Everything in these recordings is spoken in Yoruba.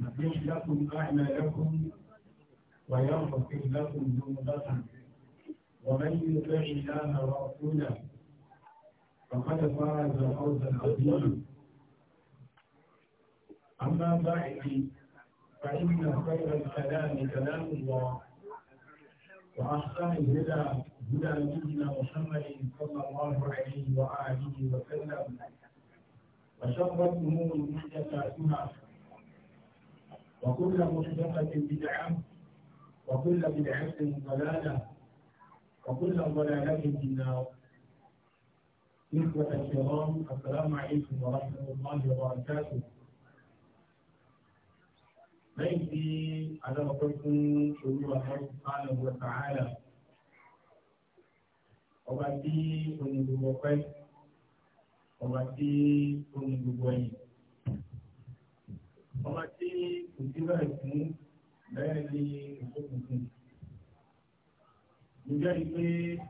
يصلح لكم أعمالكم ويغفر لكم ذنوبكم ومن يطع الله ورسوله فقد فاز فوزا عظيما أما بعد فإن خير الكلام كلام الله وأحسن الهدى هدى نبينا محمد صلى الله عليه وآله وسلم وشر الأمور محدثاتها وكل محدثة بدعة وكل بدعة ضلالة وكل ضلالة في النار إخوة الكرام السلام عليكم ورحمة الله وبركاته lẹ́yìn على adáwọ̀pẹ́ fún olúwa subhanahu وتعالى، وباتي من دوبي، ta'ala ọba tí oní gbogbo ọpẹ́ ọmọ tí kò sí bẹ́ẹ̀ fún bẹ́ẹ̀ ni òkùnkùn. Ǹjẹ́ ìpé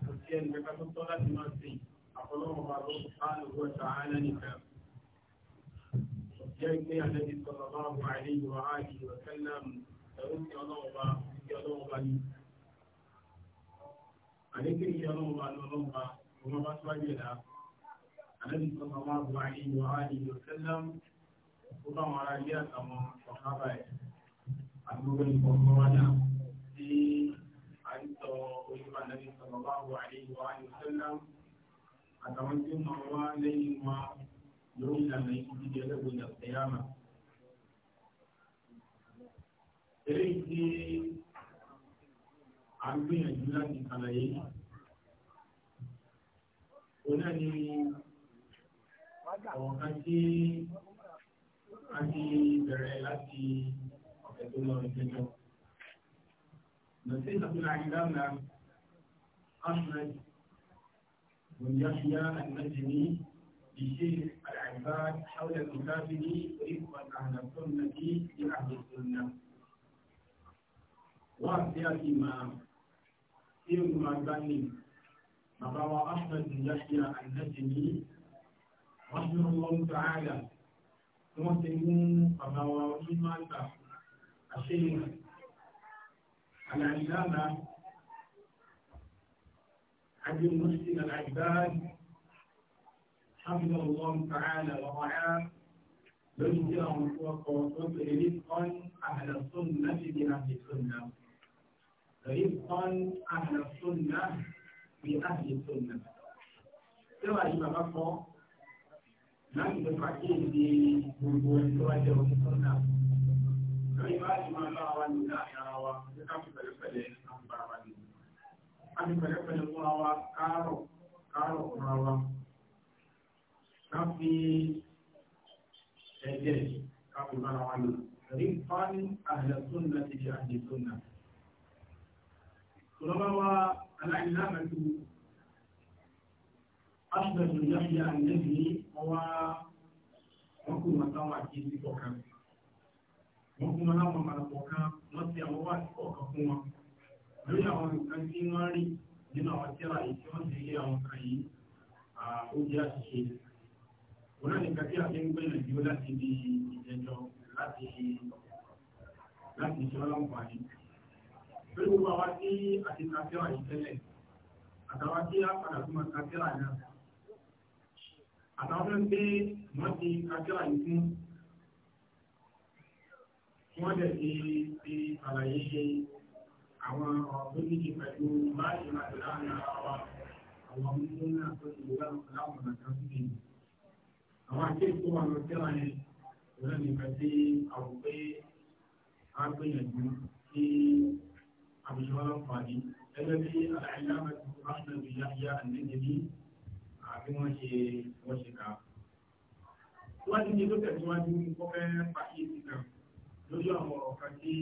kò sí ẹni kẹta tó tọ́ láti máa sìn àfọlọ́wọ́ wa ló sálùwọ́ sàánà nìkan. Ǹjẹ́ ìpé àlẹ́bí sọ̀rọ̀ bá wà ní ìwà áàdì ìwà ẹ̀rú sí ọlọ́wọ́ sí ọlọ́wọ́ bá ní. Àlékèrè yẹ ọlọ́wọ́ bá ní ọlọ́wọ́ bá tó wáyé dá. Àlẹ́bí sọ̀rọ̀ bá wà ní ìwà áàdì ìwà ó bá wọn ará ilé àtàwọn ọ̀hábà ẹ̀ àti gbogbo ìfọ̀kọ́ wa náà tí a ń sọ onímọ̀ nàbí sallallahu alaihi wa sallam àtàwọn tí ó máa wá lẹ́yìn wa lórí ìlànà ikú jíjẹ lẹ́gbẹ̀ẹ́ ìjà tẹ̀yàmà. Eléyìí tí a ń gbìyànjú láti kàlàyé yìí ọ̀nà ni ọ̀kan tí a ti bẹ̀rẹ̀ láti ọ̀sẹ̀ tó lọ ìgbẹ́jọ́. Nàìjíríà tó láyé dáná Ahmed Bùnyáṣíyá Àdìmẹ́jìní ìṣe àdàgbà ṣáwọ́lẹ̀ kìtàbí ní orípa àdàtọ́ nàbí ní àdìsọ́ náà. Wọ́n àti àti máa tí ó máa gbá ní bàbá wa Ahmed Bùnyáṣíyá Àdìmẹ́jìní Wọ́n ṣe ń wọ́n ti mú bàbá wa onímọ̀ àgbà àṣẹ àlàyélára àjẹmọ́sí àlàyébáàdì حفظه الله تعالى ورعاه لنجره وقوته رزقا أهل السنة بأهل السنة رزقا أهل السنة بأهل السنة. سوى الشباب láti lè pàkíyèsí gbogbo ẹni tó wá jẹ́ omi tó ń dà. lóyìn bá ti máa lọ́wọ́ wa ní láàrin ara wa pé ká fi pẹ̀lẹ́pẹ̀lẹ́ láti bára wa lè. ká fi pẹ̀lẹ́pẹ̀lẹ́ múra wa káàrọ̀ káàrọ̀ múra wa. ká fi ẹ̀jẹ̀ ká fi bára wa lè. rí fáni àhẹ̀sùn náà ti di àhẹ̀sùn náà. tọ́lọ́wọ́ aláìláàmẹ́tò أشبه النبي عن النبي هو وكما توا كيسي بوكا وكما نوى من بوكا نسي أموات بوكا كما lórí àwọn nǹkan tí wọ́n rí nínú àwọn tíra yìí tí wọ́n ti rí àwọn kan yìí ó jẹ́ àṣìṣe òun náà nìkan tí a fi ń gbìyànjú láti di ìjẹjọ láti láti ṣe ọlọ́mọ̀ọ́ni lórí gbogbo àwa tí a ti ka tíra yìí tẹ́lẹ̀ àtàwa tí a padà tó máa ka tíra náà àtàwọn pé wọ́n ti kájọ́ àìkú wọ́n dẹ̀ ti fi àlàyé ṣe àwọn ọ̀rọ̀ tó ní ṣe pẹ̀lú láti máa tẹ̀lé àwọn àwọn àwọn ọmọdé náà tó ti wọ́n láwọn ọ̀nà kan sí àwọn akéèkó wà lọ síra yẹn wọ́n ní ìfẹ́ sí àwọn sí àbíṣọ́ ọlọ́pàá ẹgbẹ́ bí àlàyé láwọn ẹgbẹ́ tó bá ń tẹ̀lé yáyá àti àbí wọ́n ṣe wọ́n ṣe kà á. ti ní tó tẹ̀síwájú kọ́fẹ́ pàkíyèsí kan lójú àwọn ọ̀rọ̀ kan tí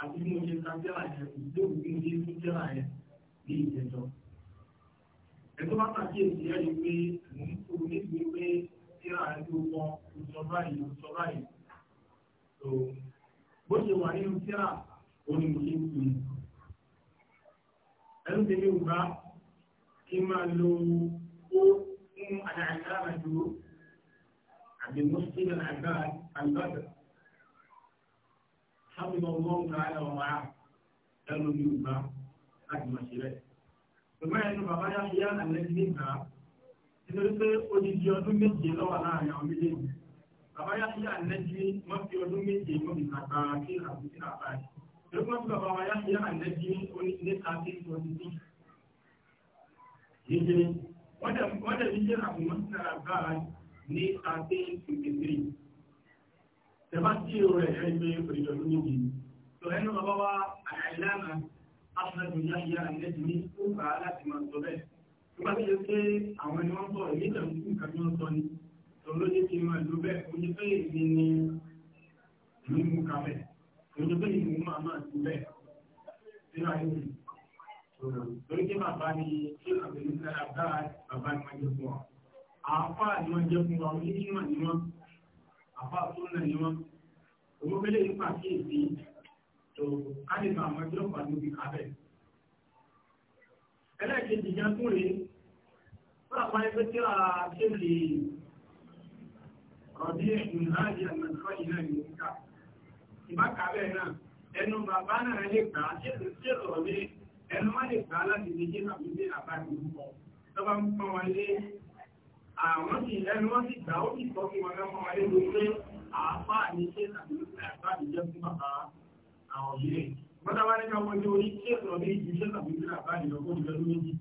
àti bí mo ṣe ka jẹ́ra yẹn lóògùn bí mo ṣe tún jẹ́ra yẹn ní ìjẹjọ́. ẹ̀tọ́ bá pàkíyèsí ẹ̀rí pé mò ń kó níbi pé jẹ́ra yẹn tó wọ́n sọ báyìí sọ báyìí. bó ṣe wà nínú jẹ́ra ó ní mo ṣe ń kú ẹnu tẹ̀lé ògbà kí máa lo العلامة عبد المحسن العباد البدر حفظه الله تعالى ورعاه لم يوفى قد مسيره ṣùgbọ́n ẹnu bàbá yá ṣe yá àlẹ́jì níta nítorí pé odidi ọdún méje lọ́wọ́ láàrin àwọn méjèèjì bàbá yá ṣe yá àlẹ́jì wọ́n fi ọdún méje wọ́n dẹ̀ níjẹ́ àbùmọ́ sí ara bá ní thirteen fifty three tẹ̀bá sí èrò rẹ̀ ẹgbẹ́ òṣèlú níbi tó ẹnu bàbá wa àìlànà afẹ́bùn yáyà ẹ̀ẹ́dì ní ó bá láti máa sọ bẹ́ẹ̀ tó bá tẹ́lẹ̀ pé àwọn ẹni wọ́n sọ̀rọ̀ nígbà tí nǹkan tí wọ́n sọ ni tó ló dé ti máa lò bẹ́ẹ̀ kò ní pé èmi ni ìlú mú kà bẹ́ẹ̀ pé ìlú máa máa sí bẹ́ẹ̀ torí pé bàbá ni ṣé àbẹ̀lẹ̀ sára bá bàbá ni wọ́n jẹ́ fún wa àáfà ni wọ́n jẹ́ fún wa onímọ̀ ni wọ́n àáfà tó nà ni wọ́n owó mẹ́lẹ̀ nípa kéèké tó kálífà àwọn ẹgbẹ́ ọ̀pá níbi kábẹ̀. ẹlẹ́ẹ̀kejì jẹ́ fún rèé bàbá ẹgbẹ́ tí a ṣe lè rọ̀bí ẹ̀sùn láàyè àmàlùfọ́ ìlà ìmúta ìbákàbẹ̀ náà ẹnu bàbá náà lè gbà ṣe lè ṣe rọ̀bí ẹnu má lè gbà láti lè jẹ́ náà fún bí àbájú púpọ̀ tó bá ń pọ́n wọn lé àwọn sì ẹnu wọn sì gbà ó sì tọ́ sí wọn lọ́pọ̀ wọn lé lórí pé àáfà ní ṣé tàbí àbá mi jẹ́ fún bàbá àwọn ilé bọ́dá wá nípa wọn ní orí ṣé sọ̀rọ̀ bí ju ṣé tàbí ṣé àbá mi lọ́kọ́ ìjọ ló méjì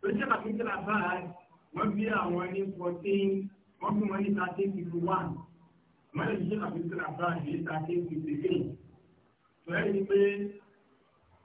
tó ṣé tàbí ṣé àbá wọn bí àwọn ní fourteen wọn fún wọn ní thirteen fifty one wọn lè ṣe tàbí ṣé àbá ní thirteen fifty three tó ẹ́ ní pé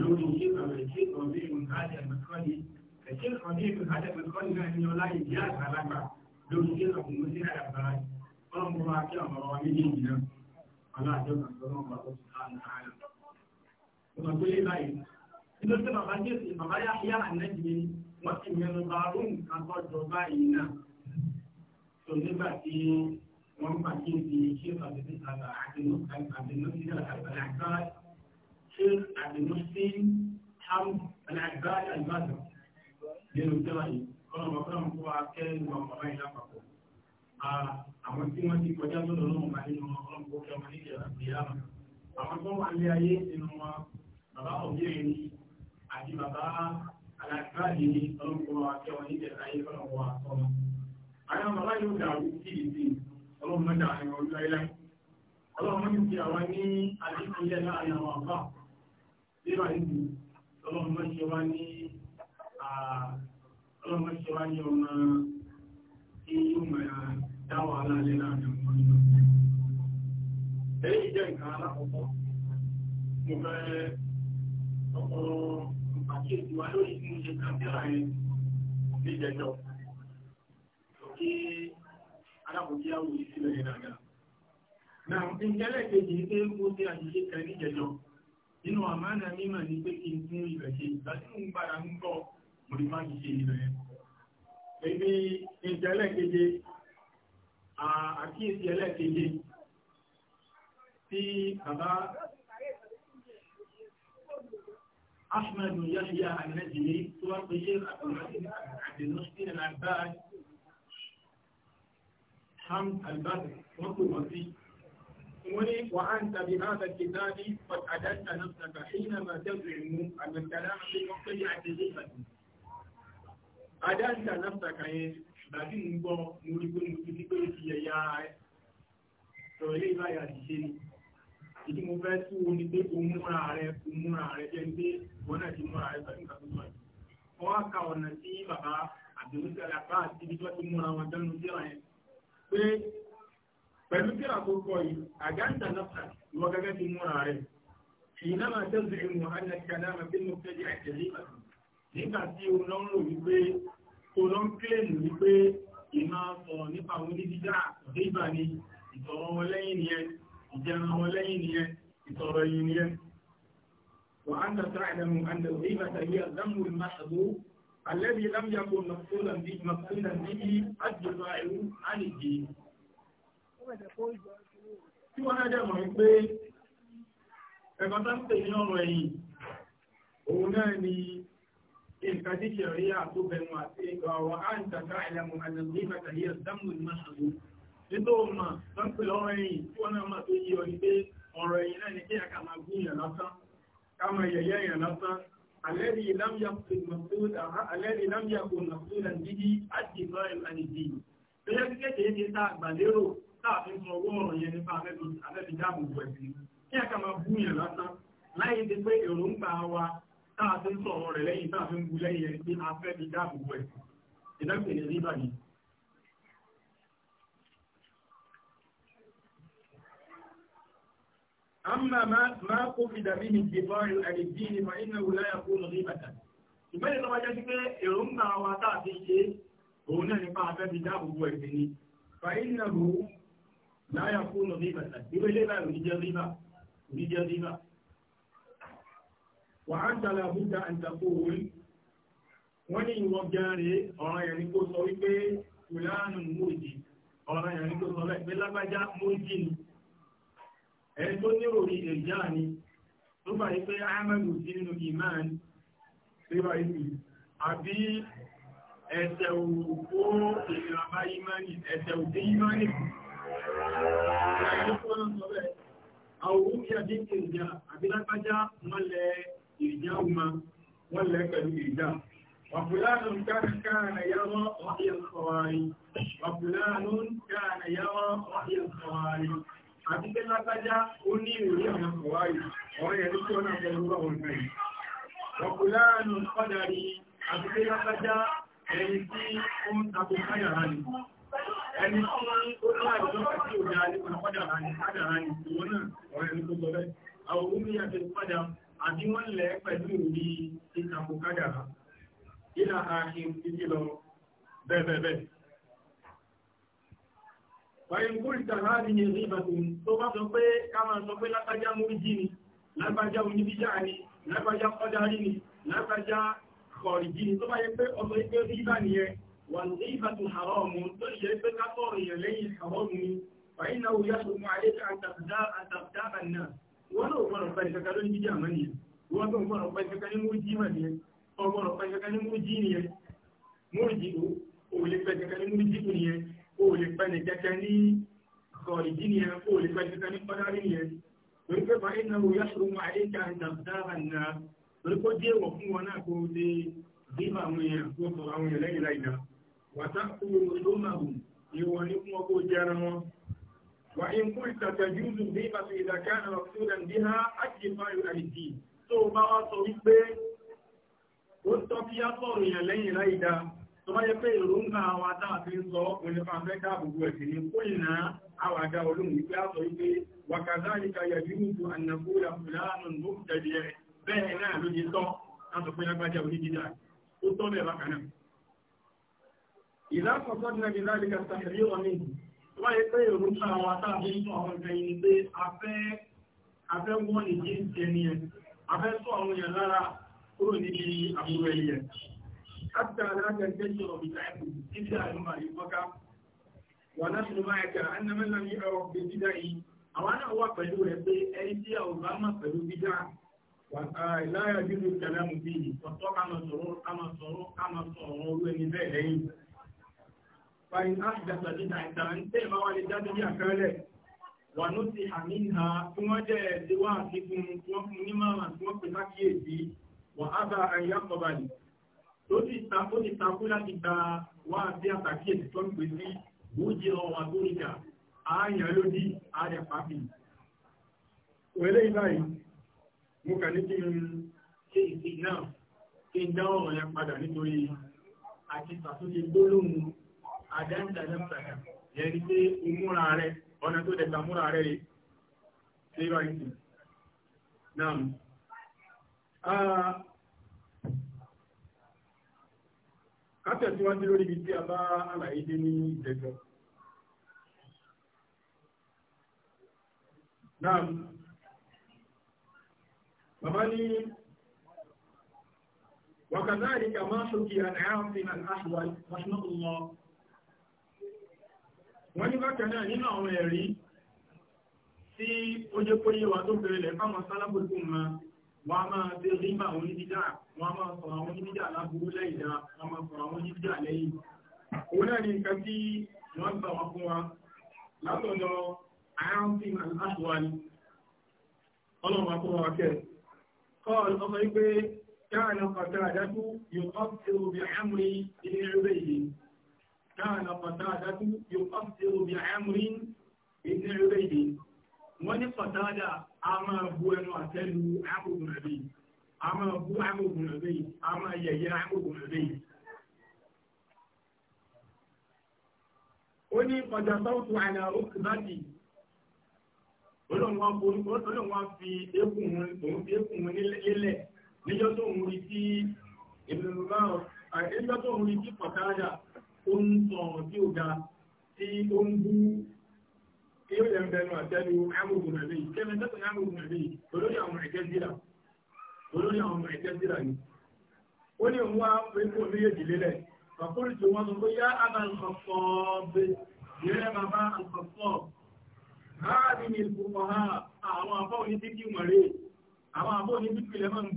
lórí ṣékàn rẹ̀ ṣékàn bí ìrùn hádẹ̀ mẹ́kọ́lì ṣékàn bí ìrùn hádẹ̀ mẹ́kọ́lì náà ní ọlá ìdí àgbàlagbà lórí ṣékàn fún mọ́sí àgbàlá ọlọ́run bọ́ wá kí ọmọ wa méjèèjì náà aláàjọ kan tó náà bá tó sì ká ní àárẹ̀. ọmọ tó lé báyìí nítorí pé bàbá jésù bàbá yá yá ànẹ́jì ni wọ́n Sheikh Abdulmuslim Ham Al-Abbad Al-Badr nínú tẹ́wà yìí kọ́nà ọ̀pọ̀lọpọ̀ kó wa kẹ́ ìwà bàbá yìí lápapọ̀. Àwọn tí wọ́n ti kọjá lọ́dọ̀ lọ́wọ́ máa nínú ọlọ́pọ̀ kí ọmọ nílẹ̀ àgbéyàmà. Àwọn tó wà ní ayé nínú wọn, bàbá òbírin ni àti bàbá Al-Abbad ni ọlọ́pọ̀ wa wọn nílẹ̀ ayé kọ́nà wa sọ́nà. Àwọn bàbá yóò dàrú sí ìdí ọlọ́mọdà àwọn ọjọ́ nínú àyíkú ọlọ́mọ ní ọlọ́mọ ní ọmọ tí yóò máa dá láàrin ọmọ nínú. Èyí jẹ́ nǹkan alákọ̀ọ́kọ́. Mo fẹ́ ọ̀pọ̀lọ́ àkíyèsí wa lórí tí mo ṣe kàmílà yẹn ní ìjẹjọ́. Kí alákòókí àwòrán sílẹ̀ Náà, ìjẹ́lẹ̀ kejì ní pé mo ṣe àṣìṣe kan ní ìjẹjọ́ nínú àmánà mímọ̀ ní pé kí n tún ilẹ̀ ṣe ìgbà tí mo ń padà ń bọ̀ mo lè má ṣe ilẹ̀ yẹn. Ebi ìjẹ́ ẹlẹ́keje, àkíyèsí ẹlẹ́keje tí bàbá tó wá pé ṣe àdìmọ́sí Al-Abbas Ham Al-Badr wọ́n pè wọ́n sí. وني وأنت بهذا الكتاب قد أدلت نفسك حينما تزعم أن الكلام في مقتضى عجزيته أدلت نفسك láti ń gbọ́ mo rí pé mo ti ní pé ti ẹ̀yà sọ ilé ìbáyà ti ṣe ni ìdí mo fẹ́ tú o ní pé o múra rẹ o múra rẹ jẹ́ pé wọ́n náà ti múra rẹ pẹ̀lú nǹkan tó sọ yìí wọ́n wá ka ọ̀nà tí bàbá àbẹ̀wò sẹ́lẹ̀ àbá àti ibi tí wọ́n ti múra wọn dánú sí ọ̀yẹn pẹ̀lú kí àkókò yìí àgáńtà náà ìwọ gẹ́gẹ́ ti múra rẹ̀ ìnáma tẹ́sí ìmọ̀ anẹ́kẹ́láma bí mo fẹ́ di àtẹ̀lé nígbà tí o lọ ń rò wípé o lọ ń kílèmù wípé ìmọ̀ sọ̀rọ̀ nípa àwọn onídídá ìgbà ni ìsọ̀rọ̀ wọn lẹ́yìn nìyẹn ìjẹun wọn lẹ́yìn nìyẹn ìsọ̀rọ̀ yìí nìyẹn. وأنت تعلم أن الغيبة هي الذنب المحضور الذي لم يكن مقصودا به مقصودا به الدفاع عن الدين Tí wọ́n náà jẹ́ mọ̀ wípé ẹ̀kọ́ tó ń pè ní ọ̀rọ̀ ẹ̀yìn, òun náà ni nǹkan tí ṣe rí àtúbẹ̀mù àti ọ̀rọ̀ àǹtàkà ìlàmù àjọ̀dún ìbàtàlì ẹ̀sánmù ìmọ̀ṣọ̀lú. Nítò mà tó ń pè lọ́rọ̀ ẹ̀yìn tí wọ́n náà mọ̀ tó yí ọ ní pé ọ̀rọ̀ ẹ̀yìn náà ni kí àkà máa gún yàn lásán, ká máa yẹ̀yẹ́ yàn lásán. Àlẹ́rì ìlàmìyàkùn mọ̀súlà ń dídí àti ìbáyìí táàfin sọ owó ọ̀rọ̀ yẹn nípa abẹ́bíjáàmù ẹ̀sìn kí ẹ̀ka máa bú yẹn lásán láyé ti pé èròǹgbà wa táàfin sọ̀rọ̀ rẹ̀ lẹ́yìn táàfin bú lẹ́yìn ẹni pé abẹ́bíjáàmù ẹ̀sìn ní rí báyìí. أما ما ما قصد به انتفاع الدين فإنه sí pé èròǹgbà wa táàfin ṣe òun náà nípa abẹ́bíjáàmù ẹ̀sìn ni. فإنه láyà fóònù rírà ìwé ilé náà rí jẹ rírà rí jẹ rírà wà á tàlà àbújá àǹtàkó orí wọ́n ní ìwọ gẹ́rẹ́ ọ̀ràn yẹn ni kó sọ wípé fúlàánù mòjì ọ̀ràn yẹn ni kó sọ wípé lágbájá mòjì ni ẹni tó nírò rí èrìjá ni tó bá yí pé ahmed sí nínú iman tí bá yí àbí ẹsẹ̀ òkú ìrìnàbá imani ẹsẹ̀ òkú imani àwọn òkè àdé ìrìjà àbílágbájá wọ́n lẹ ìrìjà ọmọ wọ́n lẹ pẹ̀lú ìrìjà wàfúlánù káàkàrà yàwọ́ ọ̀hìyàn kọwàrí wàfúlánù káàkàrà yàwọ́ ọ̀hìyàn kọwàrí àti pé lágbájá ó ní ìròrí àwọn kọwàrí ọ̀rẹ́ ẹ̀rí tí ó náà pẹ̀lú ọ̀hún mẹ́rin wàfúlánù kọ́dàrí àti pé lágbájá ẹni tí ó ń takò káyàrá nìkan ẹni tó máa ń kó náà ìjọ àti òjá nípa pádàrà ní pádàrà ní ìwọ náà ọ̀rẹ́ ní kó sọ bẹ́ẹ̀ àwọn omi àti padà àti wọ́n lẹ̀ pẹ̀lú orí ìtàkù kádàrà ìlà ààkì títí lọ bẹ́ẹ̀bẹ́ẹ̀ Wàyí ń kúrì tàbí àárín ìrìn ìbàtún tó bá sọ pé ká máa sọ pé lágbájá múríjì ni, lágbájá oníbíjà ni, lágbájá kọ́dárí ni, lágbájá kọ̀rìjì ni tó bá yẹ pé ọ̀sọ̀ ìgbé rí bá والغيبة حرام تجرب كطور يلي حرام فإنه يحرم عليك أن تغتاب أن تغتاب الناس ولو فرق بينك كلون بجامنية ولو فرق بينك كلون مجيمنية أو فرق بينك كلون مجينية مرجئ أولي بينك كلون مجيئنية أولي بينك كلون خارجينية أولي بينك كلون قرارينية ولكن فإنه يحرم عليك أن تغتاب الناس ولكن دي وفوانا كودي غيبة من يكون فرعون ليلة wàtàkùrù lómàrù ìwọ̀ ní fún ọkọ̀ jẹ́ra wọn wà ń kú ìtàtàjúzù ní ìbàtí ìdàkánà ọ̀túnrẹ̀ ní ha ájìfà ìrìnàìdì tó bá wá sọ wípé ó tọ́ kí á sọ̀rọ̀ èèyàn lẹ́yìn láìda tó bá yẹ pé èròǹgbà àwọn adáàfi ń sọ òní fàfẹ́ dáàbòbò ẹ̀sìn ní kóyìnà àwàdà olóhùn wípé á sọ wípé wàkàzáríkà yàjúùdù ànàkúrà fúlàánù ló tẹ̀lé bẹ́ẹ̀ náà ló ti tọ́ láti pé lágbájá onídìdà ó tọ́ bẹ́ẹ̀ bákan náà ìlà kọ̀ọ̀kan náà ní láti ka sàkírí wọn ní wọ́n yẹ pé èrò ń àwọn àtàwọn nínú àwọn ìfẹ́ yìí pé afẹ́ wọ́n ní jí ń tẹ ní ẹ̀ afẹ́ tó àwọn èèyàn lára kúrò níbi àbúrò ẹ̀yẹ حتى لا تنتشر بدعته إلا لما يبقى ونحن sọ̀rọ̀ ká sọ̀rọ̀ ká sọ̀rọ̀ orú ẹni bẹ́ẹ̀ lẹ́yìn فإن أحدث بدعة تيما والدات بها كالك ونصح منها ثم جاء سواككم ومما وفي مكيتي وأبى أن يقبل tó ti ta ó ti takú láti gba wá bí àtàkìyèsí tó ń pè sí bújí ọwà tó ń jà ààyàn ló dí ààrẹ pàbí. Òwẹ́lẹ́ ìbáyìí, mo kà ní kí n ṣe ìsìn náà kí n dá ọ̀rọ̀ yẹn padà nítorí àti ṣàtúnṣe gbólóhùn àjẹ́ǹtà lẹ́pẹ̀ẹ́ yẹn ni pé ìmúra rẹ̀ ọ̀nà tó dẹ̀gbà múra rẹ̀ rẹ̀ ṣe bá ń sìn náà kátẹ̀ tí wọ́n dé lórí ibi tí a bá àlàyé dé ní ìjẹjọ́ náà bàbá ní وكذلك ما حكي عن عاصم الأحول رحمه الله wọ́n ní bákan náà nínú àwọn ẹ̀rí tí ó jẹ́ pé yíwa tó bẹ̀rẹ̀ lẹ̀ fáwọn sálábòtò ma wọ́n a máa tẹ́ rígbà àwọn onídídá wọ́n a máa sọ̀rọ̀ àwọn aláburú a máa sọ̀rọ̀ àwọn onídídá lẹ́yìn òun náà ni nǹkan tí wọ́n gbà wá fún wa látọ̀dọ̀ àyànfin aláṣọwárí ọlọ́run akọ́wọ́ akẹ́ kọ́ọ̀lù ọmọ كان قتادة يقصر بعمر بن عبيد وني قتادة أما بو أنو أتلو عمرو بن عبيد أما بو عمرو بن عبيد أما يا عمرو بن عبيد وني قد صوت على ركبتي olóòwò wa fi ekun òun fi ekun mi nílẹ̀ níjọ́ tó ń rí tí ìbùdó bá ọ̀ àìjọ́ ó ń sọ ọ̀rọ̀ tí ó ga tí ó ń bú yóò jẹ́ ẹnu àtẹ́lu amóhùn àbí kẹ́mi tẹ́sán amóhùn àbí olórí àwọn ẹ̀kẹ́ síra olórí àwọn ẹ̀kẹ́ síra ni. ó ní òun wá pépé méjèèjì lélẹ̀ kàkúrú tí wọ́n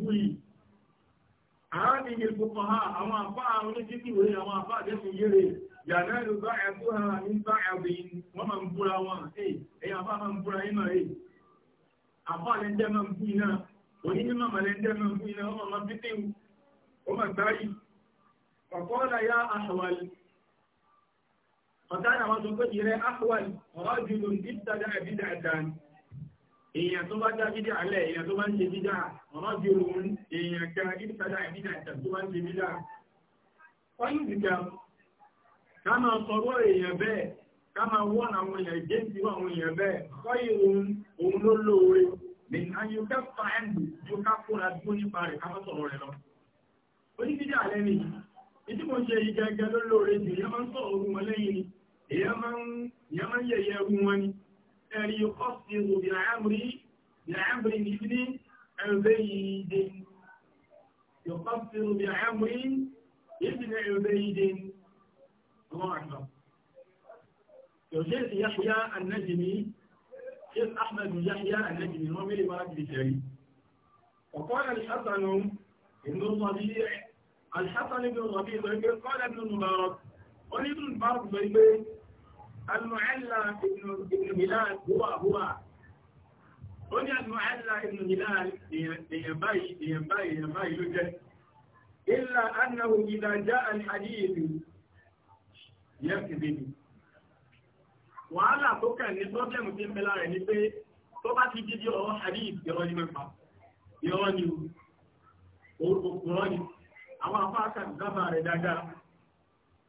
sọ àádìí ìgbòkọ̀ ha àwọn àfá àwọn oníjíkìwé àwọn àfá àdẹ́sùn yére yàrá ìlú bá ẹ̀kú ha ní bá ẹ̀bí wọ́n máa ń búra wọn ẹ̀yà àfá máa ń búra iná rẹ̀ àfá lẹ́jẹ́ máa ń bú iná onímọ̀ mọ̀lẹ́jẹ́ máa ń bú iná ọmọ máa pété ó máa gbárí ọ̀kọ́ọ̀lá yá àṣọwàlì ọ̀tá àwọn sọ pé ìrẹ́ àṣọwàlì ọ̀rọ̀ jùlọ ní ìtajà ẹ̀bí dáadáa èèyàn tó bá já bídà alẹ́ èèyàn tó bá ń ṣe bídà ọmọ bí olùwọ́n èèyàn ká ìdíkàdá ìbídà ìtàn tó bá ń ṣe bídà wáyé ìdíkà ká máa sọ̀rọ̀ èèyàn bẹ́ẹ̀ ká máa wọ́n àwọn èèyàn jẹ́ ti wọ́n àwọn èèyàn bẹ́ẹ̀ kọ́yì òun òun ló lóore ní ayọ̀ká fàáǹdì tó ká kóra dúró nípa rẹ̀ ká má sọ̀rọ̀ rẹ̀ lọ. oníbídà alẹ́ mi ìdí mo ṣe ìgẹ̀gẹ̀ ló lóore jù ìyá ẹ̀rí ọ̀sìnrò bìnàmìrì níbi ẹ̀rẹ́yìndín yọ̀kọ̀sìnrò bìnàmìrì níbi ẹ̀rẹ́yìndín الله أكبر يوجد يحيى النجمي شيخ أحمد يحيى النجمي هو من إمارات بشري وقال الحسن بن الربيع الحسن بن الربيع قال ابن المبارك قال ابن المبارك المعلى ابن ابن هلال هو هو هنا المعلى ابن هلال لينبغي لينبغي لينبغي له إلا أنه إذا جاء الحديث يكذب wàhálà tó kàn ní pọ́blẹ́mù tí ń bẹ lára ní pé tó bá ti dídí ọ̀rọ̀ hadith ìrọ́ ní mẹ́fà ìrọ́ ní òkúrọ́ ní àwọn afáàkà dábàá rẹ̀ dáadáa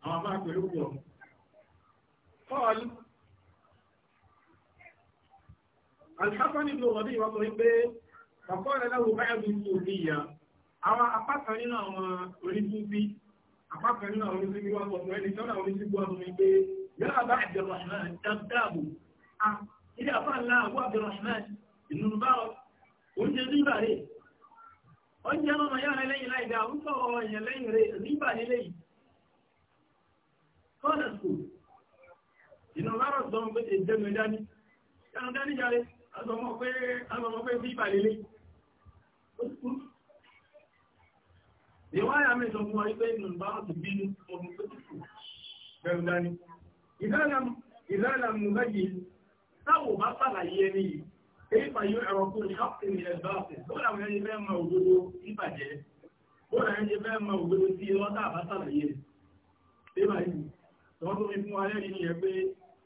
àwọn afáàkà pẹ̀lú pọ̀ قال الحسن بن ربيع وطريبه فقال له بعض الصوفية àwọn apá kan nínú àwọn onísúfí apá kan nínú àwọn onísúfí wà pọ̀pọ̀ ẹni tọ́nà onísúfí wà pọ̀pọ̀ pé yára bá Abdurrahman dábò a ilé àpá ńlá àwọ́ Abdurrahman ìlú bá oúnjẹ nígbà rẹ̀ oúnjẹ náà yára lẹ́yìn láìdá ń sọ̀rọ̀ èèyàn lẹ́yìn rẹ̀ nígbà nílé yìí ìnà lárọ̀ sọ pé ìjẹnu ìdání ìjẹnu ìdání jáde azọmọ pé azọmọ pé bí ìbàlélé ìwáyà mi sọ fún wa wípé ìnà lárọ̀ ti bínú ọmọ pé tìkù ìjẹnu ìdání ìlànàmù láyé táwọn bá pàlàyé ẹni yìí èyí fàyọ ẹ̀rọ kó ní ọ́pìn ilẹ̀ báàpẹ̀ tó làwọn ẹni fẹ́ mọ òdodo ìbàjẹ́ tó làwọn ẹni fẹ́ mọ òdodo sí ọlọ́dà àbátàlàyé rẹ̀ bí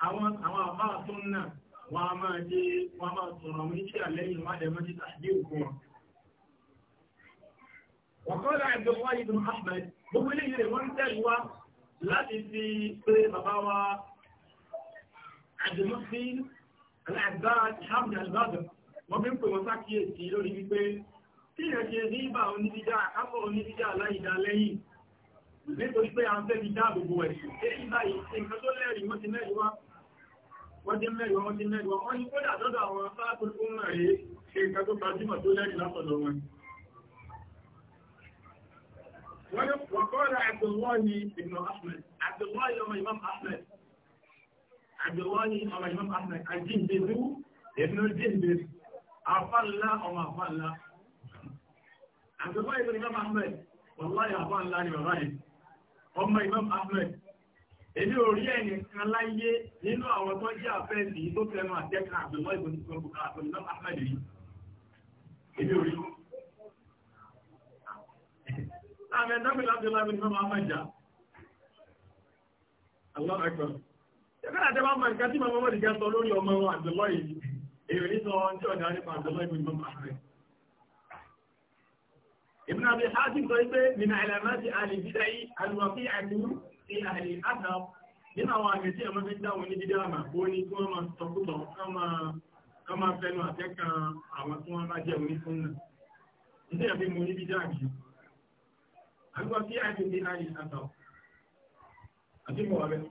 àwọn àbá tó ń náà wọ́n a máa jẹ́ wọ́n a máa sọ̀rọ̀ àwọn iṣẹ́ àlẹ́yìn wọ́n dẹ̀mọ́ sí tàbí òkú wọn. Wọ̀kọ́lá ẹgbẹ̀wọ́ ìdùn Ahmed, gbogbo ilé ìrẹ̀ wọ́n tẹ́lú wá láti fi pé bàbá wa àjẹmọ́sí nítorí pé a ń fẹ́ fi dáàbò bo ẹ̀sùn. Èyí báyìí, nǹkan tó lẹ́rìí wọ́n ti mẹ́rin wá wọ́n dé mẹ́rin wọ́n dé mẹ́rin wọ́n ní kódà lọ́dọ̀ àwọn afárátò tó mọ̀ rí ṣe nǹkan tó gbajúmọ̀ tó lẹ́rìn látọ̀dọ̀ wọn. wọ́n ní wọ̀kọ́rọ̀ àgbẹ̀wọ́ni ìmọ̀ wọ́n láyé èmi ò rí ẹ̀yìn kan láyé nínú àwọn tó jẹ́ àfẹ́sì tó tẹnu àtẹ́kà àgbẹ̀mọ́ ìgbòmíkan bùkà àtọ̀lọ́ àfẹ́lì yìí èmi ò rí àmì ẹ̀dọ́gbẹ̀ láti lábẹ́ ní mọ́mọ́ àmàjà àwọn ẹ̀kọ́ ẹ̀kọ́ àti ẹ̀mọ́ àmà nǹkan tí màmá wọ́n dìgá sọ lórí ọmọ wọn àdúlọ́ yìí èrè ní sọ tí ọ̀dà nípa àdúlọ́ ìbò ìbò àfẹ́ ìbùnà àti hájì sọ pé nínú àìlànà sí àìlè àdá nínú àwọn a tí ẹmọ́ fi ń dáwọn ní dídá àmà ó ní kí wọ́n máa tọkútọ̀ kán máa fẹnu àtẹ́kàn àwọn tí wọ́n bá jẹ́ òní fún náà ní ẹ̀fí mo ní dídá àmì àgbà sí àìlè sí àìlè àdá àti mọ̀ rẹ̀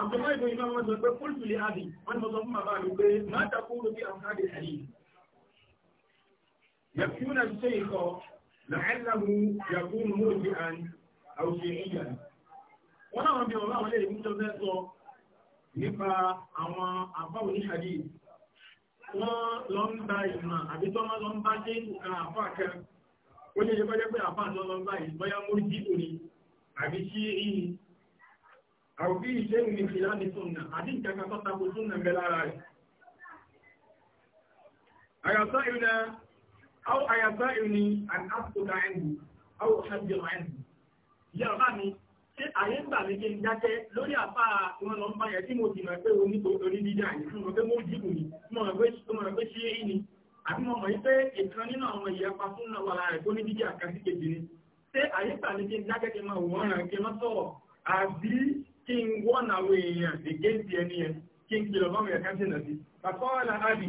àbúrò ìbò ìmọ̀ wọn sọ pé kúrùtù lè àbì wọ́n ni mo sọ fún bàbá mi pé má takúrò bí àwọn káàdì àyè yẹ kí ó لعله يكون مرجئا أو شيعيا wọ́n láwọn bí ọ̀rọ̀ àwọn ilé ìmújọ fẹ́ sọ nípa àwọn àfá oníṣàdí wọ́n lọ ń bá ìmọ̀ àbí tọ́mọ́ lọ ń bá jẹ́ ìkà àfá kan ó ní ẹgbẹ́jẹ́ pé àfá àjọ lọ ń bá ìgbọ́yá mórí jíò ni àbí sí ìyí àrùbí iṣẹ́ ìrìn ìfìlá ní súnnà àbí ìkẹ́kẹ́ tọ́ta kò súnnà ń bẹ lára rẹ̀ àyàtọ̀ ìrìnà àwọn àyàgbá ìní and africa ẹ̀ǹdù àwọn ọ̀ṣẹ́bí ọ̀rọ̀ ẹ̀ǹdù. ìyá ọ̀bá mi ṣé àyè ń gbà mí kí n dákẹ́ lórí àpá wọn lọ ń bá yẹn tí mo dì mọ̀ pé onítorí dídá yìí fún mi pé mo jìbù ni mo mọ̀ pé ṣé é ni àbí mo mọ̀ yí pé ìkan nínú àwọn ìyapa fún náà wà lára ẹ̀kọ́ ní dídá àkàtì kejì ni ṣé àyè ń gbà mí kí n dákẹ́ kí n máa wọ́n ràn kí n má àbí kí n wọ́n àwọn èèyàn ègé ẹni yẹn kí n kìlọ̀ bá mi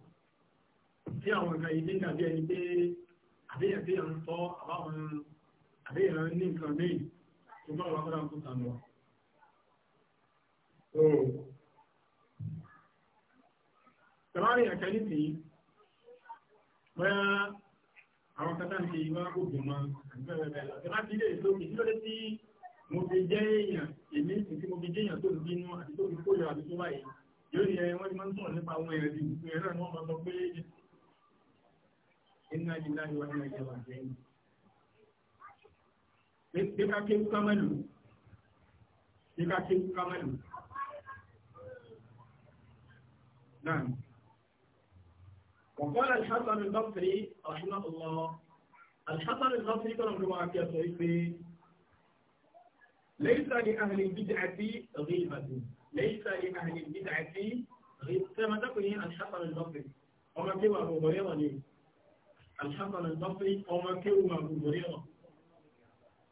tí àwọn nǹkan yìí nígbà bí ẹni pé àbíyàn tí à ń sọ àbáwọn àbíyàn ní nǹkan míì tó bá wà kọ́ra tó sànù wa. Tẹ̀wárí ẹ̀ka ní tìí, bóyá àwọn kátà ń ṣe ìwá ògbò mọ́ àgbẹ̀rẹ̀ bẹ̀rẹ̀ láti ilé èso kìí lóde tí mo fi jẹ́ èèyàn èmi tí mo fi jẹ́ èèyàn tó ń bínú àti tó ń kóyọ̀ àti tó báyìí. Yóò ní ẹ wọ́n ti máa ń sọ̀rọ̀ nípa àwọn èèyàn ti ìpínlẹ̀ náà ni wọ́n máa sọ pé إنا لله wa inna ilaihi raji'un dika kin kamalu dika kin نعم وقال الحسن البصري رحمه الله الحسن البصري كان كما كيف ليس لأهل البدعة غيبة ليس لأهل البدعة غيبة كما تقول الحسن البصري وما كيف أبو هريرة الحسن البصري او ما كيو ما بوريرا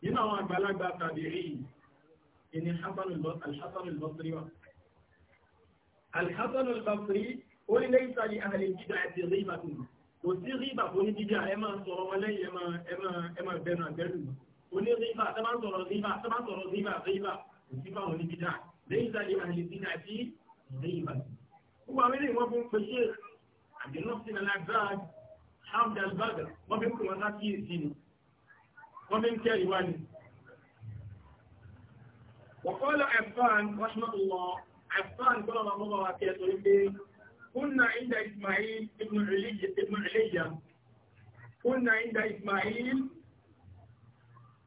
هنا هو بلاك بقى تابعين ان الحسن الحسن البصري الحسن البصري قول ليس لاهل البدع غيبة وفي غيبة هو بدع اما صور ولا اما اما اما بين بين قول غيبة اما صور غيبة اما صور غيبة غيبة وفي غيبة هو بدع ليس لاهل البدع غيبة هو من هو بن الشيخ عبد الله بن الاعزاز حمد البدر ما بيمكن وانا كي pè ما بيمكن يواني وقال عفان رحمه الله عفان قال ما مضى وكيته كنا عند إسماعيل ابن علي ابن علي كنا عند إسماعيل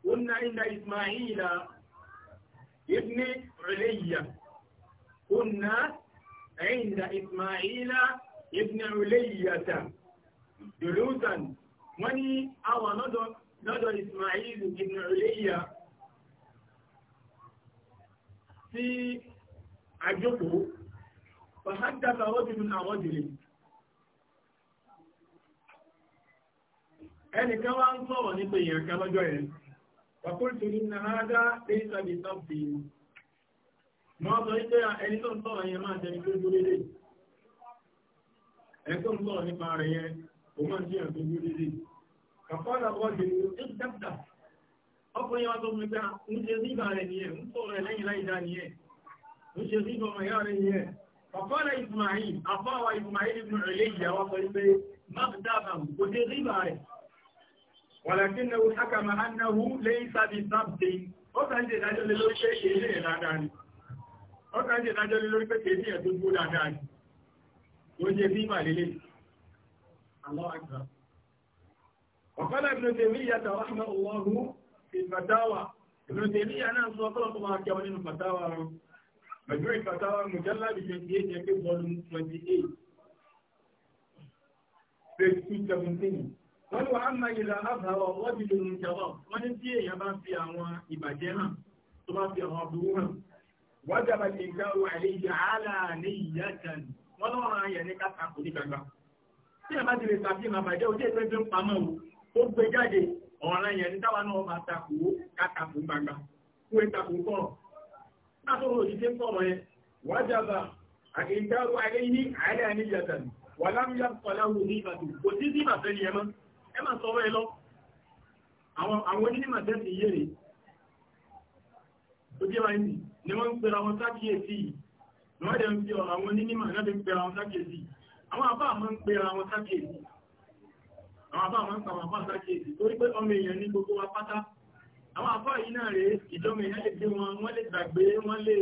كنا عند إسماعيل ابن علي كنا عند إسماعيل ابن علية dòlóòsàn wọ́n ní àwà lọ́dọ̀ Ismail ibn Ulayya sí àjòkó fàhádàkà rọ́jùlù àwọn jìlẹ̀ ẹnìkan wá ń sọ̀rọ̀ nípa èèyàn kan lọ́jọ́ yẹn wàkúrùtù ní nàádá lẹ́yìnsáàbì sọ́ọ̀fì mọ́ sọ wípé ẹni tó ń sọ̀rọ̀ yẹn máa jẹ́ ní tó dúró lé ẹni tó ń sọ̀rọ̀ nípa máa jí àti ìlú dédé kàfàdà ọjọ́ ìlú dábdà ọkùnrin wa tó mú pé ń ṣe ríbà rẹ̀ ni ẹ̀ ń sọ̀rọ̀ ẹ̀ lẹ́yìn láìdá ni ẹ̀ ń ṣe ríbà ọmọ ìyá rẹ̀ ni ẹ̀ kàfàdà Ismail afáwa Ismail ibn Ulayya wa sọ pé magdaba kò dé ríbà rẹ̀ walakinnahu hakama annahu الله أكبر وقال ابن تيمية رحمه الله في الفتاوى ابن تيمية أنا سأقول الله كمان الفتاوى مجموع الفتاوى مجلد 28 يكتب فولوم 28 page 217 wọ́n wà ámà ìlà àbáwọ̀ wọ́dìlò ń jẹ́wọ́ wọ́n ní tí èèyàn bá fi àwọn ìbàjẹ́ hàn tó bá fi àwọn ọdún hàn wọ́n jábàtì ìgbà wà ní ìyà àlà ní ìyá jẹ́ wọ́n lọ́rọ̀ ayẹ̀ ní kátàkù ní gbangba tí ẹ̀ bá ti lè ṣàfihàn àbàjẹ́ ojú ẹgbẹ́ tó ń pamọ́ o ó gbé jáde ọ̀ràn yẹn ní táwa náà máa takò ó ká takò gbangba kú ẹ takò kọ̀rọ̀ nígbà tó rò ṣiṣẹ́ kọ̀rọ̀ yẹn wájàbà àkèyíkárò ayé ní àyẹ̀lẹ̀ àníyàtà wà lámúyà pàláwò ní ìbàdàn kò sí sí ìbàfẹ́ ni ẹ mọ́ ẹ máa sọ ẹ lọ àwọn onímọ̀ tẹ́sí yéèrè tó jẹ́ wáyé ni wọ́n ń pera wọn sákìyèsí wọ́n dẹ̀ ń fi ọ̀rọ̀ àwọn onímọ̀ náà ń pera wọn sákìyèsí àwọn àbá àmọ́ ń pera wọn sákèèsì àwọn àbá àmọ́ ń pàwọn àbá sákèèsì torí pé ọmọ èèyàn ní gbogbo wa pátá àwọn àbá yìí náà rèé ìjọmọ èèyàn lè gbé wọn wọ́n lè gbàgbé wọ́n lè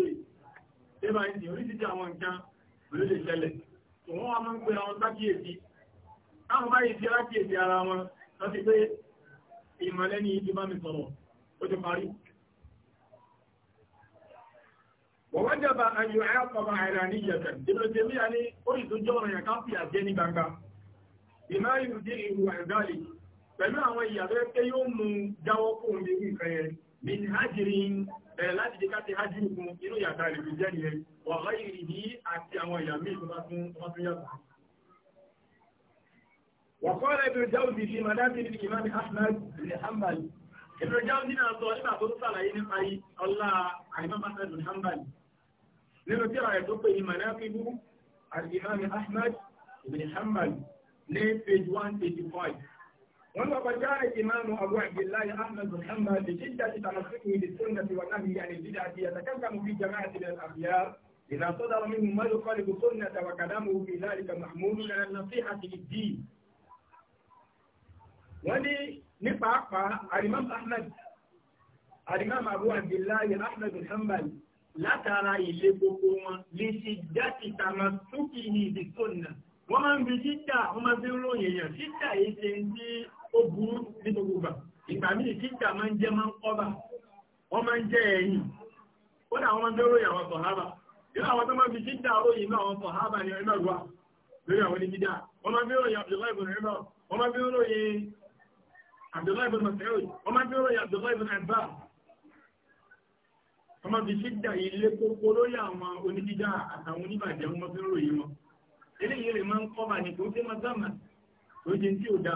tẹ́bà ìsìn oríṣiríṣi àwọn nǹkan ló lè ṣẹlẹ̀ wọ́n wá máa ń pera wọn sákèèsì táwọn báyìí ti rákèèsì ara wọn lọ sí pé ìmọ̀lẹ́ni ti bá mi sọ̀rọ̀ ó ti parí ووجب أن يعاقب علانية ابن تيمية يعني أريد جورا يكافي أجيني بانبا بما يرجعه عن ذلك فما هو يغيرك يوم جاوكم بإنك من هجر láti jẹ́ káti hajjú fún inú ìlú jẹ́ ni àwọn ìyàmí ìfọ́tún yàtà. wà kọ́ rẹ̀ náà sọ nígbà tó sàlàyé nípa ọlá Imam Ahmad bin nínú tí ara rẹ̀ tó pè ní manaqibu al-imam ahmad ibn hanbal ní page one eighty five wọ́n lọ bá járe ìmáàmù abu abdullahi ahmad bin hanbal bi jidda ti tamasuku bi sunnati wa nahyi an al-bid'a ti yatakallamu fi jama'ati min al-akhyar idha sadara minhu ma yukhalifu sunnata wa kalamuhu fi dhalika mahmulun ala an-nasihati lid-din wọ́n ní ní pàápàá alimam ahmed alimam abu abdullahi ahmed bin hanbal látara ilé gbogbo wọn lè ṣe jákìtà máa túkì ní ìdíkònà wọ́n máa ń fi títà wọ́n máa fi ń ròyìn èèyàn títà yìí ṣe ń tí ó burú ní gbogbo gbà ìgbà míì títà máa ń jẹ́ máa ń kọ́bà wọ́n máa ń jẹ́ ẹ̀yìn ó dà wọ́n máa ń fi ròyìn àwọn sọ̀hábà yóò àwọn tó máa fi títà ròyìn náà àwọn sọ̀hábà ni ẹ̀rọ wà lórí àwọn oníbídà wọ́n máa fi fi ròyìn Abdullahi ibn ọmọ fi ṣídà ilé kókó lórí àwọn onídídá àtàwọn oníbàjẹ́ wọn fi ń ròyìn wọn eléyìí rẹ̀ máa ń kọ́ bà ní kó tí máa sáàmà tó jẹ tí ò dá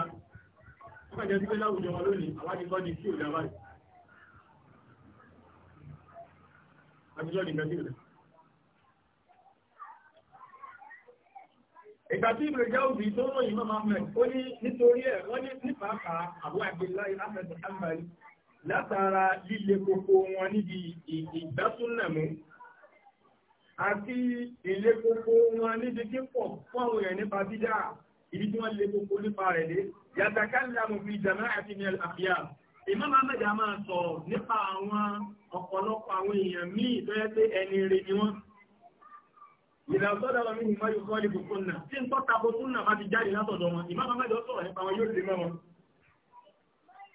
wọ́n kàjẹ́ sí pé láwùjọ wọn lónìí àwádìí kọ́ di tí ò dá báyìí àtijọ́ ní gbẹ́sí rẹ̀ ìgbà tí ìbèrè jẹ́ òbí tó ròyìn mọ́ máa mẹ́ ó látara líle koko wọn níbi ìgbásúnnàmú àti ilé koko wọn níbi kí pọ̀ fún àwọn èèyàn nípa bídá ibi tí wọ́n lè koko nípa rẹ̀ dé yàtàkálàmù fi jama'ati min al-akhya Imam Ahmad a máa sọ̀rọ̀ nípa àwọn ọ̀pọ̀lọpọ̀ àwọn èèyàn míì tó yẹ pé ẹni rẹ̀ ni wọ́n ìdàtọ́dà wọn míì máa yóò kọ́ ní kòkó náà tí ń tọ́ta kòkó náà má ti jáde látọ̀dọ̀ wọn Imam Ahmad sọ̀rọ̀ nípa wọn yóò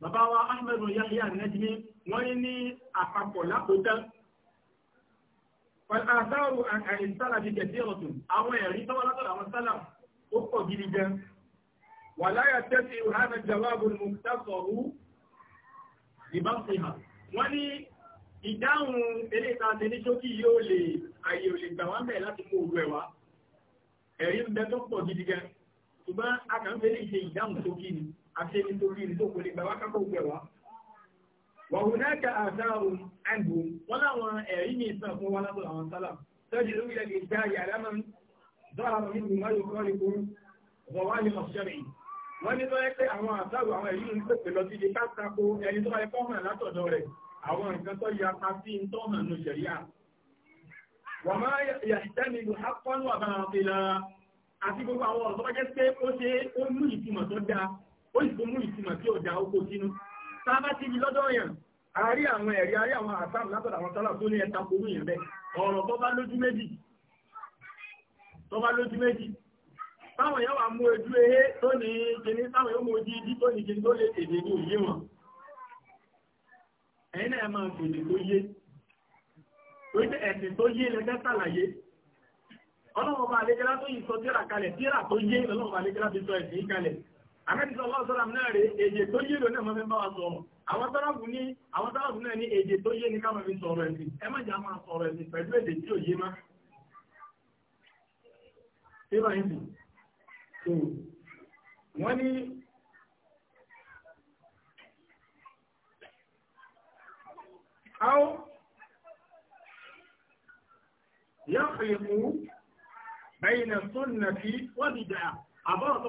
bàbá wa Ahmed Yahya Najmi wọ́n ní àpapọ̀ lákòótán àtàrù àìsálàbí kẹsí ọ̀tún àwọn ẹ̀rí tọ́wọ́ látọ̀rọ̀ àwọn sálà ó pọ̀ gidi gan wà láyà tẹ́sí ìhànà jawabu mùsàkọ̀rú ìbáfihàn wọ́n ní ìdáhùn eléta ti ní ṣókí yóò lè àyè ò lè gbà wá láti mú òru ẹ̀wá ẹ̀rí ń bẹ tó pọ̀ gidi gan ṣùgbọ́n a kàn fẹ́ lè ṣe ìdáhùn ṣókí ni àti ẹni tó rí ní tó kò lè gbà wá kápọ̀ gbẹ̀ wá. wàhùn náà ká àtàrò àgbò wọn láwọn ẹ̀rí ní ìsàn fún wọn lábọ̀ àwọn sálà tọ́jú lórí ẹgbẹ̀ ìgbà yàrá máa ń dọ́ra lọ nínú máyò kọ́ ní kúrú rọwá ní ọ̀ṣẹ́rì wọ́n ní tọ́yẹ́ pé àwọn àtàrò àwọn ẹ̀rí ń pèpè lọ sí ibi káàkó ẹni tó wáyé kọ́mọ̀ látọ̀dọ̀ rẹ̀ àwọn nǹkan tó ya pa sí ń tọ́mọ̀ nù ṣẹ̀ríà wọ́n máa yàtẹ́mìlú hápọ́nù àbára àti gbogbo àwọn ọ̀tọ́jẹ́ ó sì fún mú ìtumọ̀ tí ọjà oko sínú tá a bá ti di lọ́dọ̀ yẹn àárí àwọn ẹ̀rí àárí àwọn àtàrù látọ̀dọ̀ àwọn sálà tó ní ẹta kòrò yẹn bẹ́ ọ̀rọ̀ tó bá lójú méjì tó bá lójú méjì táwọn yẹn wà mú ojú ehé tó ní kìíní táwọn yóò mú ojú ibi tó ní kìíní tó lè tèdè ní òye wọn ẹ̀yin náà máa tèdè tó yé torí pé ẹ̀sìn tó yé lẹ́gbẹ́ sàlàyé ọlọ́wọ́ bá àlejẹ́lá tó yìí sọ tíra kalẹ̀ tíra tó yé ọlọ́wọ́ bá àlejẹ́lá fi sọ ẹ̀sìn kalẹ̀ àmẹ́bí sọ lọ́wọ́ sọ́lá náà rẹ̀ èdè tó yé lónà mọ́ mẹ́bá wa sọ̀rọ̀ àwọn tọ́lábù ní àwọn tọ́lábù náà ní èdè tó yé ní ká máa fi sọ̀rọ̀ ẹ̀sìn ẹ má jà máa sọ̀rọ̀ ẹ̀sìn pẹ̀lú èdè tí ò yé má. Ṣébà ń bì tó wọ́n ní áwọ̀ yóò fi mú bẹ́yìn náà tó nà fi wọ́n ti jà àbọ̀ tó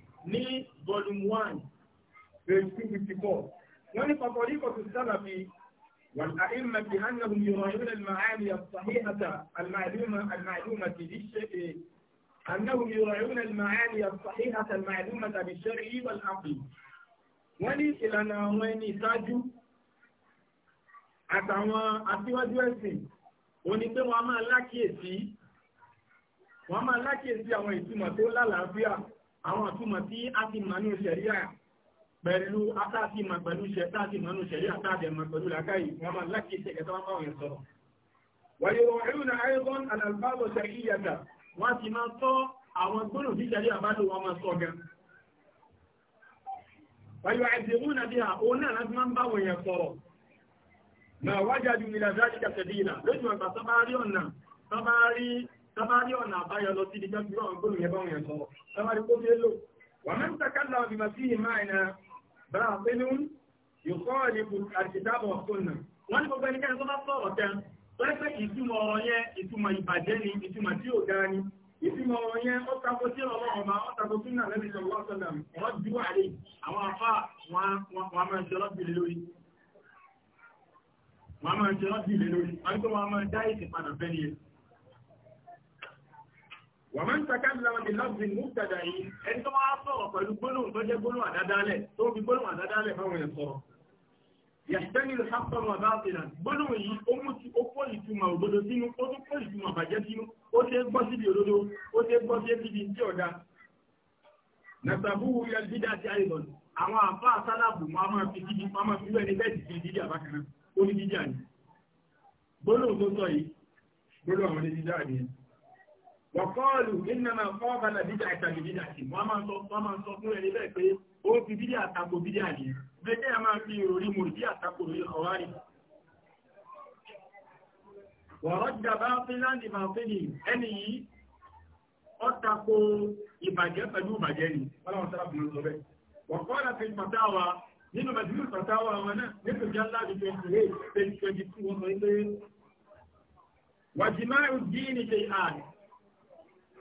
ní volume one page two fifty four wọ́n ní pàtàkì kò tó sábà fi والأئمة بأنهم يراعون المعاني الصحيحة المعلومة المعلومة بالشرع أنهم يراعون المعاني الصحيحة المعلومة بالشرع والعقل wọ́n ìlànà àwọn ẹni ìṣáájú àtàwọn aṣíwájú ẹ̀sìn òní pé wọ́n máa lákìyèsí wọ́n máa lákìyèsí àwọn ìtumọ̀ tó lálàáfíà àwọn àtúmọ̀ tí a ti mọ̀ ní ṣẹ̀ríà pẹ̀lú atáàtìmọ̀ pẹ̀lú ṣẹ̀tàtìmọ̀ ní ṣẹ̀ríà tààdẹ̀mọ̀ pẹ̀lú làkáyì wọ́n máa láti ṣẹ̀kẹ̀ tó máa wọ̀nyẹn sọ̀rọ̀. wàyẹ̀wọ̀n àìrọ̀n àlàlbáwọ̀ ṣẹ̀ríyàtà wọ́n ti máa tọ́ àwọn gbónà tí ṣẹ̀ríà bá lò wọ́n máa sọ gan. wàyọ̀ àìsèmún àbí à òun náà láti máa ń bá wọ̀nyẹn tábàárí ọ̀nà àbáyọ lọ sí ìdíjọ́ tí wọ́n gbóhùn yẹn bá wọn yẹn sọ tábàárí kó fẹ́ lò wà máa ń takà lọ bí màsí yìí máa ẹ̀nà bá a pé ní yòókọ́ ìlú àtìdábọ̀ ọ̀tọ̀nà wọ́n ní gbogbo ẹnikẹ́ni tó bá sọ̀rọ̀ tẹ tó ẹ pé ìtumọ̀ ọ̀rọ̀ yẹn ìtumọ̀ ìbàjẹ́ ni ìtumọ̀ tí ò dáa ni ìtumọ̀ ọ̀rọ̀ yẹn ó tako sí ọlọ́run ọba ó tako sí náà lẹ́nu ìṣọ̀rọ̀ ọ̀sọ̀lá wọ́n ju àlè àwọn afá wọn a máa ń ṣe ọlọ́bìnrin lórí wọn a máa ń ṣe ọlọ́bìnrin lórí dá ìsìn padà fẹ́ ni wà máa ń takà lára bí lọ́ọ̀bì múkàdà yìí ẹni tó wá sọ̀rọ̀ pẹ̀lú gbólóhùn tó jẹ́ gbólóhùn àdádálẹ̀ tó fi gbólóhùn àdádálẹ̀ fáwọn èèyàn sọ̀rọ̀ yàtẹ́ni lè sáfọ́ ọmọ bá fìlà gbólóhùn yìí ó mú ti ó kó ìtumọ̀ òdodo sínú ó tún kó ìtumọ̀ àbàjẹ́ sínú ó ṣe é gbọ́ síbi òdodo ó ṣe é gbọ́ sí síbi tí ọ̀dà nàtàbù yẹ dídá àti àìsàn àwọn àfa àsálàbù wọn máa fi síbi wọn máa fi wẹ́ ní bẹ́ẹ̀ sì dídí àbákan ó ní dídí àná gbólóhùn tó sọ yìí gbólóhùn àwọn ní dídá àná wọ̀kọ́ọ̀lù ìnáma fọ́ọ̀bàlà bídà àtàbí bídà sí wọ́n máa ń sọ fún ẹni bẹ́ẹ̀ pé ó fi bídà àtakò bídà ní bẹ́ẹ̀ a máa fi ìròrí mùrùdí àtakò lórí ọ̀wárì wọ̀rọ̀dà bá fínláńdì máa fi ní ẹni yìí ó tako ìbàjẹ́ pẹ̀lú ìbàjẹ́ ni wọ́n sára fún ọ̀sọ̀ bẹ́ẹ̀ wọ̀kọ́ọ̀lù fi pàtàwà nínú mẹ̀tìlú ìdí ní ṣe àná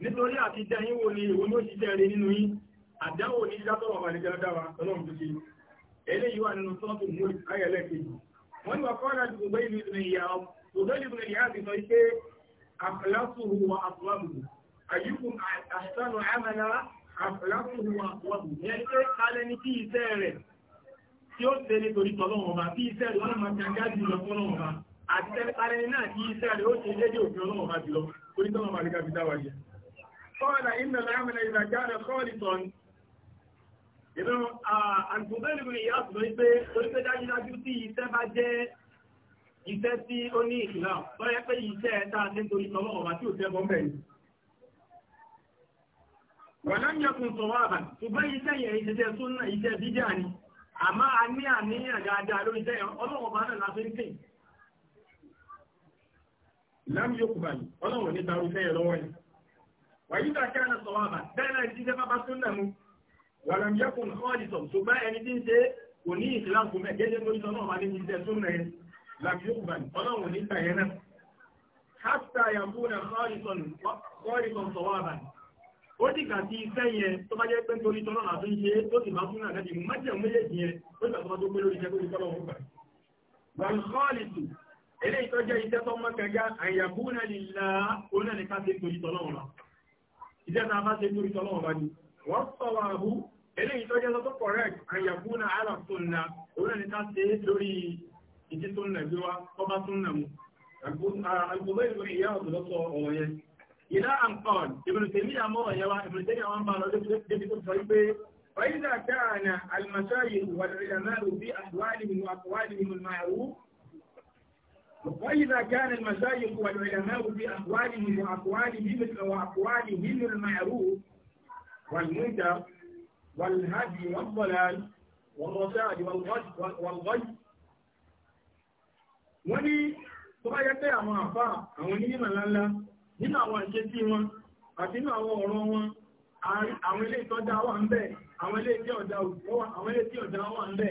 nítorí àti dẹ́yìn wo ni ìwò ní òṣìṣẹ́ rẹ̀ nínú yín àdáwò ní ìdátọ̀wọ̀ àmàlẹ̀gẹ́lẹ́dáwà ọlọ́run tó ṣe eléyìí wà nínú sọ́ọ̀tù mú ayẹlẹ́ kejì wọ́n ni wà kọ́ra ju gbogbo ìlú ìdùnnú ìyá gbogbo ìlú ìdùnnú ìyá ti sọ pé àfẹ́lásùrù wa àfúwàbù àyíkù àṣánù àmàlà àfẹ́lásùrù wa àfúwàbù ní ẹni pé kálẹ̀ ní kí iṣẹ́ rẹ̀ tí ó ṣe nítorí tọ́lọ́wọ̀n ọba kí iṣẹ́ rẹ̀ wọ́n máa ti ajá jùlọ àti tẹ́lẹ̀ kálẹ̀ ní náà kí iṣẹ́ rẹ̀ ó ṣe déédéé òfin ọlọ́wọ̀n ọba jùlọ orí tọ́lọ́wọ̀n ọba lè ga fi dá قال إن العمل إذا كان خالصا ìbẹ̀rún àgbòbẹ̀lú ìyàtọ̀ lórí pé orí pé dájúdájú tí iṣẹ́ bá jẹ́ iṣẹ́ tí ó ní ìṣìlá lọ́yẹ́ pé iṣẹ́ ẹ̀ta tí ń torí tọ́lọ́ ọ̀bá tí ó tẹ́ bọ́m̀bẹ̀ yìí wọ́n náà yẹkùn sọ̀rọ̀ àbà ṣùgbọ́n iṣẹ́ yẹn iṣẹ́ tó ná iṣẹ́ bídíà ni àmọ́ a ní àníyàn dáadáa lórí iṣẹ́ yẹn ọlọ́wọ́ bá náà láti ń sìn lámì yókù báyìí ọlọ́wọ́ ní wàyíká kẹ́rin sọ̀rọ̀ àbà bẹ́ẹ̀ náà ti sẹ́fà bá súnà mu wàlàm yẹ́kùn ọ̀dìtọ̀ ṣùgbọ́n ẹni tí ń ṣe kò ní ìsìlámù fún mẹ́ gẹ́gẹ́ bó ṣe náà máa ní ti ṣe súnà yẹn làbí tó jẹ́ pé torí tọ́lọ́ àti ṣe tó ó sì àtọ́wọ́ ká ṣe torí tọ́lọ́ ọ̀rọ̀ iṣẹ́ tá a bá ṣe lórí tọ́lọ́wọ́ bá ní wọ́n sọ̀rọ̀ àbú eléyìí tó jẹ́ tó correct àyàkúnà àlàtúnà òun náà ni ká ṣe lórí ìdí tó ń nà gbé wa tó bá tún nà mú àgbògbé ìlú ìyá ọ̀dọ́ sọ ọ̀rọ̀ yẹn فإذا كان المشايخ والعلماء بأحوالهم وأقوالهم المعروف وإذا كان المشايخ والعلماء في أقوالهم وأقوالهم وأقوالهم المعروف والمنكر والهدي والضلال والرشاد والغي والغي wọ́n ní tó bá yẹ pé àwọn àfá àwọn onímọ̀ ńláńlá nínú àwọn ìṣesí wọn àti nínú àwọn ọ̀rọ̀ wọn àwọn ilé ìtọ́jà wà ń bẹ àwọn ilé tí ọ̀dà wà ń bẹ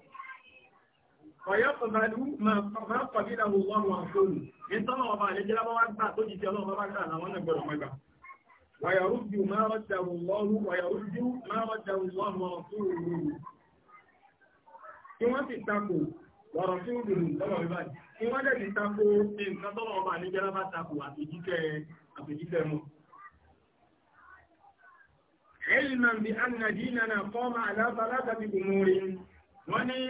ọ̀yọ́kọ̀bálú máa kọ̀bílà wọ́n wọ́n fóònù nítọ́nà ọba àlejẹ́lá bá wá gbà tó jìtì ọlọ́run bá gbà láwọn náà gbọ́dọ̀ mọ́gbà wàyàrújú máa rọ́jà wọ́n wọ́n fóònù kí wọ́n sì takò ọ̀rọ̀ tí ó dùn lọ́wọ́ ìbáyìí kí wọ́n dẹ̀ takò nǹkan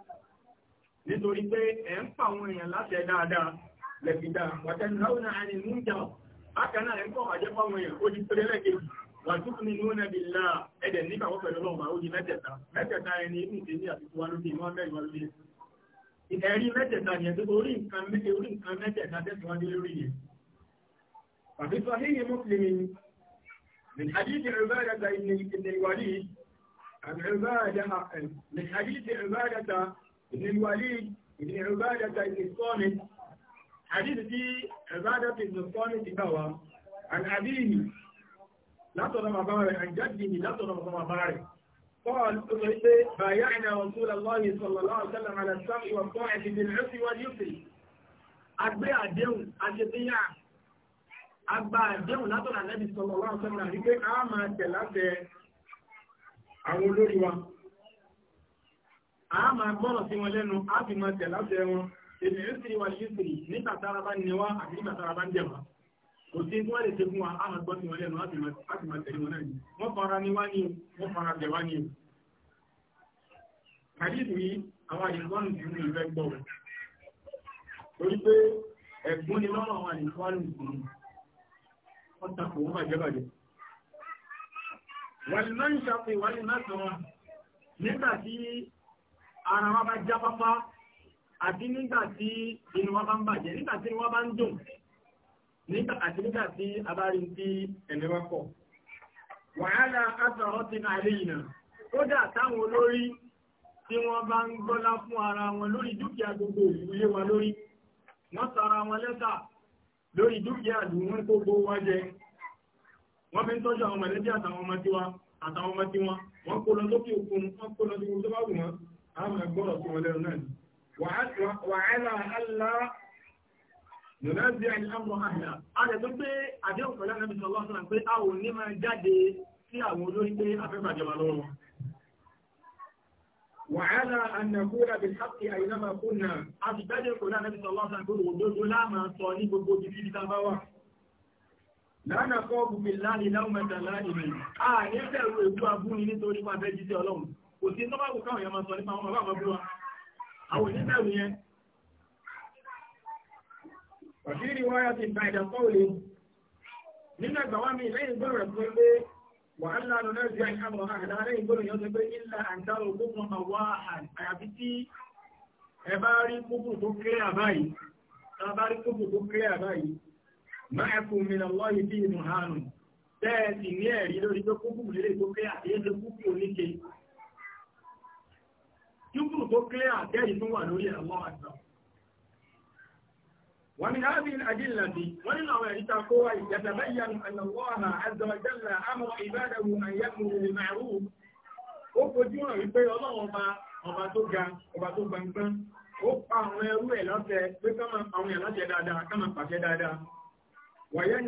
nítorí pé ẹ̀ ń pa àwọn èèyàn láti ẹ̀ dáadáa lẹ̀fìdá wàtẹ́ni láwọn àní mú jà bákanáà ẹ̀ ń kọ́ àjẹ́ fáwọn èèyàn ó di pẹ̀lẹ́ lẹ́kẹ̀ẹ́jì wà tó fún inú náà bí lá ẹ̀dẹ̀ nígbà wọ́n pẹ̀lú ọlọ́run ó di mẹ́tẹ̀ẹ̀ta mẹ́tẹ̀ẹ̀ta ẹni inú ìdíní àti tiwa lóde ìmọ̀ mẹ́rin wá lóde ẹ̀rí mẹ́tẹ̀ẹ̀ta yẹn tó orí nǹkan orí nǹkan mẹ́tẹ̀ẹ̀ta tẹ̀síwájú lórí yẹn àfi sọ híyẹ mọ́kìlìmì من حديث عبادة ابن الوليد عن عبادة من حديث عبادة بن الوليد بن عبادة بن الصامت حديث في عبادة بن الصامت بوا عن أبيه لا ترى مبارك عن جده لا ترى مبارك قال بايعنا رسول الله صلى الله عليه وسلم على السمع والطاعة بالعسر واليسر أتبع الدين أتبع agba àdéhùn látọ̀nà nẹ́bí sọ̀rọ̀ wá sọ́nà wípé a máa tẹ̀ láti àwọn olórí wa a máa gbọ́rọ̀ sí wọn lẹ́nu a fi máa tẹ̀lá tẹ wọn èdè yusri wal yusri nígbà tára bá ní wá àti nígbà tára bá ń jẹ̀wá kò sí wọ́n lè ṣe fún a máa gbọ́ sí wọn lẹ́nu a fi máa tẹ̀lé wọn náà wọ́n fara ní ní wọ́n fara bẹ̀ ní o. kàdídù yìí àwọn àyẹ̀kọ́nù ti ń fẹ́ gbọ́ wọn torí pé ẹ̀gbọ́n ni lọ́rọ̀ àwọn àyẹ̀kọ́nù ti ń wọ́n takò ara wa bá jáfáfá àti nígbà tí inú wa bá ń bàjẹ́ nígbà tí inú wa bá ń dùn nígbà àti nígbà tí a bá rí tí ẹ̀mí wa kọ̀. wàhálà àtọ̀rọ̀ ti náà lè yìnà kódà táwọn olórí tí wọ́n bá ń gbọ́lá fún ara wọn lórí dúkìá gbogbo ìwúlé wa lórí wọ́n tara wọn lẹ́tà lórí dúkìá àdùnwọ́n gbogbo wa jẹ wọ́n fi ń tọ́jú àwọn mọ̀lẹ́bí àtàwọn ọmọ tiwa àtàwọn ọmọ tiwọn wọ́n kó lọ lókè òkun wọ́n kó lọ sí gbogbo tó bá wù wọ́n àmà gbọ́rọ̀ tí wọ́n lẹ́nu náà ni wàhálà àlá nùnàbí àìsàmù àhìlà àjẹ̀tọ́ pé àdéhùn pẹ̀lú àmì sọ̀rọ̀ sọ̀rọ̀ pé a ò ní máa jáde sí àwọn olórí pé afẹ́bàjọba lọ́wọ́ wọn wàhálà ànàkúrà bí sáàkì àìsàmù àkúnnà a ti jáde pẹ̀lú àmì sọ̀rọ̀ sọ̀rọ̀ mi a ní bẹ̀rù ègbú abúni nítorí pàfẹ́ jíṣẹ́ ọlọ́run kò sí tọ́bá wò ya yẹn máa sọ nípa àwọn bàbá àbúrò àwọn ìdíbẹ̀rù yẹn ọ̀sírí wáyà ti ta ìdàpọ̀ òlè nínú ẹgbàwá mi lẹ́yìn gbọ́rọ̀ rẹ̀ pé pé wà á lánà náà sí àìkàmọ̀ lẹ́yìn a jùkùrù tó kílẹ̀ àjẹ́rì tó wà lórí ẹ̀mọ́ àgbà wọ́n ni láàbí àdínlàbí wọ́n nínú àwọn ẹ̀ríta kó wá ìjẹtàbáyàn àlọ́wọ́ha àzọ̀jẹ́là àmọ́ ìbádàwò àyẹ́kùnrin lè màrú ó fojú hàn wípé ọlọ́wọ́n ọba ọba tó ga ọba tó ó pa àwọn ẹrú ẹ̀ lọ́tẹ̀ pé kọ́mọ àwọn ẹ̀ lọ́tẹ̀ dáadáa kọ́mọ pàṣẹ dáadáa wàyẹ́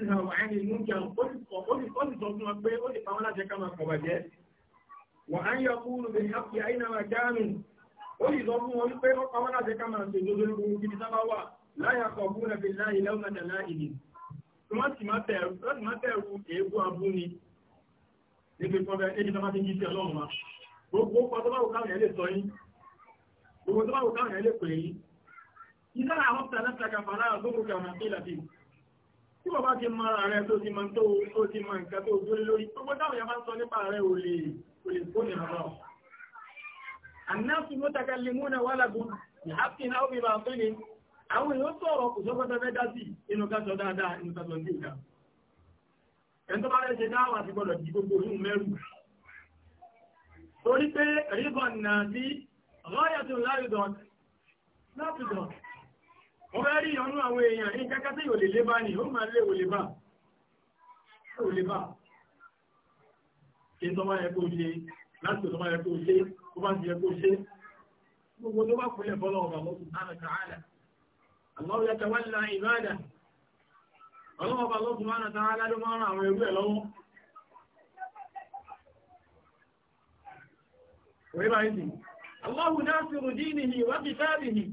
nìhà ó yìí sọ fún wọn wípé ọ̀pá wọn láti ká máa ń tèjọ́ lórí gbogbo ibi sábà wà láyà kọ̀ fún ẹbí láyé lẹ́wọ̀n àti láìní wọ́n sì má bẹ̀rù èébú abúni níbi pọ́bẹ̀ ẹni tó bá ti ń jí sí ọlọ́run wa gbogbo ọkọ̀ tó fara àgbógbò kàmà sí ìlàtí tí wọ́n bá ti mọ ara rẹ tó ti mọ nǹkan tó gbólé lórí gbogbo táwọn yẹn sọ nípa rẹ ò lè kó nìyàwó annasu mutakallimuna walagun bi haqqin aw bi batilin àwọn èèyàn sọ̀rọ̀ kò sọ́kọ́ tẹ́fẹ́ dá sí inú ká sọ dáadáa inú ká sọ ní ìdá ẹni tó bá rẹ̀ ṣe dáwà ti gbọ́dọ̀ di gbogbo inú mẹ́rù torí pé ríbọn náà sí rọ́yàtún láìdọ̀n lápìdọ̀n mo fẹ́ rí ìyọnú àwọn èèyàn ní kẹ́kẹ́ tí yóò lè lé bá ní ó máa lé òlè bá òlè bá kí n tọ́ bá yẹ kó ṣe láti tọ́ bá tó bá ti yẹ kó ṣe gbogbo tó bá kúlẹ̀ fọlọ́ ọba lọ sí àná tààlà àlọ́ yẹ kẹwàá nínú ìbáàdà ọlọ́wọ́ ọba lọ sí àná tààlà ló máa ń ran àwọn ẹrú ẹ̀ lọ́wọ́. Òye bá yìí Allahu nasiru dinihi wa kitabihi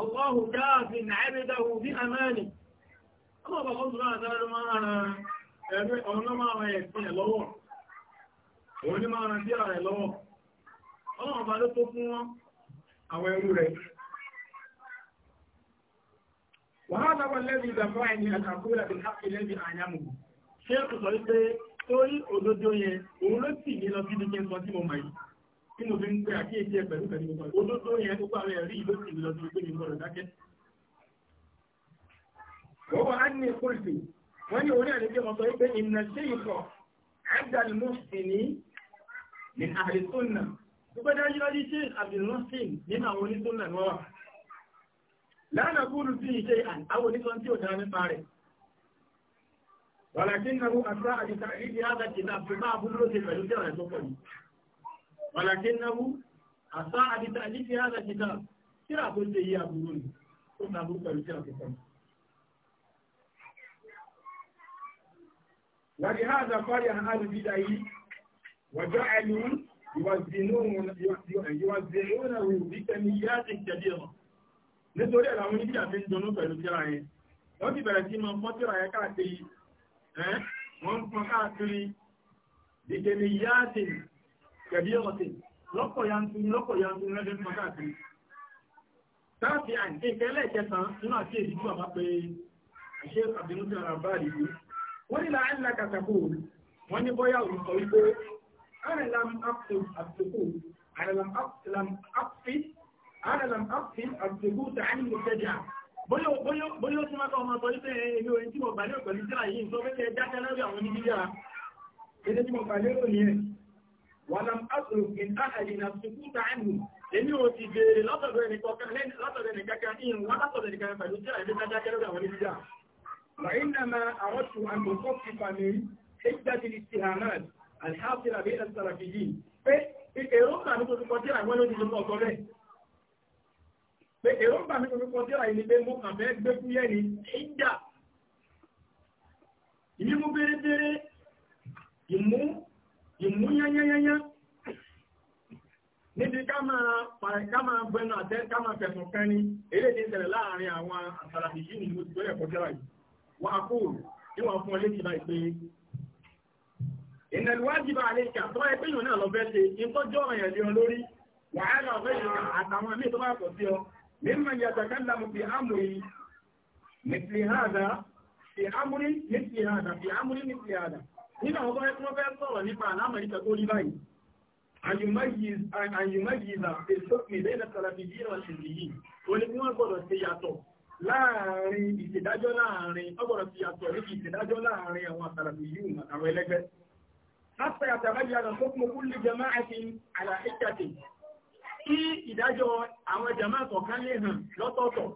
Allahu kafin 'abdahu bi amani. Ọlọ́wọ́ ọba lọ sí tààlà ló máa ran ẹrú ọ̀nà máa ń ran ẹ̀sìn ẹ̀ lọ́wọ́. Òun ni máa ń ran sí ààrẹ lọ́wọ́ ọlọ́run ọba ló tó fún wọn àwọn ẹrú rẹ̀ wàhálà wọn lẹ́bi ìgbàgbọ́ ẹni àtàkùnrin àti káfí lẹ́bi àyàmù ṣé kò sọ wípé torí òdodo yẹn òun ló sì ní lọ sí ibi kí n sọ tí mo mọ̀ yìí tí mo fi ń pè àkíyèsí ẹ pẹ̀lú pẹ̀lú gbogbo òdodo yẹn gbogbo àwọn ẹ̀rí ìlú sì ní lọ sí ibi kí n gbọ́dọ̀ dákẹ́. wọ́wọ́ á ní kúrìsì wọ́n ní orí àdéjé wọn sọ wípé ìnà ṣe ìkọ̀ àgbàlùmọ́ sí ní ní àrísọ́nà pípẹ́ dájúdájú tí abdulmuslim nínú àwọn onísúnnà ni wọ́n wà lánàá kúrú sí ìṣe àwọn onísọ́n tí ò dá nípa rẹ̀ wàlàkín náà àtúrà àdìsá ìdí àgbà kìtà fi máa búrú sí pẹ̀lú tí ọ̀rẹ́ tó pọ̀ yìí wàlàkín náà àtúrà àdìsá ìdí àgbà kìtà tíra tó ṣe yí àbúrú ni ó ta bú pẹ̀lú tíra tó pọ̀ yìí wàlì háàzà fárí àhálù bídà yìí wàjọ́ ẹlú ìwàzìnúnà ìwòbíkẹ́ ní yáàtì kẹbíọ̀mọ̀ nítorí ẹ̀lá wọn níbi àti ìjọnú pẹ̀lú tíra yẹn wọ́n ti bẹ̀rẹ̀ sí máa fọ́n tíra yẹn káàkiri ẹ́ wọ́n fọ́n káàkiri ìkẹ́ ní yáàtì kẹbíọ̀mọ̀tì lọ́pọ̀ yantun lọ́pọ̀ yantun lẹ́dẹ̀ fọ́n káàkiri táàfì àǹtí ìkẹ́lẹ̀ kẹsàn-án nínú àti èdè tí bàbá pé àṣẹ àbínú ti ara báyìí wọ́n ní làálàá kàtàkùn wọ́n ní bọ́yá òun sọ wípé انا لم اقصد السكوت انا لم اقصد لم اقصد انا لم اقصد السكوت عن المبتدع بيو بيو بيو سما كما طيب ايه هو انت مبالغ كل ترى هي سو بك يا جاتنا يا من دي يا انت مبالغ ولا ولم اترك ان احد السكوت عنه لانه في غير لا تقدر ان تقول لا تقدر ان كان ولا تقدر وانما اردت ان اخفف من حده الاستهانات alihafira bí ẹ sara fi yìí pé èròǹgbà mi tó fi kọjá àwọn ẹni tó lọ sọ bẹ́ẹ̀ pé èròǹgbà mi tó fi kọjá àwọn ẹni pé mo kàn fẹ́ gbé fún yẹn ní ìjà ìmí mú bérebére ìmú ìmú yányányányá níbi ká máa pàrẹ ká máa gbẹnu àtẹ ká máa fẹ̀sùn kan ní eré ní ìṣẹ̀lẹ̀ láàárín àwọn àtàlàbí yìí ni mo ti gbé ẹ̀kọ́ jẹ́ra yìí wọ́n á kúrò níwọ̀n fún ọ létí báyìí pé ìnẹ̀lúwájìbà àlẹ́kà tó ẹgbẹ́ yìí náà lọ bẹ́ ṣe ìtọ́jú ọ̀rọ̀ yẹn lé ọ lórí wàhálà ọ̀fẹ́ yìí àtàwọn míì tó bá kọ̀ sí ọ mímọ yàtàkàlà mo fi àmù yìí mìtì hàdà fi àmúrí mìtì hàdà fi àmúrí mìtì hàdà nínú àwọn bọ́ẹ̀ tí wọ́n fẹ́ sọ̀rọ̀ nípa àlámọ̀ríkà tó rí báyìí àyùmáyìíza èsókè lẹ́nà tàlàfíjì náà ṣe nìyí ó ní kí wọ́n gbọ́dọ̀ ṣe yàtọ̀ láàrin ìṣèdájọ́ láàrin حتى يتغير حكم كل جماعة على حكته kí ìdájọ́ àwọn jama'a kọ̀ọ̀kan lè hàn lọ́tọ̀ọ̀tọ̀.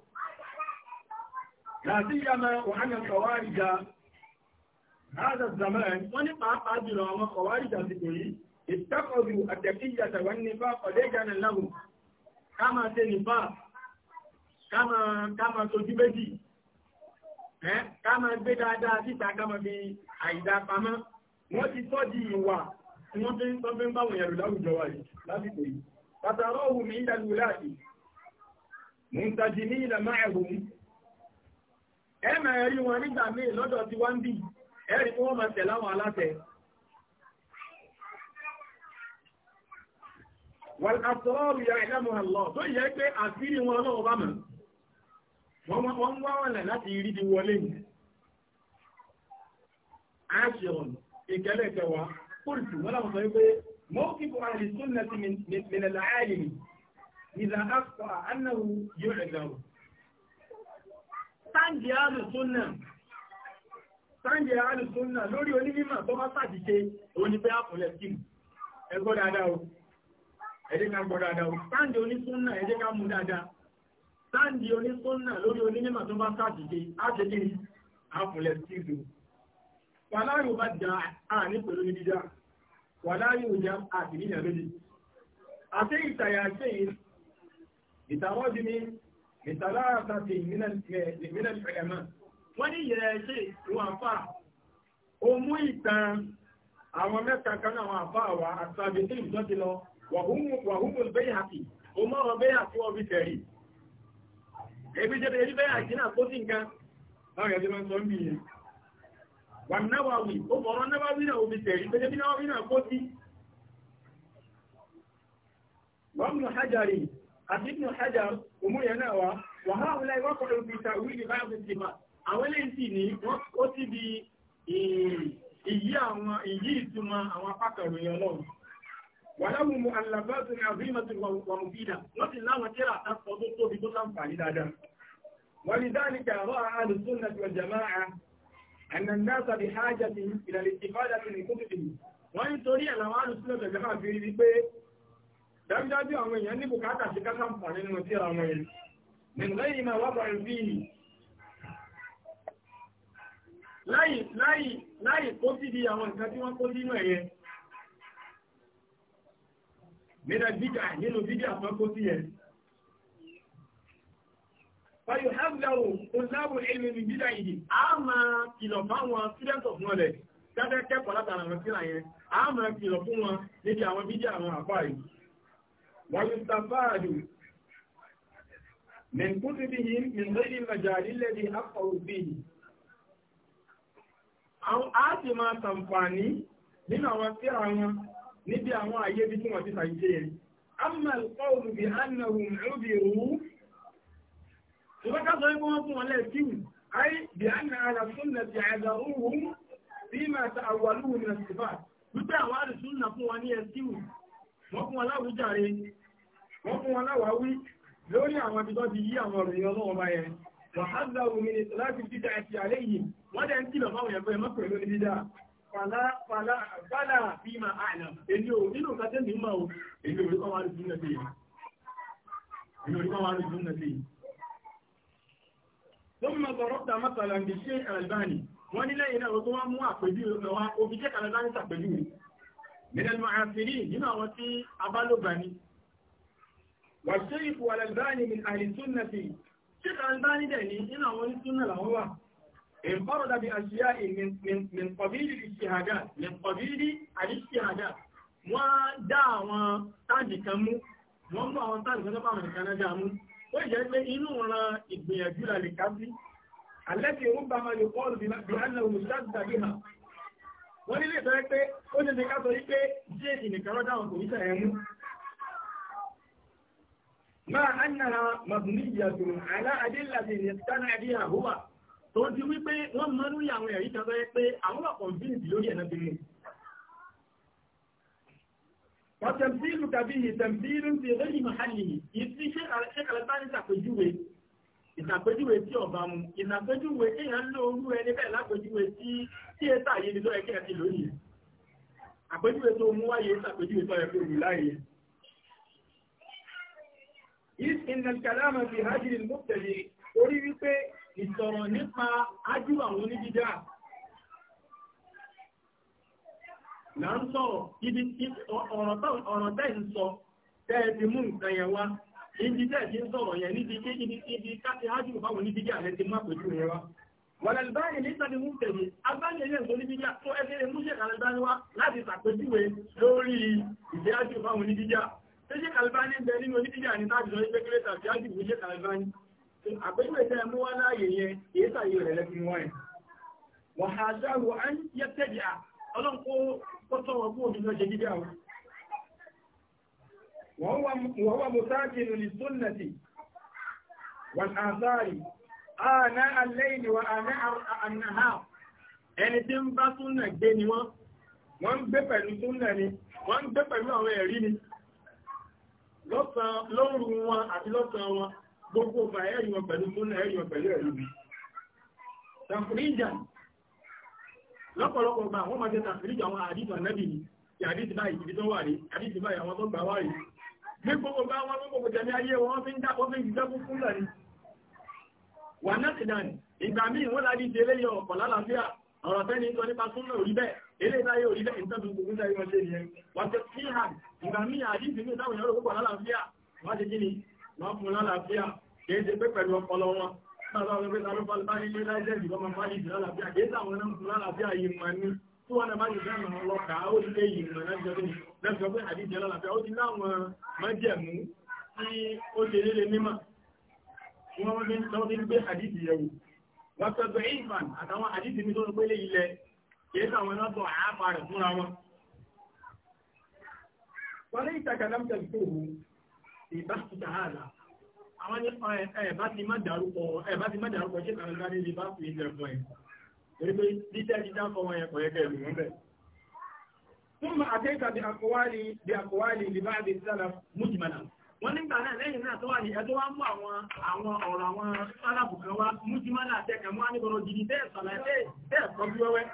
Láti yàmà wàhánà kọwàríjà, hádà zaman wọ́n ní pàápàá jùlọ àwọn kọwàríjà ti kò yìí, ìtàkọ̀dù àtẹ̀kíyàtà wọ́n ní bá ọ̀lẹ́gànà láwù, káàmà tẹ nìfà, káàmà tójú méjì, káàmà gbé dáadáa síta káàmà bí àìdá pamọ́ wọ́n ti tọ́ di ìwà tí wọ́n fi ń tọ́ fi ń báwọn ẹ̀rù láwùjọ wa yìí lásìkò yìí pàtàrọ̀ ohun mi ń dàlú láti mùtàjì ní ilẹ̀ máa ẹ̀rù mú ẹ máa rí wọn nígbà míì lọ́dọ̀ tí wọ́n ń bì ẹ rí wọ́n máa tẹ̀lé àwọn aláṣẹ. wọ́n àtọ́rọ̀ ya ìlànà àlọ́ tó yẹ pé àṣírí wọn náà bá mọ̀ wọ́n wá wọn láti rí di wọlé yìí. Aṣèrànù ìkẹlẹ̀ ìkẹwà kúrìtù wọ́n láwọn sọ wípé mọ́kìbù ahli sunnati min al-alimi idha akhta annahu yu'dharu sáǹdì alùsúnnà sáǹdì alùsúnnà lórí onímọ̀ tó bá sàdìṣe onífẹ́ àpọ̀lẹ̀ sí ẹgbọ́ dáadáa o ẹjẹ́ ká gbọ́ dáadáa o sáǹdì onísúnnà ẹjẹ́ ká mú dáadáa sáǹdì onísúnnà lórí onímọ̀ tó bá sàdìṣe á wàlá yóò bá jà á ní pẹ̀lú ní dídá wàlá yóò jà á sì ní ìyàmẹ́lì àti ìtàyà ṣe ìtàwọ́dí ní ìtàláàtà ti ìmìnà ìfẹ̀ẹ̀mà wọ́n ní ìyẹ̀ ṣe ìwọ̀n àfà ó mú ìtàn àwọn mẹ́ta kan àwọn àfà wà àtàbí tí ìjọ ti lọ wàhúmù bẹ́yà kì ó mọ́rọ̀ bẹ́yà tí wọ́n fi tẹ̀rí ebi jẹ́ bẹ́yà kì náà kó sí nǹkan láwọn ẹ̀jẹ̀ máa ń sọ ń bì yẹn wà náwàwí ó mọ̀rọ̀ náwàwí náà omi tẹ̀rí pẹ́lẹ́ bí náwàwí náà kó tí wọ́n mú hajjari àti ìpínlẹ̀ hajjar òmúyẹ náà wá wà háàlá ìwọ́kọ̀ di ìyí àwọn ìyí ìtumọ̀ àwọn apákàròyìn ọlọ́run wà láwọn mu alàbáàtù ní àbímọ̀tì wàmùfídà wọ́n ti láwọn tíra àtàkọ́ tó tóbi tó láǹfààní dáadáa wọ́n ni dáa ní ànàndásà bí hájá ti ìlàlẹ̀ ìfádà ti nìkútùdì wọ́n ní torí àwọn alùsílẹ̀ tẹ̀lẹ̀ máa fi rí pé dájúdájú àwọn èèyàn ní bùkátà sí kásá pàdé nínú tí ara wọn yìí nìgbẹ́ yìí máa wábà rí bíi láì kó sí di àwọn nǹkan tí wọ́n kó sínú ẹ̀yẹ nígbà bíjà nínú bíjà tó kó sí yẹn Wàyí Hábìláwò, Olúláwò Ẹ̀mí ní Bídà yìí, a máa kìlọ̀ fáwọn students of knowledge, dábẹ́ kẹ́kọ̀ọ́ látara àwọn síra yẹn, a máa kìlọ̀ fún wọn níbi àwọn bídí àwọn àfáà yìí. Wàyí Sàfáàdù, Mẹ̀kútù bí yìí, Mẹ̀lẹ́dì Màjàrí lẹ́dì Afọ̀rọ̀ bí yìí. Àwọn á ti máa ṣàǹfààní nínú àwọn síra wọn níbi àwọn àyè bí tí wọ́n ti ṣàyíṣe yẹn. Amma al-qawlu bi annahum 'ubiru ṣùgbọ́n ká sọ wípé wọ́n fún wọn lẹ́ẹ̀ kíwì ayé bí a nà ara fún nà ti àgbà òhun bí máa ta àwàlú nà sí fà wípé àwọn àdìsún nà fún wọn ní ẹ wọ́n fún wọn láwùjáre wọ́n fún wọn láwàáwí lórí àwọn ibi ti yí àwọn ọ̀rọ̀ ọlọ́wọ́ bá tó mọ̀ gọ̀rọ̀ta mọ́tàlá ní ṣe Albani wọ́n nílẹ̀ iná ọdún wọ́n mú àpèjú ọwá omi jẹ́ Albani sàpèjú rẹ̀ mẹ́lẹ̀lmọ̀ àfìrí nínú àwọn tí abálógbà ni wà ṣe ìfò Albani min àìsúnnà fi ṣe Albani dẹ̀ من من قبيل الاجتهادات من قبيل الاجتهادات wọ́n dá àwọn táàdì kan mú wọ́n mú àwọn táàdì kan tó bá àwọn ìkanájà mú ó jẹ́ pé inú ran ìgbìyànjú lálẹ́ kábí alẹ́bí òun bá máa yóò pọ́ọ̀lù bí láàrín olùsáàtì tàbí hàn wọ́n nílé ìfẹ́ pé ó ní ká sọ wípé jẹ́ ìnìkan rọ́dá àwọn kò níta ẹ̀mú máa annaha mabniyatun ala adillati yastana biha huwa tó ti wípé wọ́n mọ́nú àwọn ẹ̀rí kan sọ pé àwọn ọkọ̀ وتمثيل كبيه تمثيل في غير محله يسي شيخ الألباني تقجوه ìtàpéjúwe tí ọba mu ìtàpéjúwe èèyàn ló orú ẹni bẹ́ẹ̀ lápéjúwe tí tí ètà yìí ni lọ́yẹ ti lónìí àpéjúwe tó mú wáyé ìtàpéjúwe tó yẹ kó rú láyé is inal kalama fi hajjil mọ́tẹ̀lẹ̀ orí wípé ìsọ̀rọ̀ nípa ájú àwọn onídídá là ń sọ̀rọ̀ ibi ọ̀rọ̀ tẹ́ ń sọ tẹ́ ti mú nǹkan yẹn wá ibi tẹ́ ti ń sọ̀rọ̀ yẹn níbi kí ibi ibi káti ájú fáwọn níbi jẹ́ àrẹ ti má pẹ̀lú yẹn wá wọ̀lẹ̀ báyìí ní sáré mú tẹ̀lé agbáyé ilé ìgbò níbi jà tó ẹgbẹ́ ilé múṣẹ́ kàlẹ́bání wá láti ṣàpèjúwe lórí ìdí ájú fáwọn oníbi jà tó ṣe kàlẹ́bání bẹ nínú oníbi jà ní tájú lọ ẹgbẹ́ kílẹ̀ tàbí ájú múṣẹ́ kàlẹ́bání àpèjúwe tẹ́ mú wá láàyè ó tọ́ wọn kúrò nínú ọjọ́ dídá wọn. wọ́n wà mùsáàjì lórí sunnati wọn àzáàrì àná al-layli wa àná an-nahar ẹni tí ń bá súnnà gbé ni wọ́n wọ́n gbé pẹ̀lú súnnà ni wọ́n gbé pẹ̀lú àwọn ẹ̀rí ni lóòrù wọn àti lọ́sàn wọn gbogbo lọ́pọ̀lọpọ̀ ọgbà wọ́n máa tẹta fìríjì àwọn àdìsí ànábì ni ti àdìsí báyìí ibi tó wà rí àdìsí báyìí àwọn tó gbà wà rí ní gbogbo bá wọn ní gbogbo tẹ̀lé ayé wọn fi ń dá wọn fi ń jíjẹ́ fún fún lẹ́ni wà náà ti dàn ìgbà míì wọ́n láti ṣe eléyìí ọ̀pọ̀ lálàáfíà ọ̀rọ̀ tẹ́ni sọ nípa súnmọ́ orí bẹ́ẹ̀ eré láyé orí bẹ́ẹ̀ nǹkan tó Tí wọ́n náà bá jù fẹ́ràn ọlọ́kàá, ó ti lé ìrìnà lẹ́gbẹ̀ẹ́ pé àdíjẹ́ lọ́làfẹ́, ó ti láwọn májẹ̀mú tí ó ṣe lélé mímọ̀. Wọ́n bí tọ́ bí gbé àdíjì yẹ̀wò. Wọ́n tọ́ bẹ̀ ìfàn àtàwọn àdíjì ní tó ń pélé ilẹ̀, kìí sàwọn lọ́tọ̀ àápa rẹ̀ fúnra wọn. Wọ́n ní ìtàkà lámtẹ̀ àwọn ní ẹ̀bá ti má dárúkọ ṣe kàrẹ lárí lè bá fi ilẹ̀ fún ẹ̀ torí pé títẹ́ ti dákọ wọn ẹ̀kọ̀ ẹ̀kẹ́ ìlú wọn bẹ̀. fún ma àkẹ́kà bí àkọwálì bí àkọwálì lè bá bí sálà mújìmọ̀nà wọ́n nígbà náà lẹ́yìn náà tó wà ní ẹjọ́ wá mú àwọn àwọn ọ̀rọ̀ àwọn sálàbù kan wá mújìmọ̀nà àtẹ́kẹ̀ mú anígbọ̀nà jìdí bẹ́ẹ̀ sọ̀lá bẹ́ẹ̀ kọ́ bí wẹ́wẹ́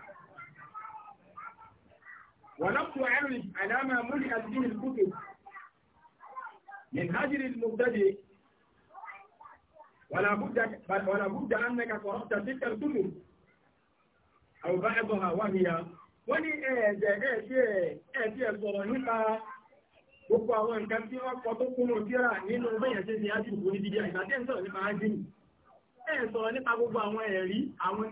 ولم تعرف على ما ملئت به الكتب من هجر المبتدئ ولا بد أنك قرأت تلك الكتب أو بعضها وهي wọ́n ní ẹ̀ẹ̀dẹ̀ ẹ̀ẹ̀dẹ̀ ẹ̀ẹ̀dẹ̀ sọ̀rọ̀ nípa gbogbo àwọn nǹkan tí wọ́n kọ tó kúnnù tíra nínú bẹ́yẹn tí a jùlọ ní dídí àìsàdé ń sọ̀rọ̀ nípa ájínì ẹ̀ẹ̀ sọ̀rọ̀ nípa gbogbo àwọn ẹ̀rí àwọn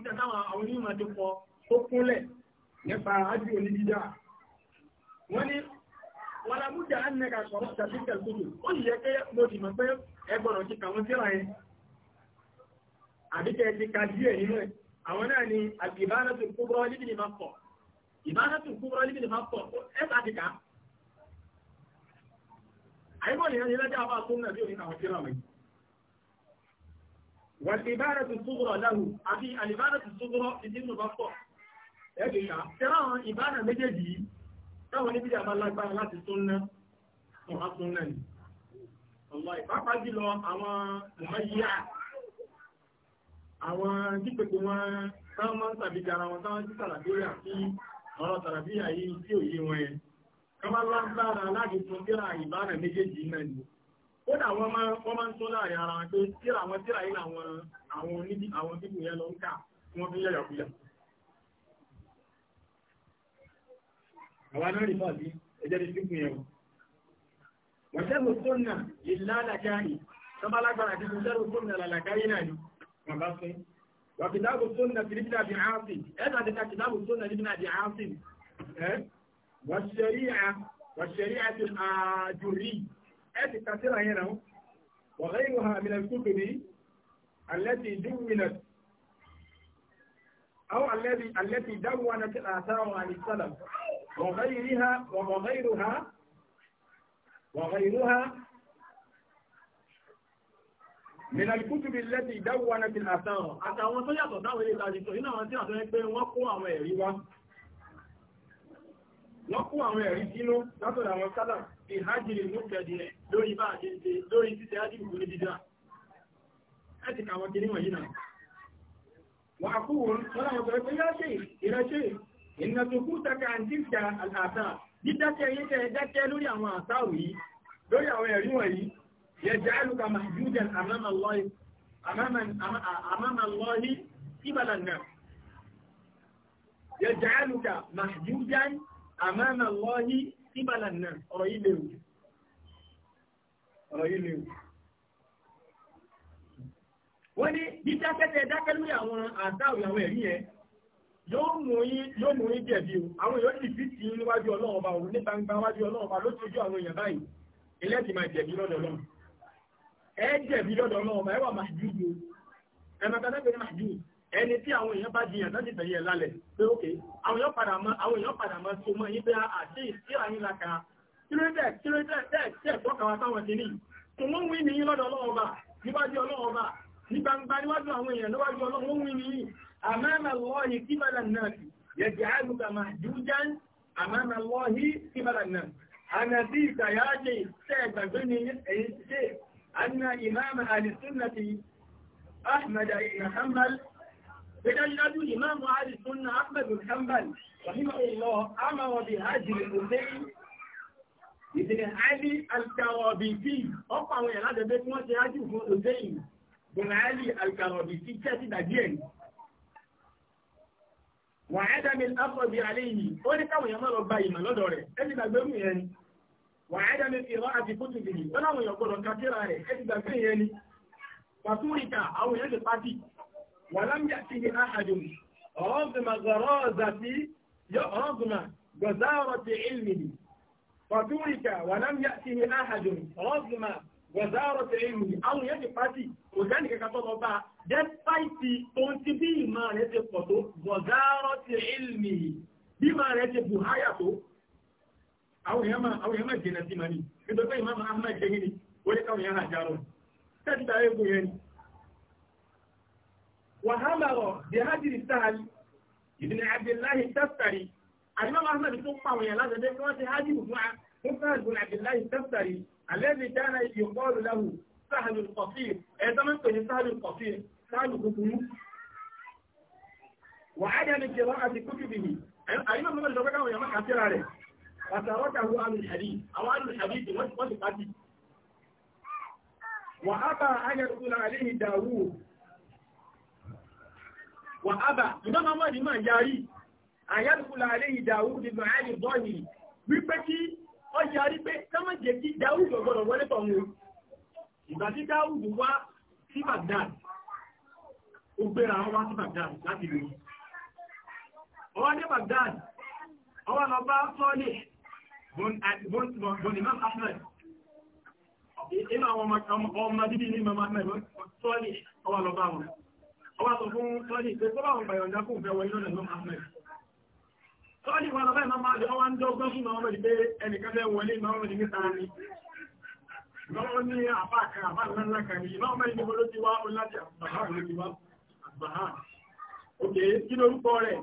onímọ̀ tó kọ tó kúnlẹ̀ nípa ájínì onídídá wọ́n ní wọ́n lábújá ánẹ́ka sọ̀rọ̀ tàbí kẹ̀kútù ó sì yẹ pé mo sì pé ẹgbọ̀rọ̀ ti kàwọn tíra yẹn àbíkẹ́ ti ka díẹ̀ nínú ẹ̀ àwọn náà ni ìbáratù kúbúrọ́ níbi ni máa pọ̀ ìbáratù kúbúrọ́ níbi ni máa pọ̀ ẹ̀ láti kà á. àyíkọ́ nìyẹn ni lọ́jà àbá tó ń nàbí òní àwọn tíra wọ̀nyí. wà ìbáratù kúbúrọ́ láhù àbí àlìbáratù kúbúrọ́ ìdí nù bá pọ̀ ẹ̀ kì í kà á. tẹ́lá àwọn ìbára méjèèjì yìí táwọn níbi àbá lágbára láti tún ná wọn á tún náà ni àwọn jípèpè wọn táwọn máa ń tàbí gara wọn táwọn jí tàràbíyà sí ọ̀rọ̀ tàràbíyà yìí tí òye wọn ẹ̀ kọ́má lágbára láti tún tíra ìbára méjèèjì náà ni kódà wọ́n máa ń tún láàrin ara wọn pé tíra àwọn tíra yìí làwọn àwọn oníbi àwọn bíbù yẹn lọ ń kà tí wọ́n fi yẹ̀yọ̀ kúyà. àwọn náà rí fọ́ọ̀dí ẹjẹ́ Àbáfin. Wà kìtàbù sónà ti níbi àbí àásì. Ẹ náà ti ta kìtàbù sónà níbi àbí àásì. Wà ṣẹ̀ríà wà ṣẹ̀ríà ti àjòrí. Ẹ ti ta síra yẹn náà. Wà lẹ́yìn dúwìnà. Àwọn àlẹ́bí àlẹ́tì dáwọ́ àti àtàwọn àlìsálà. Mìnàlìkútùbí lẹ́tì ìdáwò wọn ti àtàwọn àtàwọn tó yàtọ̀ dáwọn ilé ìtàjìtò nínú àwọn tí àtọ́ ẹ pé wọ́n kó àwọn ẹ̀rí wá. Wọ́n kó àwọn ẹ̀rí sínú látọ̀dọ̀ àwọn sálà fi hajjìrì mú kẹ̀dì ẹ̀ lórí bá àti ṣe lórí títẹ̀ hajjìrì kú ní dídá. Ẹ ti kà wọ́n kiri wọ̀nyí náà. Wà kú wọn láwọn sọ pé yáṣẹ́ ìrẹsẹ́ ìnàtòkú taka àǹtí fi àtà dídákẹ́ yíkẹ́ dákẹ́ lórí àwọn àtàwì lórí àwọn ẹ̀rí wọ̀nyí يجعلك محجوجا أمام الله أمام أمام الله قبل الناس يجعلك محجوجا أمام الله قبل الناس رأيين لرو رأيين لرو wọ́n ní bí dákẹ́tẹ́ dákẹ́ lórí àwọn àtàwì àwọn ẹ̀rí yẹn yóò mú yín yóò mú yín jẹ̀bi o àwọn èèyàn sì fi tì í níwájú ọlọ́run ọba òun ní gbangba wájú ọlọ́run ọba lójoojú àwọn èèyàn báyìí ẹlẹ́sìn máa jẹ̀bi lọ́dọ̀ ọlọ́run ẹ jẹ̀bi lọ́dọ̀ náà ọmọ ẹ wà màjúù ẹ máa tẹ́lẹ̀ pé màjúù ẹni tí àwọn èèyàn bá jiyàn láti tẹ̀yẹ lálẹ̀ pé ókè àwọn èèyàn padà mọ́ àwọn èèyàn padà mọ́ so mọ́ yín pé ah, àti ìsíra yín la kan kílódé kílódé tẹ̀ tẹ̀ tọ́ka wa táwọn ti ní wí ní yín ní gbangba níwájú àwọn èèyàn níwájú wí ní àmàmà kíbalà náà àlùkà àmàmà kíbalà náà ìṣẹ́ ìgbàgbé ẹ̀yìn ṣe أن إمام أهل السنة أحمد بن حنبل بدلد إمام أهل السنة أحمد بن حنبل رحمه الله أمر بهاجر الحسين ابن علي الكرابيسي أقوى من هذا البيت ما سيهاجر الحسين بن علي الكرابيسي كاتب أجيال وعدم الأخذ عليه ó ní káwọn èèyàn mọ́ lọ gba ìmọ̀ lọ́dọ̀ rẹ̀ ẹni gbàgbé mú yẹn wàhádà mi fi rán àti fótó bìí lọ́nà àwọn èèyàn gbọ́dọ̀ kàkíra rẹ̀ ẹ ti gbàgbé yẹn ni fàtúrìkà àwọn èèyàn lè pàtì wà lámìyà sí ní àhàjò ọ̀rọ̀ gbìmọ̀ gọ̀rọ̀ ọ̀zà sí yọ ọ̀rọ̀ gbìmọ̀ gọ̀zà ọ̀rọ̀ ti ìlmì ni fàtúrìkà wà lámìyà sí ní àhàjò ọ̀rọ̀ gbìmọ̀ ti ìlmì ni àwọn èèyàn lè pàtì kò sẹ́ni kankan tó lọ bá dẹ́páìtì tó ń ti bí ìmọ̀ rẹ̀ ti pọ̀ tó gọ̀zà ti ìlmì bí ìmọ̀ rẹ̀ ti bù háyà tó àwọn èèyàn máa jẹ́nà sí mani nítorí pé ìmáàmù ahmed ṣe yìí ni wọ́n ní káwọn èèyàn àjá lọ tẹ́tìta egun yẹn ni wàhálà rọ̀ bí hajjiri sáàlì ìdìnnà abdullahi tastari àdìmọ́mù ahmed tún pa àwọn èèyàn láti ẹgbẹ́ kí wọ́n ti hajjiri fún a fún sáàlì fún abdullahi tastari alẹ́bí dáná iye kọ́ọ̀lù láhù sáàlù kọfíì ẹ̀ẹ́dọ́ mọ́ pèsè sáàlù kọfíì sáàlù kúkúrú wàhálà ni pàtàkì àwọn alùhàdì àwọn alùhàdì tí wọ́n ti pàtì wà ábà ayẹ̀kúnlá aléhì dàwú wà ábà ìbámá mọ́ ìdímọ̀ yarí ayẹ̀kúnlá aléhì dàwú di mọ̀hálì bọ́ọ̀lì wípé kí ọ yarí pé kọ́mọ̀ jẹ́ kí dàwú gbọ̀gbọ̀rọ̀ wọlé tọ̀hún ìgbà tí dàwú wá sí Baghdad ó gbéra wá sí Baghdad láti lè wọ́n dé Baghdad ọwọ́ lọ bá sọ́ọ̀lẹ̀ bọ́n ah, imam ahmed inú àwọn ọmọ bíbí ní imam ahmed sọ́ọ̀lì ọwà lọ bá wọn ọwà sọ fún sọ́ọ̀lì pé tó bá wọn bàyàn jákùn fẹ́ wọ ilọ́nà ahmed sọ́ọ̀lì wọn lọ bá imam ahmed ọwà ń dọ́gbọ́n fún imam ahmed pé ẹnìkan fẹ́ wọlé imam ahmed ní sáàni lọ́wọ́ ní àbá kan àbá ńlá kan ní imam ahmed ní bọ́lọ́ ti wá ó láti àbáhà ló wá ok kí lórúkọ rẹ̀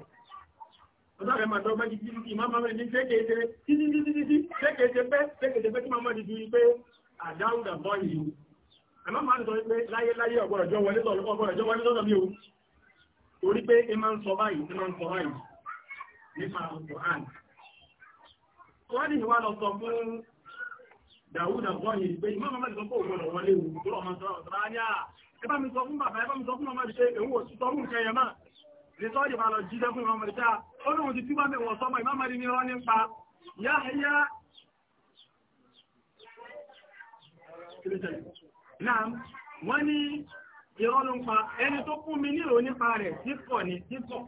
ọ̀sọ́rẹ̀ máa dọ́gbẹ́ jí jí lùkì máa mẹ́rin ní ṣékèéṣe títítítítí ṣékèéṣe pẹ́ ṣékèéṣe pẹ́ tí máa mọ́dí ju wípé àdáhùndà bọ́ ìlú ẹ̀mọ́ máa ń sọ wípé láyé láyé ọgbọ̀rọ̀jọ́ wọlé sọ́dọ̀ mi o torí pé ẹ máa ń sọ báyìí ẹ máa ń sọ báyìí nípa ọ̀pọ̀ àn wọ́n ní ìwà lọ sọ fún dàwúdà bọ́ yìí pé ìmọ̀ mọ́mọ́ ìsọ́kọ̀ ògbọ̀rọ̀ wọlé o tó lọ́ rìsọ́ọ̀dì máa lọ jíjẹ́ fún ìmọ̀mọ̀ ìta ó lóun ti túbọ̀ mẹ́wọ̀ sọmọ ìmọ̀mọ̀ ní rán nípa Yahya náà wọ́n ní irọ́ ló ń pa ẹni tó fún mi nílò nípa rẹ̀ sípọ̀ ní sípọ̀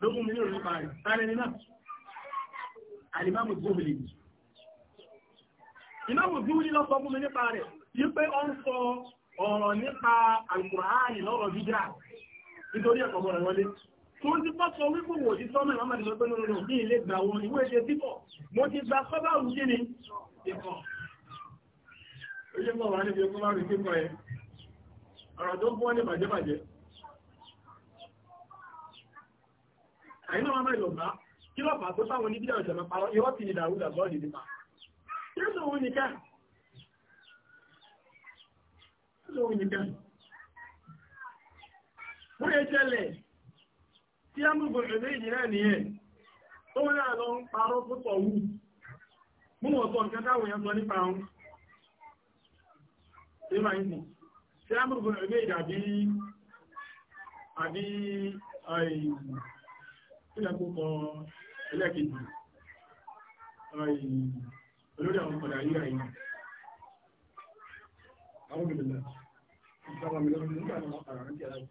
ló fún mi nílò nípa rẹ̀ sáré ní náà alimamu gbóbìlì ìmáàmù gbóbìlì lọ sọ fún mi nípa rẹ̀ wípé ó ń sọ ọ̀rọ̀ nípa Al-Qur'ani lọ́rọ̀ jíjà nítorí ẹ̀kọ́ mọ̀rọ̀ wọlé Mo ti bọ́ sọ wípò wò sí sọ́mọ̀ ìwọ́n mẹ́rin lọ́gbẹ́ lórí rẹ̀ ní ilé gbà wọn ìwé ṣe sípọ̀. Mo ti gba kọ́bá òun sí ni. Oye mọ̀ wá níbi ọkọ́ márùn-ún sípọ̀ ẹ. Ọ̀rọ̀ tó gbọ́ ní bàjẹ́bàjẹ́. Àyínà wọn mẹ́rin lọ́gbà kí lọ fà tó táwọn oníbídà ọ̀sẹ̀ máa parọ́ irọ́ ti ní dàrúdà bọ́ọ̀lì nípa. Yẹ́sọ̀ òun nìkan. Yẹ́sọ̀ òun nìkan. Wọ́n yẹ jẹ́lẹ̀ tí a mú bọ̀rẹ̀ méjì náà nìyẹn tó wọ́n náà lọ ń parọ́ púpọ̀ wù mú mọ̀ sọ nǹkan táwọn èèyàn sọ nípa wọn tí máa ń sìn tí a mú bọ̀rẹ̀ méjì àbí àbí ìlẹ́kùnkọ̀ ẹlẹ́kejì olórí àwọn ọ̀dà yíra yìí àwọn obìnrin náà ìjọba mi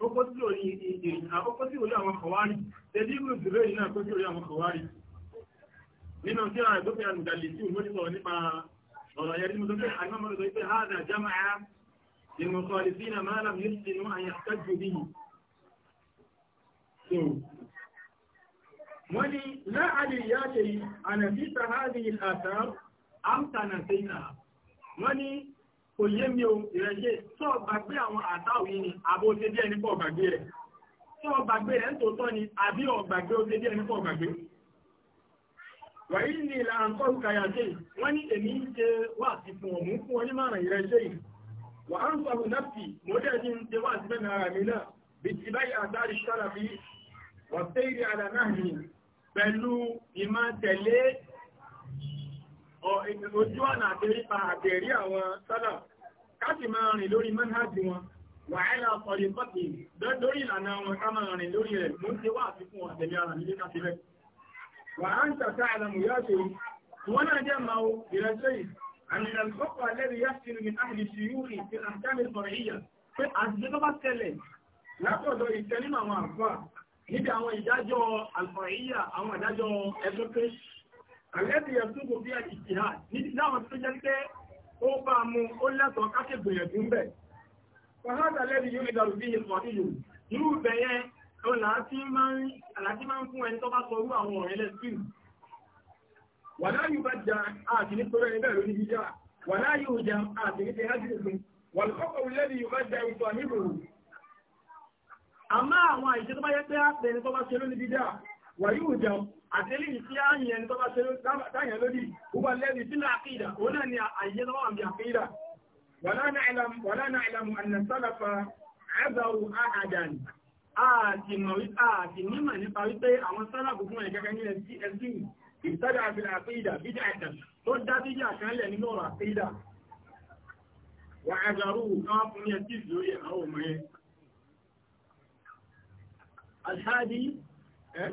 kókó tí ò yí ìdè àkókó tí ò yí àwọn kọ̀wárì tẹ̀lé ìlú ìdúró yìí náà kó tí ò yí àwọn kọ̀wárì nínú tí a tó fi hàn gàlè tí òun sọ̀rọ̀ nípa ọ̀rọ̀ yẹn tí mo tó fẹ́ àgbà mọ́tò pé hádà jámáà ìmọ̀ sọ̀rọ̀ sí iná máa làm ní sinú àyà kájú bí yìí. wọ́n ní láàdì ìyá ṣe yìí ànàfíìsà hádìí àtàr àmtànà sínà wọ́n ní kò yé mi o ìrẹ́ṣẹ́ tó gbàgbé àwọn àtàwí ni àbò ṣe díẹ̀ nípa ọ̀gbàgbé rẹ̀ tó gbàgbé rẹ̀ ń tòótọ́ ni àbí ọ̀gbàgbé ó ṣe díẹ̀ nípa ọ̀gbàgbé wàyí ní ìlànà kọ́rù kàyàṣẹ́ wọ́n ní èmi ń ṣe wà sí fún ọmú fún onímọ̀ràn ìrẹ́ṣẹ́ yìí wà á ń sọ fún náfì mo dẹ̀ ní ń ṣe wà sí fẹ́mi ara mi náà bí ti báyìí àtàrí sálàbí ojú ọ̀nà àtẹrípa àtẹ̀rí àwọn sọ́dọ̀ káàkì máa rìn lórí manhajì wọn wàhálà ọ̀pọ̀lẹ̀ pọ̀tì lórí ìlànà wọn ká máa rìn lórí rẹ̀ mú ti wá àfikún ọ̀tẹ̀mí ara nílé káfí rẹ̀ wà á ń tàkà àlàmù yá ṣe wọn náà jẹ́ máa o ìrẹsẹ́ yìí àmì ìrẹsọ́pọ̀ alẹ́rìí yá sí ní àhìlì àlẹ́bí ẹ̀sùn kò bí ìtìhà níbi láwọn tó jẹ́ pé ó bá mú ó lẹ́tọ̀ọ́ káṣe gbìyànjú ń bẹ̀. fọ́nàdà lẹ́bí yóò dàrú bí ìfọ̀ ìlú irú ibẹ̀ yẹn aláàtí máa ń fún ẹni tó bá sọ orú àwọn ọ̀rẹ́ lẹ́sìn. wàláyù bá jà àti nítorí ẹni bẹ́ẹ̀ lórí jíjà wàláyù jà àti nítorí hajj fún wàlúkọ́kọ̀ lẹ́bí yóò bá jà wàyí òjẹun àtẹ́lẹ̀ ìfí ààyè ẹni tó bá ṣe dáyẹ̀ lódì púpọ̀ lẹ́bi sílẹ̀ àkídà ó náà ni àyè lọ́wọ́ àmì àkídà wàlá nàìlàmù ànàsálàfà àbàrù àhàdàn àti mímọ̀ nípa wípé àwọn sálàbù fún ẹ̀gẹ́gẹ́ ní ẹ̀sìn ìtajà àbìlà àkídà bíjà ẹ̀dà tó dá síjà àkánlẹ̀ náà fún ní ẹ̀sìn lórí àwọn ọmọ yẹn. Alhadi, eh?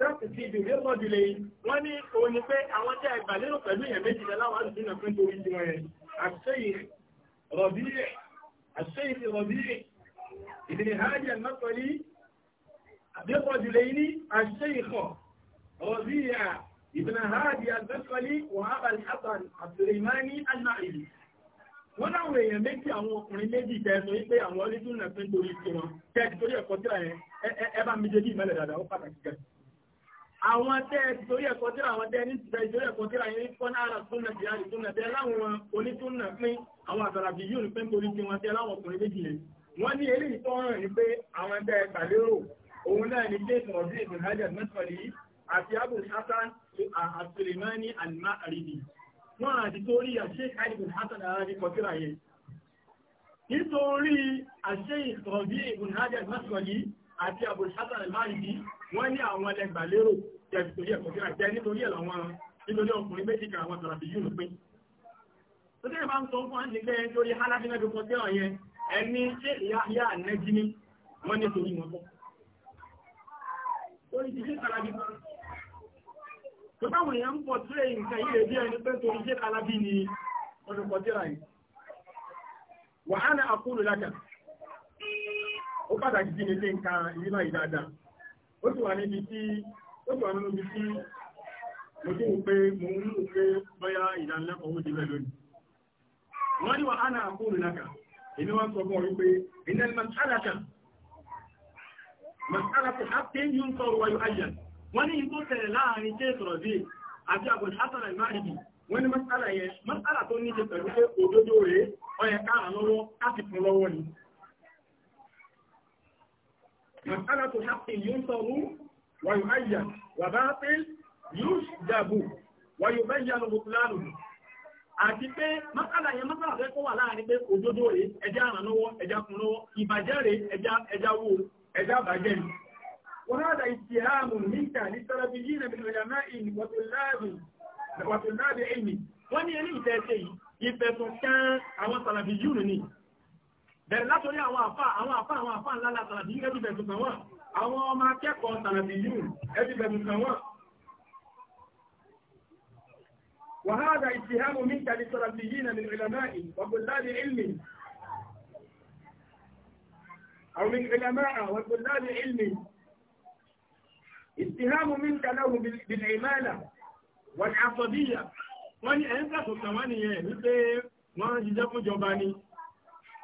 tẹ́sì ti ìdìrí mọ́dúlé wọ́n ní òun ni pé àwọn jẹ́ ẹgbà lérò pẹ̀lú èèyàn méjìlá láwọn àdúgbò pé torí ti wọ́n yẹn àṣeyìí rọ̀bíyè àṣeyìí rọ̀bíyè ìdìrí hajj mọ́tọ́lí àbíọ́mọ́dúlé ní àṣeyìí kọ̀ rọ̀bíyè ابن هادي البصري وابا الحسن السليماني النائبي wọ́n láwọn èèyàn méjì àwọn ọkùnrin méjì tẹ́ẹ̀sọ wípé àwọn ọlẹ́dún náà pín torí tí wọn tẹ́ẹ̀tì torí ẹ̀kọ́ àwọn tẹ́ ìtorí ẹ̀kọ́ tí àwọn tẹ́ ní ìtìtẹ́ ìtorí ẹ̀kọ́ tí àyíní fọ́nà ara súnà tí a lè súnà tẹ́ láwọn onítúnà pín àwọn àgbàlagbì yóò pín torí tí wọ́n tẹ́ láwọn ọkùnrin méjì lè wọ́n ní eré ìtọ́ràn ní pé àwọn tẹ́ ìgbàlérò òun náà ní jason ọdún ibn hajar àti àbòṣátàn láìbí wọ́n ní àwọn ẹlẹgbà lérò jẹ̀bi torí ẹ̀kọ́ síra jẹ́ nítorí ẹ̀ làwọn nítorí ọkùnrin méjì kan àwọn tàbí yìí ló pé. tó tẹ́lẹ̀ bá ń sọ fún àti pé torí halabi náà fi kọ sí ọ̀yẹn ẹni ṣé ìyá ànẹ́jì ni wọ́n ní torí wọn tó ń ṣe kalabi ni ọdún kọ síra yìí. wàhálà àkúrò lákàtà ó pàtàkì sí nílé nǹkan ìrìnà ìdáadáa ó sì wà níbi tí ó sì wà nínú ibi tí mo tí wù pé mo ń wù pé bóyá ìdánilẹ́kọ̀ọ́ ó di bẹ́ẹ̀ lónìí wọ́n ní wà á náà kúrò lákà èmi wọ́n sọ fún ọ wípé ìnẹ́lẹ̀ mọ̀sálàkà mọ̀sálàkà ápé yìí ń sọ̀rọ̀ wáyé ayà wọ́n ní ìtò tẹ̀lé láàrin tẹ́ sọ̀rọ̀ bí àti àbòdì hásàlà ìmáàdìbì wọ́n ní mọ̀sálà yẹn mọ̀sálà tó ní ṣe pẹ̀lú pé òdodo rèé ó yẹ káàrà lọ́wọ́ láti fún lọ́wọ́ ni masalatu haqqin yuntaru wa yu'ayyan wa batil yushjabu wa yubayyanu butlanuhu àti pé mọ́kànlá yẹn mọ́kànlá fẹ́ kọ́ wà láàrin pé òdodo rẹ̀ ẹja ràn lọ́wọ́ ẹja kun lọ́wọ́ ìbàjẹ́ rẹ̀ ẹja wo ẹja bàjẹ́ ni. wọ́n rádà ìsì bẹ̀rẹ̀ látọrí àwọn àfá àwọn àfá àwọn àfá ńláńlá tàbí ẹbí bẹ̀rù kan wọ́n àwọn ọmọ akẹ́kọ̀ọ́ tàbí yìí ẹbí bẹ̀rù kan wọ́n وهذا اتهام منك للسلفيين من علماء وطلاب علم أو من علماء وطلاب علم اتهام منك له بالعمالة والعصبية wọ́n ni ẹ̀ńkà tó kàn wá nìyẹn wọ́n jíjẹ́ fún jọba ni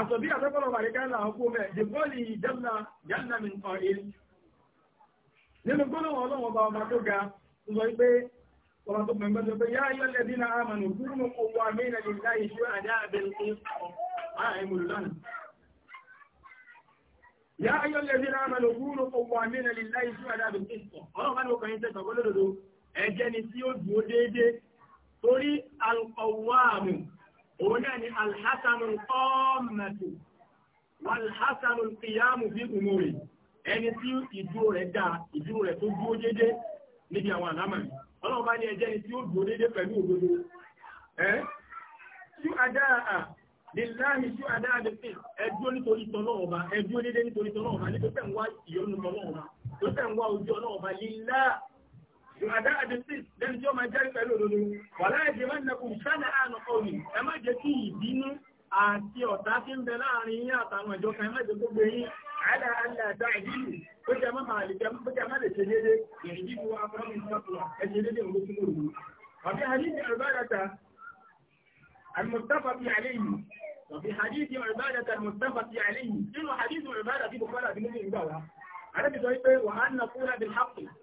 àtọ̀bí àtọ́kọ̀lọ̀ bàríkàlà ọkọ̀ mẹ́ dìbọ́lì jẹ́nà mi kan il nínú gbọ́nàwọ̀ ọlọ́wọ̀ bá ọba tó ga sọ pé ọba tó pẹ̀lú sọ pé yáà yọ́ lẹ́bí na àmìnà lè láì ṣe àdá àbẹ̀lẹ̀ يا أيها الذين آمنوا كونوا لله شهداء بالقسط ọlọ́run bá ní ọkàn yín tẹ́tọ̀ gbọ́lódòdó ẹjẹ́ ni tí ó dúó déédéé torí alqawwamu onye náà ni alhassanu kọ́ọ̀mẹ̀tò walhassanu kìyàmù bi umuri ẹni tí ìdúró rẹ̀ dá ìdúró rẹ̀ tó dúró déédé níbi àwọn àlámà ọlọ́run bá ni ẹjẹ́ ni ti o dúró déédé pelu òdodo ẹ́ ṣú adáa lèláàmì ṣú adáa lè fi ẹdúró nítorí tọ́lọ́ọ̀ba ẹdúró déédé nítorí tọ́lọ́ọ̀ba nítorí tẹ̀ ń wá ìyọnu tọ́lọ́ọ̀ba tó tẹ̀ ìmọ̀dá àdìsí lẹ́nu tí ó máa jẹ́rìí pẹ̀lú òdodo wà láì jẹ́ máa nẹkùn sẹ́nà àánú omi ẹ má jẹ́ kí ìbínú àti ọ̀tá tí ń bẹ láàrin yín àtàwọn ìjọ kan ẹ má jẹ́ gbogbo yín àdá àdá àdá ìdílù ó jẹ́ má máa lè jẹ́ ó jẹ́ má lè ṣe déédé ìdílù afọ́nmi sọ́kùnà ẹ ṣe déédé òun fún òru. ọ̀bí hadithi ọ̀bádàta àlùmọ̀tàfà fi àlẹ́ yìí ọ̀bí hadithi ọ̀bádàta àlùmọ̀tàfà fi àlẹ́ yìí nínú hadithi ọ̀bádàta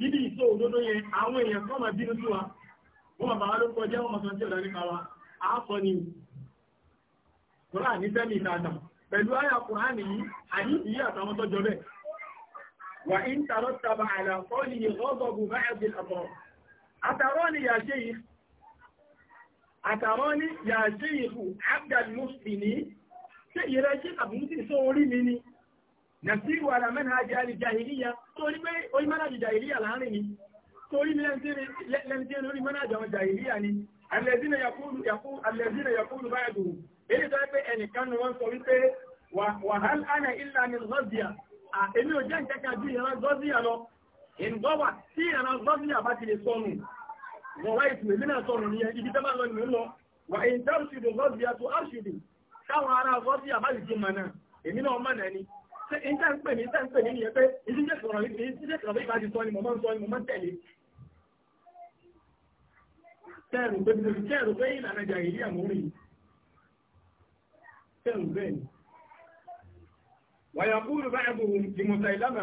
níbi ìṣó òdodo yẹn àwọn èèyàn kọ́ máa bínú sí wa wọ́n bàbá ló kọjá wọn mọ̀sán tí ọ̀dà nípa wa àákọ́ ni kùrá ní sẹ́mi ìtajà pẹ̀lú àyà kùrá nìyí àní ìyí àtàwọn tó jọ bẹ́ẹ̀ wà ń tarọ́ taba àlàkọ́ ni ìrọ́gọ̀gù bá ẹ̀bùn àtọ̀ àtàrọ́ ni yà ṣe yìí àtàrọ́ ní yà ṣe yìí nàṣírù àlàmẹ́nàájì alìjàhìlíyà torí pé orí mẹ́nàájì jàhìlíyà láàrin ni torí lẹ́ntẹ́ lórí mẹ́nàájì àwọn jàhìlíyà ni alẹ́zínà yakúlù báyà dùn èyí tó pé ẹnìkan ni wọ́n sọ wípé wàhálà ánà ìlà ní zọ́bíà èmi ò jẹ́ ìkẹ́kẹ́ ju ìran zọ́bíà lọ ìǹgọ́wà tí ìran zọ́bíà bá ti lè sọnù wọ̀wá ìtùwé mí náà sọnù ní ibi tẹ́ bá lọ nìyẹn lọ wà ìntẹ́rùsìdì zọ́bíà tó áṣìdì táwọn ará zọ́bíà bá sì ti mọ̀ náà èmi ni ìtẹ́ǹpẹ̀ mi ìtẹ́ǹpẹ̀ mi nìyẹn pé ìdíje sọ̀rọ̀ mi ìdíje sọ̀rọ̀ mi ìbájú sọ ni mo máa ń sọ ni mo máa ń tẹ̀lé. Tẹ́rù pé mo tẹ́rù pé ìlànà ìjà ìrí àmúrí yìí. Tẹ́rù bẹ́ẹ̀ ni. Wàyàkúrú bá ẹ̀bù ìmọ̀ta ìlànà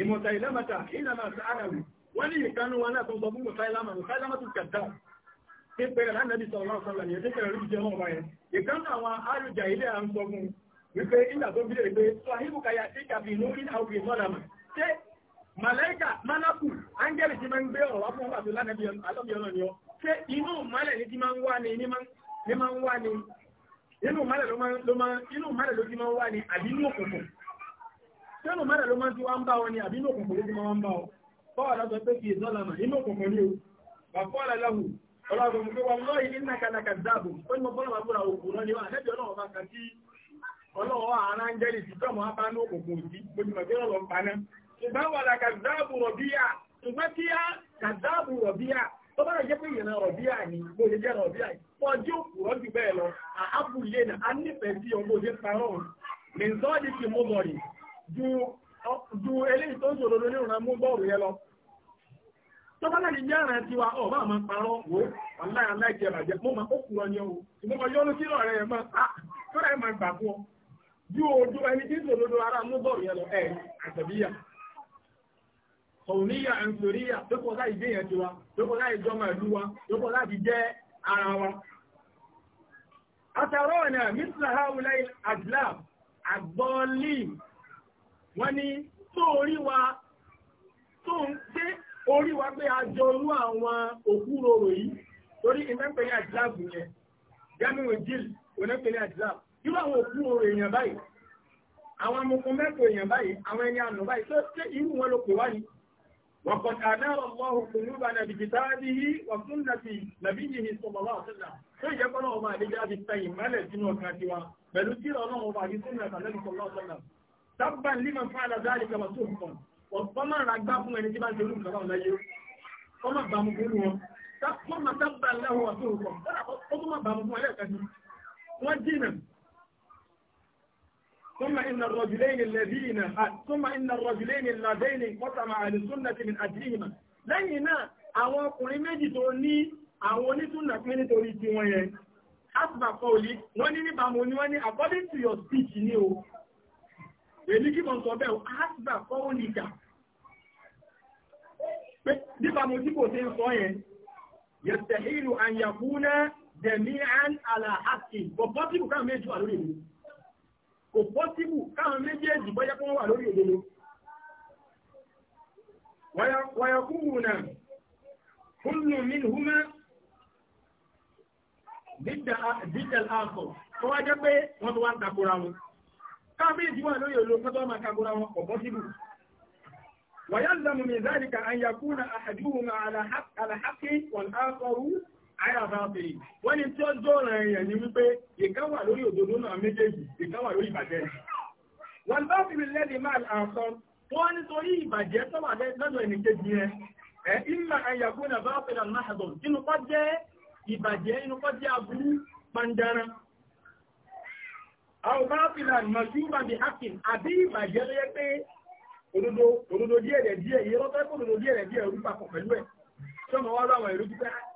ìmọ̀ta ìlànà ta ìlànà ta àràwì. Wọ́n ní ìkanu wọn náà sọ fún mọ̀ta ìlànà mọ̀ta ìlànà pẹ̀rẹ̀ lánàá bí sọ̀rọ̀ náà sọ̀rọ̀ nìyẹn tó jẹ́ náà wípé ìgbà tó bílẹ̀ ìgbé tó àhíbùkayà tí kàbí inú ìdá obìnrin mọ́nàmà ṣé màláìkà mánákù áńgẹ́lì ti máa ń gbé ọ̀rọ̀ fún ọ̀pàá tó lánàbí alọ́bíọ́nà ni ọ ni ní máa ń wá ni inú mọ́lẹ̀ ló ti máa ń wá ni àbí inú òkùnkùn ṣé inú mọ́lẹ̀ ló máa ń ti wá ń bá ọ ni àbí inú òkùnkùn ló ti máa ń bá ọ bọ́ọ̀ lọ́sọ pé kì í zọ́làmà inú lọ́yìn nínú kànákà dáàbò ó ní mo bọ́lọ̀ ọlọ́wọ́ àrán jẹ́rì sí tọ́mọ̀ á bá ní òkùnkùn sí gbójúmọ̀ tí ọlọ́ paná ṣùgbọ́n wà lá kàzáàbù rọ̀bíà ṣùgbọ́n kí á kàzáàbù rọ̀bíà tó bá jẹ́ pé ìrìnà rọ̀bíà ni bó ṣe jẹ́ rọ̀bíà pọ̀ jí òkú rọ́jù bẹ́ẹ̀ lọ àábùlé nà á nífẹ̀ẹ́ sí ọmọ òṣè parọ́ ní sọ́ọ̀dì ti mú bọ̀rì ju eléyìí tó ń ṣòro lórí ìrìnà mú bọ̀rù yẹn lọ tó bá láti jẹ́ àrẹ tiwa ọ̀bá àmọ́ parọ́ wò aláìláìjẹ́ bàjẹ́ mọ́ máa ah, ó kúrọ ní ọ̀hún ìmọ́ ọjọ́ ló kí ẹ̀ máa tó rẹ̀ máa gbà fún ọ ju odo ẹni tí ń ara múbọ̀rù yẹn lọ ẹ̀ àtẹ̀bíyà kọ̀ọ̀níyà ẹ̀ǹtòríyà tó kọ́ láì gbé yẹn ti wa tó kọ́ láì jọmọ ìlú wa tó kọ́ láti jẹ́ ara wa. àtàrọ̀ ọ̀nà mísìlá haúlẹ̀ àdìlá àgbọ́ọ̀lì wọ́n ní tó orí wa tó ń pé pé a jọ àwọn òkú yìí irú àwọn òkú orò èèyàn báyìí àwọn amukun mẹ́tò èèyàn báyìí àwọn ẹni àná báyìí tó ṣe irú wọn ló pè wá ni وقد أنار الله قلوبنا بكتابه وسنة نبيه صلى الله عليه وسلم tó yẹ kọ́ náà máa lè jẹ́ àti tẹ̀yìn mẹ́lẹ̀ sínú ọ̀kan ti wa pẹ̀lú tí ọlọ́run ọba àti súnmọ̀ ìtàlẹ́bí sọ̀rọ̀ ọ̀sọ̀lá sábà nígbà fún àlàdáàlì kama tó nǹkan ثم إن الرجلين الذين ثم إن الرجلين اللذين انقسم أهل السنة من أجلهما lẹ́yìn náà àwọn ọkùnrin méjì tó ní àwọn onítúnà pín nítorí tí wọ́n yẹn according to your speech نيو o èmi kí wọ́n sọ bẹ́ẹ̀ asba kọ́ọ̀lì kà pé níbàmú tí kò sí ń sọ yẹn yẹ̀tẹ̀hìlù àyàkú náà jẹ̀mí àn àlàáfì bọ̀ bọ́tìkù káà méjì wà lórí mi kò pọ́síbù káwọn méjèèjì bọ́yá kí wọ́n wà lórí òdodo wayakuna kullu minhuma dídà àkọ́ tó wá jẹ́ pé wọ́n tó wá ń takora wọn káwọn méjèèjì wà lórí òdodo kọ́ tó wá takora wọn kò pọ́síbù ويلزم من ذلك أن يكون أحدهما على حق, ayàfáàfẹ́ yìí wọ́n ní tí ó jọ́ọ̀rọ̀ èèyàn ni wípé ìkan wà lórí òdodo náà méjèèjì ìkan wà lórí ìbàjẹ́ wọn bá fi lẹ́dí máa àkọ wọ́n nítorí ìbàjẹ́ tó wà lọ́dọ̀ ẹnì kejì yẹn ẹ̀ ìmà àyàkúnà bá fẹ́ lọ́nà àgọ̀ inú kọ́ jẹ́ ìbàjẹ́ inú kọ́ jẹ́ aburú pandaran àwọn bá fi lọ́nà mọ̀júbà bí hakin àbí ìbàjẹ́ ló yẹ pé òdodo díẹ̀ díẹ̀ yìí lọ́tọ́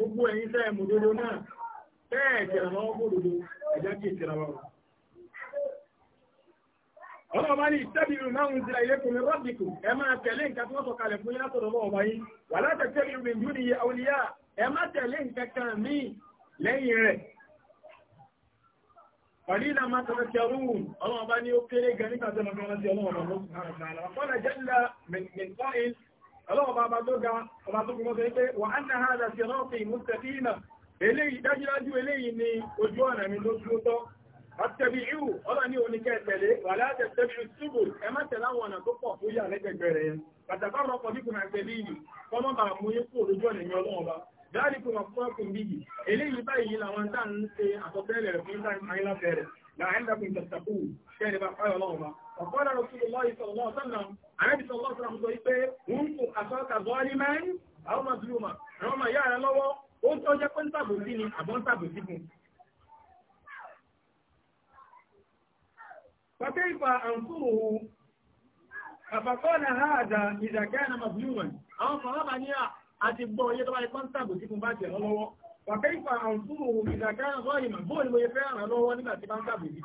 gbogbo ẹ̀yin tẹ́ ẹ̀mù òdodo náà tẹ́ẹ̀ tẹ̀rọ lọ́wọ́ gbòdòdó ẹ̀já kí ìtẹ̀rọ wa ọlọ́wọ́ bá ní ìtẹ́bìrì máa ń zira ilé kùnrin rọ́bìkù ẹ máa tẹ̀lé nǹkan tí wọ́n sọ kalẹ̀ fún yàtọ̀ lọ́wọ́ ọba yìí wà látẹ̀tẹ̀bìrì mi yún ni àwòlíyà ẹ má tẹ̀lé nǹkan kan míì lẹ́yìn rẹ̀ قليلا ما تذكرون الله باني يوكلي قال لك أنا ما نسي الله ما ọlọ́wọ́ bá bá tó ga ọba tó kúmọ́ pé wà á náà hádà sí ọlọ́pì mustaqima eléyìí dájúdájú eléyìí ni ojú ọ̀nà mi ló dúró tọ́ àtẹ̀bí ìhù ọlọ́ ní oníkẹ́ tẹ̀lé wà láti tẹ̀bí ṣubù ẹ má tẹ̀lé àwọn ọ̀nà tó pọ̀ fúyà lẹ́gbẹ̀gbẹ̀ rẹ̀ pàtàkì rọpọ̀ bí kùnà tẹ̀lé yìí kọ́mọ́ bá mú yín kúrò lójú ọ̀nà mi ọlọ́wọ́ bá dáàdì kùnà fún ọkùn bí yìí eléyìí báyìí làwọn tá ń ṣe àtọ́tẹ́lẹ̀ rẹ̀ ọ̀pọ̀lọ̀ rọ̀kúrò lọ́yìn sọ̀rọ̀ náà sọ́nà àrẹ́bí sọ̀rọ̀ lọ́sọ̀rọ̀ àwọn sọ wípé wọ́n kò àṣọ́ka gọ́ọ́lì mẹ́rin àwọn ọmọ ìlú mà àwọn ọmọ ìyá rẹ̀ lọ́wọ́ ó ń tọ́jẹ́ pé ń tàbò sí ni àbọ̀ ń tàbò sí fún. Pàtẹ́ ìfà àǹkúrò àfàkọ́nà háàdà ìdàkẹ́nà màbúlùmọ̀ àwọn fọlọ́bà ní àti gbọ́ iye tó bá ipá ń tàbò sí fún bá jẹ̀ lọ́wọ́. Pàtẹ́ ìfà àǹkúrò ìdàkẹ́nà lọ́yìn mà bóòlù mo yẹ fẹ́ ràn lọ́wọ́ nígbà bá ń tàbò sí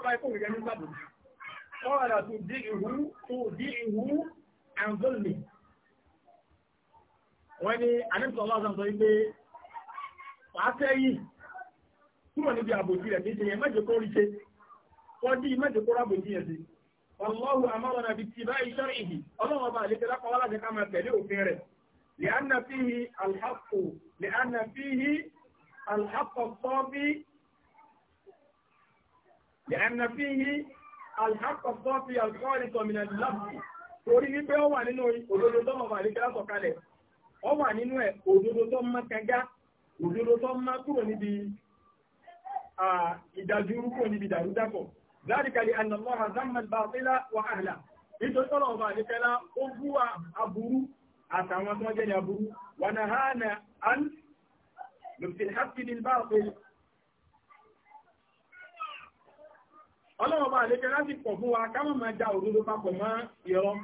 kọ́ọ̀lá tó dí ìhú tó dí ìhú àǹgọ́lùmí wọ́n ní anẹ́bùsọ̀ lọ́sàn sọ wípé pàápẹ́ yìí kúrò níbi àbòsí rẹ̀ kéṣe yẹn mẹ́jọ kó rí ṣe kọjú mẹ́jọ kó rábòsí yẹn sí ọlọ́hu amárọ̀nà bí alhaq as-safi al-khalis min al-lafz torí wípé ó wà nínú òdodo tó mọ̀ fàlẹ́ kíláàsọ̀ kalẹ̀ ó wà nínú ẹ̀ òdodo tó mọ́ kẹgá òdodo tó mọ́ kúrò níbi ìdájúrú kúrò níbi ìdàrúdàpọ̀ ذلك لأن الله ذم الباطل وأهله nítorí tọ́lọ̀ ọba àdífẹ́lá ó bú àbúrú àtàwọn tó jẹ́ ní àbúrú wà náà hánà án lùfìlhàtì ní bá ọ̀pẹ̀lẹ̀ ọlọ́wọ́ bá lè kẹ́lá ti pọ̀ fún wa káwọn máa já òdodo papọ̀ mọ́ irọ́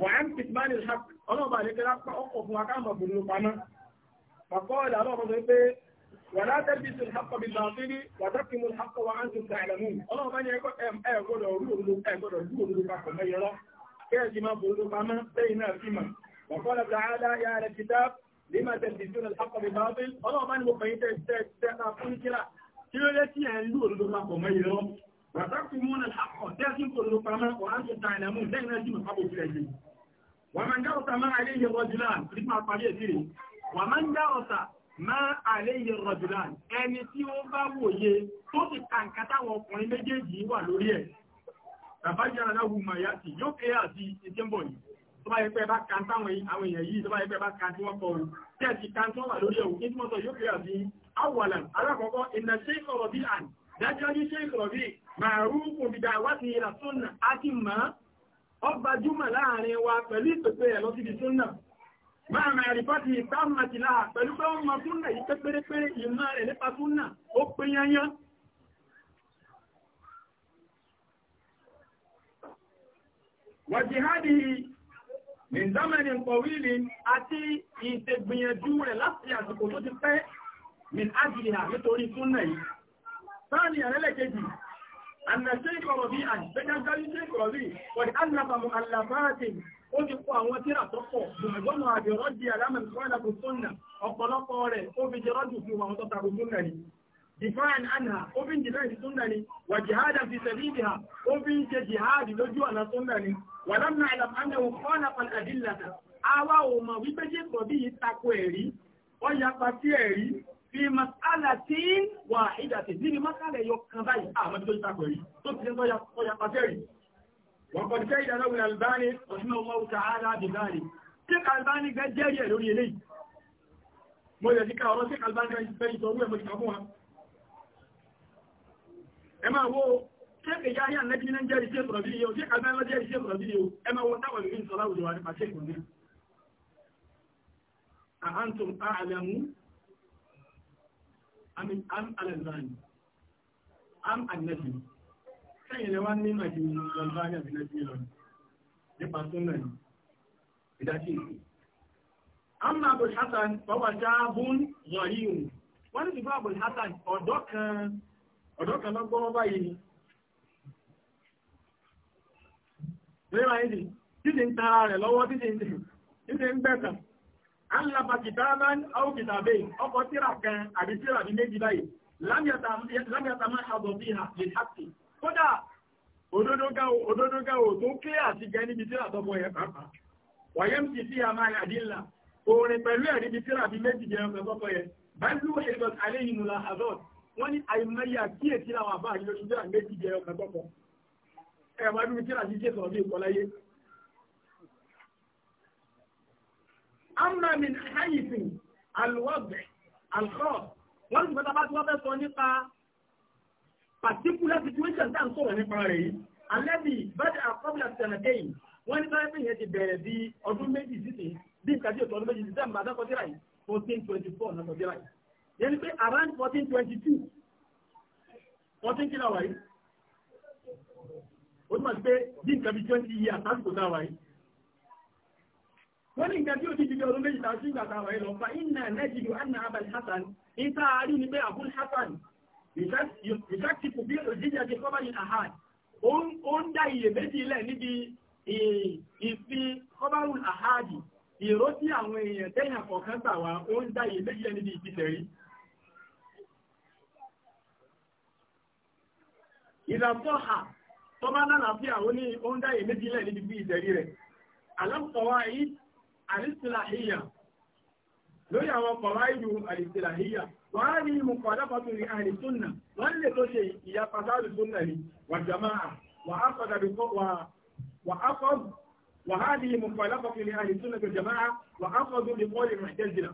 wàhán pitman is hap ọlọ́wọ́ bá lè kẹ́lá ọkọ̀ fún wa káwọn máa bòdodo pamọ́ pàkọ́ọ̀dà ọlọ́wọ́ sọ pé wà látẹ́bí sí ìhàpọ̀ bí bàtírí wà ọlọ́wọ́ bá ní ẹgbọ́ ẹ gbọ́dọ̀ rú òdodo ẹ gbọ́dọ̀ rú òdodo papọ̀ mọ́ irọ́ kẹ́ẹ̀sì máa bòdodo pamọ́ lẹ́yìn náà fi mọ̀ وقال تعالى يا أهل kí ló dé tí ẹ̀ ń lú òdodo papọ̀ mọ́ yìí lọ wàtàkù múnà àkọ́ tẹ́sí òdodo pamọ́ ọ̀hán tó ta ìlàmú lẹ́yìn náà sì mọ̀ pápọ̀ sílẹ̀ yìí wà máa ń dá ọ̀tà máa alẹ́ yẹ rọ̀jùlá nípa àpàdé ìdíre wà máa ń dá ọ̀tà máa alẹ́ yẹ rọ̀jùlá ẹni tí ó bá wòye tó sì ka nǹkan táwọn ọkùnrin méjèèjì wà lórí ẹ̀ bàbá yàrá náà wù màyà sí yóò kéré àti ìjẹ́mbọ̀ yìí tó bá yẹ pé bá kan táwọn àwọn èèyàn yìí tó bá yẹ pé bá kan tí wọ́n kọ awalan alákọ̀ọ́kọ́ ìnà sheikh Rabi'an dájájú sheikh Rabi ma'rufun bida'wati ila sunna àti ma ọba júmọ̀ láàrin wa pẹ̀lú ìpẹ̀pẹ̀ rẹ̀ lọ síbi sunna máa máa rí fásitì ìtàmàtì láà pẹ̀lú pé wọ́n máa sunna yìí pẹ́pẹ́rẹ́pẹ́rẹ́ ìmọ̀ rẹ̀ nípa sunna ó pé yányán wàjíhádì min zamanin tawilin àti ìtẹ̀gbìyànjú rẹ̀ láti àsìkò tó ti pẹ́ min ajiliha nítorí súnnà yìí sáàni ẹ̀rẹ́lẹ́kejì annasẹ́ ìkọ̀rọ̀ bí i gbẹ́gbẹ́gbẹ́rí sí ìkọ̀rọ̀ bí wọ̀dí annafa mu allafáàtì ó ti kọ àwọn tíra tó pọ̀ gbọmọgbọmọ àbẹ̀rọ̀ di alámẹ̀ ìfọ́lẹ̀kùn súnnà ọ̀pọ̀lọpọ̀ rẹ̀ ó fi jẹ́ rọ́jù fún àwọn tó takò súnnà ni difayan anha ó fi ń jìnà ìdí súnnà ni wà jihada fi sabiliha ó fi ń jẹ jihadi lójú ọ̀nà súnnà ni wà lámà àlàm annahu khalafa al-adillata àwa ò mọ̀ wípé jẹ́ kọ̀ bí i takò ẹ̀rí ó yapa sí ẹ̀rí fi masala tí wà ìdàtì níbi masala ẹ̀yọ kan báyìí àmọ́ tó yípa pẹ̀lú tó ti lẹ́tọ́ ya pàtẹ́rì wọ́n kọ̀ jẹ́ ìdáná wí albani ọ̀sùn ọmọ òkà ara dìbàrí tí albani gẹ́ jẹ́rì ẹ̀ lórí eléyìí mo lè díka ọ̀rọ̀ tí albani gẹ́ jẹ́rì sọ wí ẹ̀ mo ti kà fún wa ẹ máa wo tí ìyá yà lẹ́gbìn náà jẹ́rì sí ẹ̀sọ̀rọ̀ fídíò tí albani lọ jẹ́rì sí ẹ̀sọ̀rọ̀ fídíò ẹ máa wo táwọn ìrìn sọ láwùjọ wa nípa tí ìkùnrin àhántùm àlẹ́mú am alazani am annabi sẹ́yìn lẹ́wà ní màjú lọ́lọ́bárí àbínájú lọ nípa súnmọ̀ ní ìdájí ìsì amma abul hassan fọwà jábún zọríun wọ́n ní ṣùgbọ́n abul hassan ọ̀dọ́ kan lọ́gbọ́n báyìí ni lórí wáyé ni títí ń tara rẹ̀ lọ́wọ́ títí ń bẹ̀tàn alaba kìtàbán aw kìtàbẹ́yìn ọkọ̀ tíra kan àbí tíra bí méjì báyìí lámìyàtà máa ṣàbọ̀ bí i hàtì kódà òdódógáwò tó kílẹ̀ àti gẹ́ níbi tíra tọ́mọ yẹn pàápàá wàyẹ́m ti fi àmà àdínlà orin pẹ̀lú ẹ̀rí bí tíra bí méjì jẹ́ ọ̀pẹ̀ tọ́mọ yẹn báyìí wọ́n ṣèlú àléyìn nù làhàzọ́t wọ́n ní àìmọye àkíyèsí làwọn àbá àyè lóṣù tíra méjì jẹ́ ọ̀pẹ̀ tọ́mọ amma min haythu alwad' alkhas wọ́n ní ìgbẹ́ta bá tí wọ́n fẹ́ sọ nípa particular situation tá à ń sọ̀rọ̀ nípa rẹ̀ yìí alẹ́bí bẹ́ẹ̀ àkọ́bílà sẹ̀nẹ̀dẹ́yìn wọ́n ní báyìí pé yẹn ti bẹ̀rẹ̀ bí ọdún méjì sísìn bí nǹkan tí ọdún méjì sísìn àmì àdákọ́jẹ́ra yìí fourteen twenty four náà kọjá yìí yẹn ni pé around fourteen twenty two fourteen kìlá wáyé ó túmọ̀ sí pé bí wọ́n ní ìgbà tí ó ti jùlọ ọdún méjìlá sí ìgbà tàwà ẹ̀lọ́ fa iná nẹ́jìlú anna abal hassan ìta àárí ni pé abul hassan ìṣàkì kò bí òjìjà ti kọ́bá ní ahad ó ń dá iye méjì lẹ̀ níbi ìfi kọ́bárù ahadi ìró tí àwọn èèyàn tẹ́yàn kọ̀ọ̀kan tàwà ó ń dá iye méjì lẹ̀ níbi ìfisẹ̀rí ìlàtọ́ha tọ́bá náà láfíà ó ní ó ń dá iye méjì lẹ̀ níbi ìfisẹ̀rí rẹ̀ alákọ̀wá àrísìláhíyà lórí àwọn kọ̀wá ìlú àrísìláhíyà wọ́n á rí mú kọ̀dápọ̀tù ní àrísúnnà wọ́n lè tó ṣe ìyapa sáàrù súnnà ní wà jama'a wà á kọ̀dà bí wà á kọ̀ wà á rí mú kọ̀dápọ̀tù ní àrísúnnà tó jama'a wà á kọ̀dù bí kọ́ ìrìn àjẹ́jìlá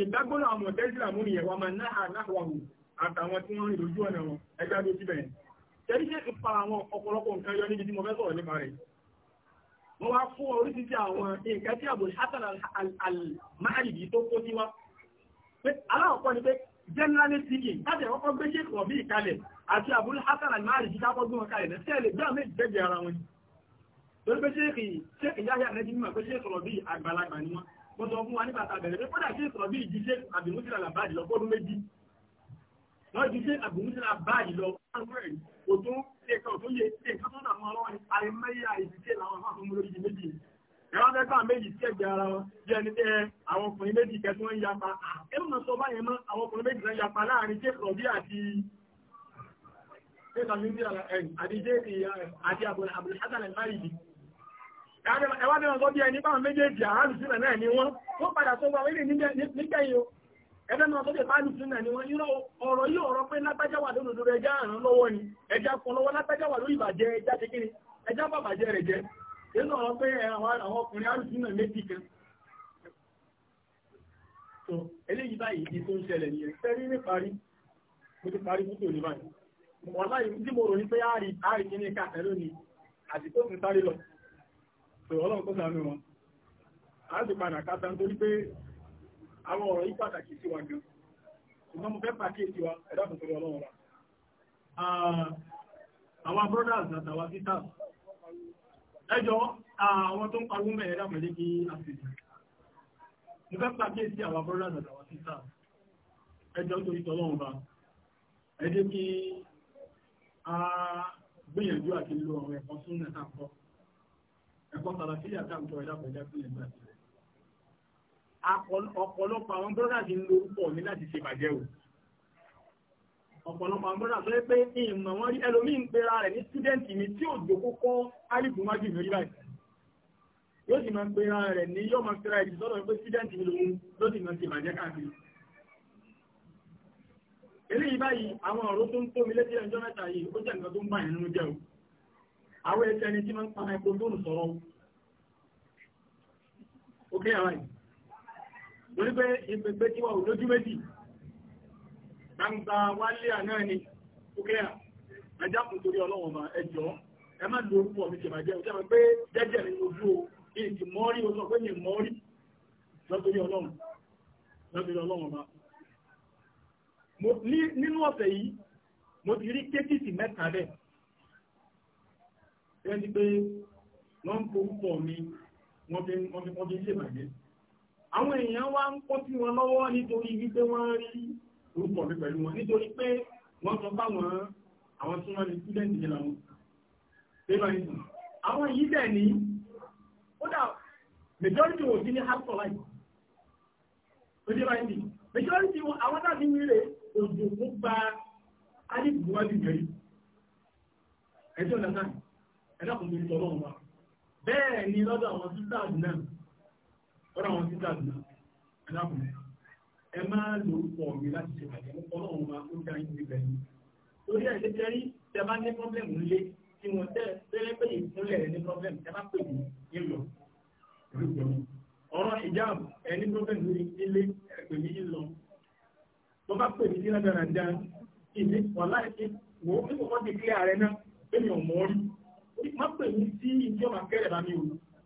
ìgbàgbọ́nà àwọn àjẹ́jìlá mú nìyẹn wà máa náà náhùwàhù àtàwọn tí wọ́n rí lójú ọ̀nà wọn ẹgbẹ́ wọ́n wá fún oríṣiríṣi àwọn nǹkan tí Abul Hasan al-Ma'aridi tó kó sí wá aláwọ̀kọ́ ni pé generally speaking láti ẹ̀wọ́n kan gbé ṣèkù ọ̀bí ìkalẹ̀ àti Abul Hasan al-Ma'aridi ká fọ́gbọ́n wọn kalẹ̀ sí ẹ̀lẹ̀ gbá méjì gbẹ́gbẹ́ lọ́ọ́ ju ṣé àbùmísílà báyìí lọ láwọn ẹ̀rí kò tó ẹ̀ka tó yẹ ẹ̀ka tó dàmú ọlọ́wọ́ ni àìmọye àìsíkè làwọn afáfún mú lórí méjì ẹ̀rọ tẹ́ka méjì tí ẹ̀gbẹ́ ara wọn bí ẹni tẹ́ àwọn ọkùnrin méjì kẹtù ń yapa ẹ̀rọ náà sọ báyẹn mọ́ àwọn ọkùnrin méjì ń yapa láàrin jẹ́ rọ̀bí àti àti àbùlhásán ẹ̀máyìí ẹ̀wọ́n tẹ́ka sọ bí ẹni báwọn méjèèjì àárùsílẹ̀ náà ni wọ́n wọ́n padà sọ wọ́n nígbẹ̀yìn ẹgbẹ́ náà tó lè bá nìtún náà ni wọ́n yíró ọ̀rọ̀ yìí ọ̀rọ̀ pé lágbájá wà lónìí a ẹja àrùn lọ́wọ́ ni ẹja kan lọ́wọ́ lágbájá wà lórí ìbàjẹ́ ẹja kékeré ẹja bà bàjẹ́ rẹ̀ jẹ́ nínú ọ̀rọ̀ pé àwọn ọkùnrin àrùn náà méjì kan. eléyìí báyìí ti tó ń ṣẹlẹ̀ ní parí mo ti parí àwọn ọ̀rọ̀ yìí pàtàkì sí wa gan ṣùgbọ́n mo fẹ́ pàkíyèsí wa ẹ̀dá tuntun ọlọ́run wa ah, àwọn brothers àtàwà sisters ẹjọ́ ah, àwọn tó ń parú mẹ́ ẹ̀dá pẹ̀lú kí àṣìṣì mo fẹ́ pàkíyèsí àwọn brothers àtàwà sisters ẹjọ́ tó ìtọ́ ọlọ́run wa ẹjẹ́ kí a gbìyànjú àti lo àwọn ẹ̀kọ́ súnmọ́ ẹ̀kọ́ sàràfíà táàkọ́ ẹ̀dá pẹ̀lú ọ̀pọ̀lọpọ̀ àwọn brọ́dà ti ń lo orúkọ mi láti ṣe bàjẹ́ o ọ̀pọ̀lọpọ̀ àwọn brọ́dà tó yẹ pé ìmọ̀ wọn rí ẹlòmíín pera rẹ̀ ní sídẹ́ǹtì mi tí òjò kókó alìkù májú mi rí báyìí yóò sì máa pera rẹ̀ ní yóò máa pera ìdí sọ́dọ̀ pé sídẹ́ǹtì mi lòun ló sì máa ṣe bàjẹ́ káàkiri eléyìí báyìí àwọn ọ̀rọ̀ tó ń tó mi létí ẹjọ́ mẹ́ta yìí ó jẹ́ nǹkan tó ń bá ìrìnú jẹ́ o àwọn ẹ̀ṣẹ́ ni tí máa torí pé ìpẹ̀gbẹ́ tí wà ò lójú méjì gbangba wálé àná ni ókè à ajákùn torí ọlọ́wọ̀n ma ẹjọ́ ẹ má lo orúkọ mi ṣe bàjẹ́ òṣèlú pé jẹ́jẹ́ mi ojú o kí n ti mọ́rí o sọ pé mi mọ́rí lọ́torí ọlọ́run lọ́torí ọlọ́run ma nínú ọ̀sẹ̀ wọ́n ń forúkọ mi wọ́n fi ń ṣèbàjẹ́ àwọn èèyàn wá ń kó sí wọn lọ́wọ́ nítorí wípé wọ́n rí orúkọ mi pẹ̀lú wọn nítorí pé wọ́n sọ fáwọn àwọn tí wọ́n ní sídẹ́ǹtì yẹn làwọn pépà ní sùn àwọn yìí dẹ̀ ní ó dà majority wò sí ní hard for life ó dé báyìí nìyí majority wọn àwọn náà ní wílé òjò kó gba alíbùwájú jẹ́rí ẹjọ́ nàná ẹ̀dàkùnrin tọ́lọ́ bẹ́ẹ̀ ni lọ́dọ̀ àwọn sítáàdì náà lọ́dọ̀ àwọn títà àgbà aláàbò ẹ máa lórúkọ mi láti ṣe pàdé ọlọ́run máa ń dá yín níbẹ̀ yìí torí ẹ̀ ṣe tẹ́rí tẹ bá ní pọ́blẹ́mù nílé tí wọ́n tẹ́ tẹ́lẹ̀ pé ìpínlẹ̀ ní pọ́blẹ́mù tẹ bá pè ní ìlọ ọ̀rọ̀ ìjáàbù ẹ ní pọ́blẹ́mù nílé ẹ̀pẹ̀ ní ìlọ tó bá pè ní sílẹ̀ dáadáa ìdí wàhálà ẹ̀ṣẹ̀ wò ó ní kòkó ti kílẹ̀ ààrẹ náà pé mi ò mọ̀ ọ́ rí má pè ní sí ìjọba kẹrẹ̀ bá mi ò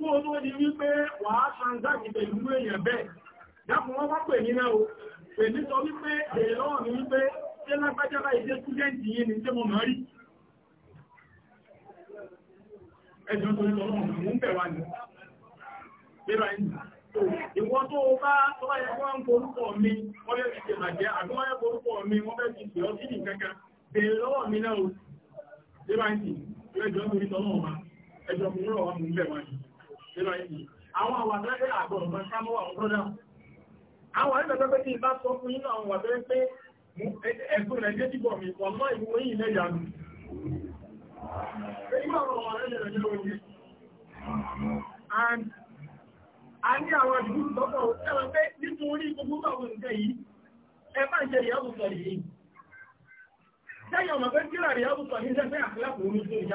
fún owó di wípé wà á transact pẹ̀lú èèyàn bẹ́ẹ̀ dákùn wọ́n bá pè ní náà o pè ní sọ wípé èrè mi wípé ṣé lágbájára ìṣe túdẹ́ǹtì yìí ni ṣé nínú ẹ̀sìn àwọn àwàdẹ́gbẹ́ àgbọ̀ ọ̀gbọ̀n sámọ́wà ọ̀gbọ́n náà àwọn àrídàgbẹ́gbẹ́ tí ìbá sọ fún nínú àwọn àwàdẹ́ pé ẹ̀kùn rẹ̀ jẹ́ dìbọ̀ mi ọrụ ìwé yìí lẹ́yà a ní àwọn àdúgbò lọ́pọ̀ ẹwà àwọn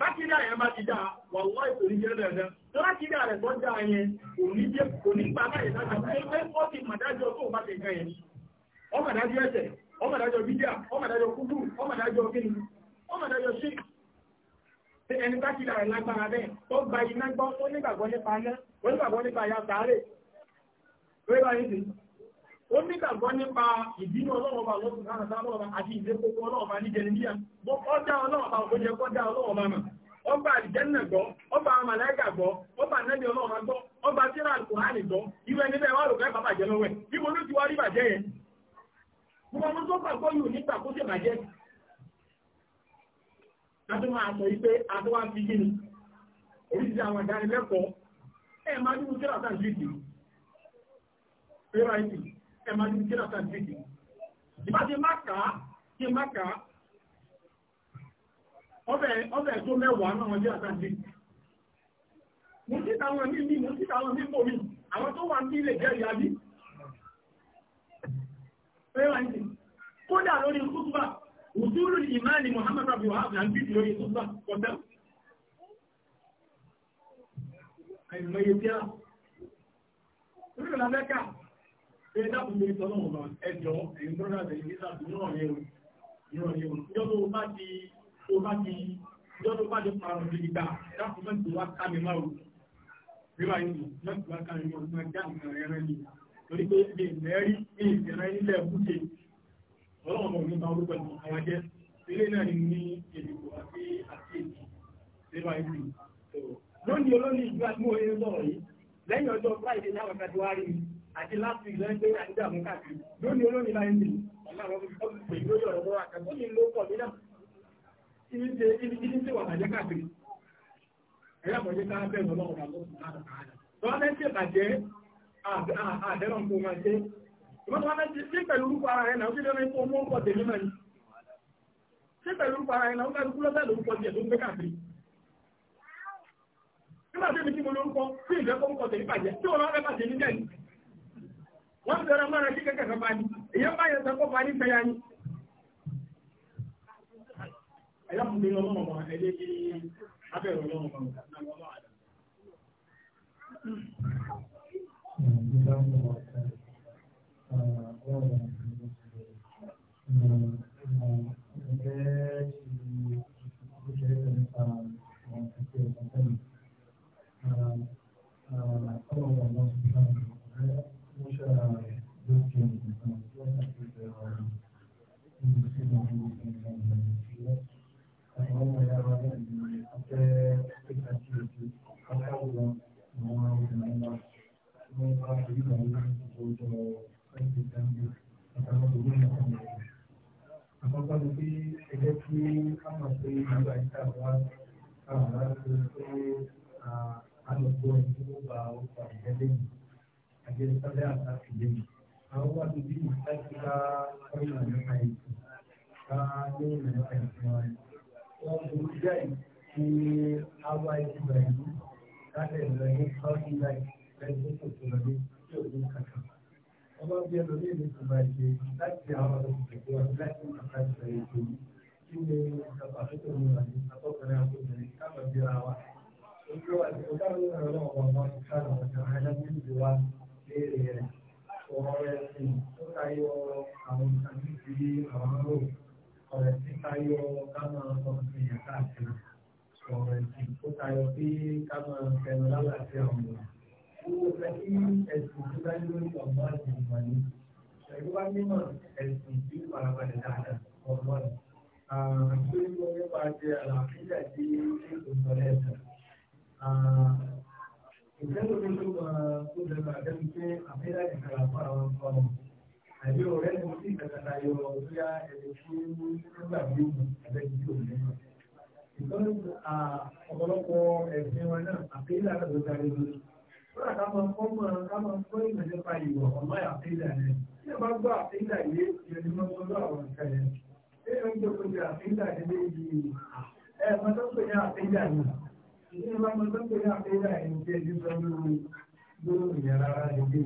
bákídà yẹn bá ti dáa wà wọ́n ètò ìjẹ́ dandan tó rẹ̀ tó dáa yẹn kò ní jẹ́ kò ní pa báyìí láti ṣe pé ó ti màdájọ́ tó bá ti gan yẹn ẹsẹ̀ ọmọdájọ́ bídíà ọmọdájọ́ kúrú ọmọdájọ́ kíni ọmọdájọ́ sí ṣe ẹni bákídà rẹ̀ lágbára bẹ́ẹ̀ tó gba iná gbọ́ ó nígbàgbọ́ nípa iná ó nígbàgbọ́ ó nígbàgbọ́ nípa ìbínú ọlọ́ọ̀bá lọ́sùn náà sábọ́ọ̀bá àti ìlékòkò ọlọ́ọ̀bá ní jẹnibíà bó kọjá ọlọ́ọ̀bá òkójẹ kọjá ọlọ́ọ̀bá mà ọba àdìjẹ́nà gbọ́ ọba àmàlẹ́gà gbọ́ ọba ànẹ́bí ọlọ́ọ̀bá gbọ́ ọba tíra àlùkùránì gbọ́ ìwé níbẹ̀ wà lókè bàbà jẹ lọ́wẹ́ bí ló ti wá rí bàjẹ́ yẹn gbogbo ọmọ tó gbàgbọ́ yìí ò ní gbà kó sì bàjẹ́ ẹ̀mà ní kí lọ́ta gbèdè ìbá ti má kàá kí má kàá ọbẹ̀ tó mẹ́wàá náà wọ́n jẹ́ àtà gbèdè mo sí àwọn mí mi mo sí àwọn mí mò mi àwọn tó wà ní ilé jẹ́ ìyábí kódà lórí kútùbà òtúrù ìmáàlì Muhammad rabi wahab na gbèdè lórí kútùbà kọ̀tẹ́ àìmọye tí a Orí ìlànà ẹ̀ka pé dákun lè sọ lọ́wọ́ náà ẹjọ́ ẹ̀yìn tó rà lẹ́yìn nígbà tó náà yẹ ìrọ̀ yẹ ìjọ tó bá ti tó bá ti ìjọ tó bá ti parọ̀ sí ìgbà dákun mẹ́tò wá ká mi máa rò rírà yìí mẹ́tò wá ká mi máa rò já nǹkan rẹ̀ rẹ̀ yìí torí pé ilé ìmẹ́rí ní ìṣẹ̀rẹ̀ nílẹ̀ búṣe ọlọ́wọ́n mọ̀ nípa orúkọ ìmọ̀ àwọn jẹ́ ilé náà ni ní èdìbò àti àti èdè rírà yìí lónìí olónìí ìgbà tí mo rí sọ̀rọ̀ yìí lẹ́yìn ọjọ́ Friday láwọn kàdúwárí mi àti láti ìlẹ́ pé àdídà mú káàkiri lónìí olóyìn láyé nìyí ọ̀la àwọn olùkọ́ pẹ̀lú lórí ọ̀rọ̀ bọ́ra kan tó ní ló pọ̀ nílà ibi tí ibi tí ti wà bàjẹ́ káàkiri ẹ̀yà bọ̀jẹ́ ká bẹ̀rù ọlọ́run bá lọ́sùn láàrín àárẹ̀ tó wá fẹ́ ṣe bàjẹ́ àdẹ́rọ̀ kó máa ṣe ìwọ́n tó wá fẹ́ ṣe pẹ̀lú orúkọ ara rẹ̀ náà kí ló ní kó mú ọkọ̀ tèmi mọ́ ni ṣe pẹ̀lú orúkọ ara rẹ̀ náà kálukú lọ́bẹ̀ lórúkọ tiẹ̀ tó ń gbé káàkiri nígbà tí mi ti mo lórúkọ tí ìjẹ́kọ̀ọ́ ń kọ̀ tèmi bàjẹ́ tí wọ́n lọ́ fẹ́ bàjẹ́ níjẹ́ yìí wọ́n tẹ̀rọ mọ́ra sí kẹ́kẹ́ kan báyìí èyàn bá yẹn sọ́kọ́ báyìí fẹ́ yá ni. ẹ̀yà kùn mí ọmọ ọmọ ẹ̀dẹ́ kí abẹ́rẹ́ ọmọ ọmọ ọmọ Thank you. onímọ̀ ẹ̀sìn tí ó farabalẹ̀ dáadáa ọ̀gbọ́n àti onímọ̀ nípa ti àlàáfíà tí ó sọ̀rọ̀ ẹ̀sìn. Ìjẹ́lu mi ló máa tó dẹ̀ka àdẹ́nu pé àfẹ́dá ìkàlà fún àwọn nǹkan ọ̀hún. Àbí ọ̀rẹ́ mi sì kàkàtà yọ bóyá ẹni tí ó gbà bí òun àbẹ́ni tí ò ní. Ìtọ́jú ọ̀pọ̀lọpọ̀ ẹ̀sìn wọn náà àfẹ́dá náà ló darí lórí. Ó rà ká máa fọ́ mọ́ ká máa fọ́ ìmọ̀ nípa ìwọ̀ ọ̀mọ́ àfẹ́dá náà tí ẹ bá gbọ́ àfíńdà yé ìyẹn ni wọ́n sọ́dọ̀ àwọn nǹkan yẹn ẹ yẹn ń jẹ́ kó jẹ́ àfíńdà nílé yìí ẹ máa tó pè ní àfíńdà yìí ìdílé bá máa tó pè ní àfíńdà yìí jẹ́ ẹni sọ lórí lórí ìyẹn rárá nílé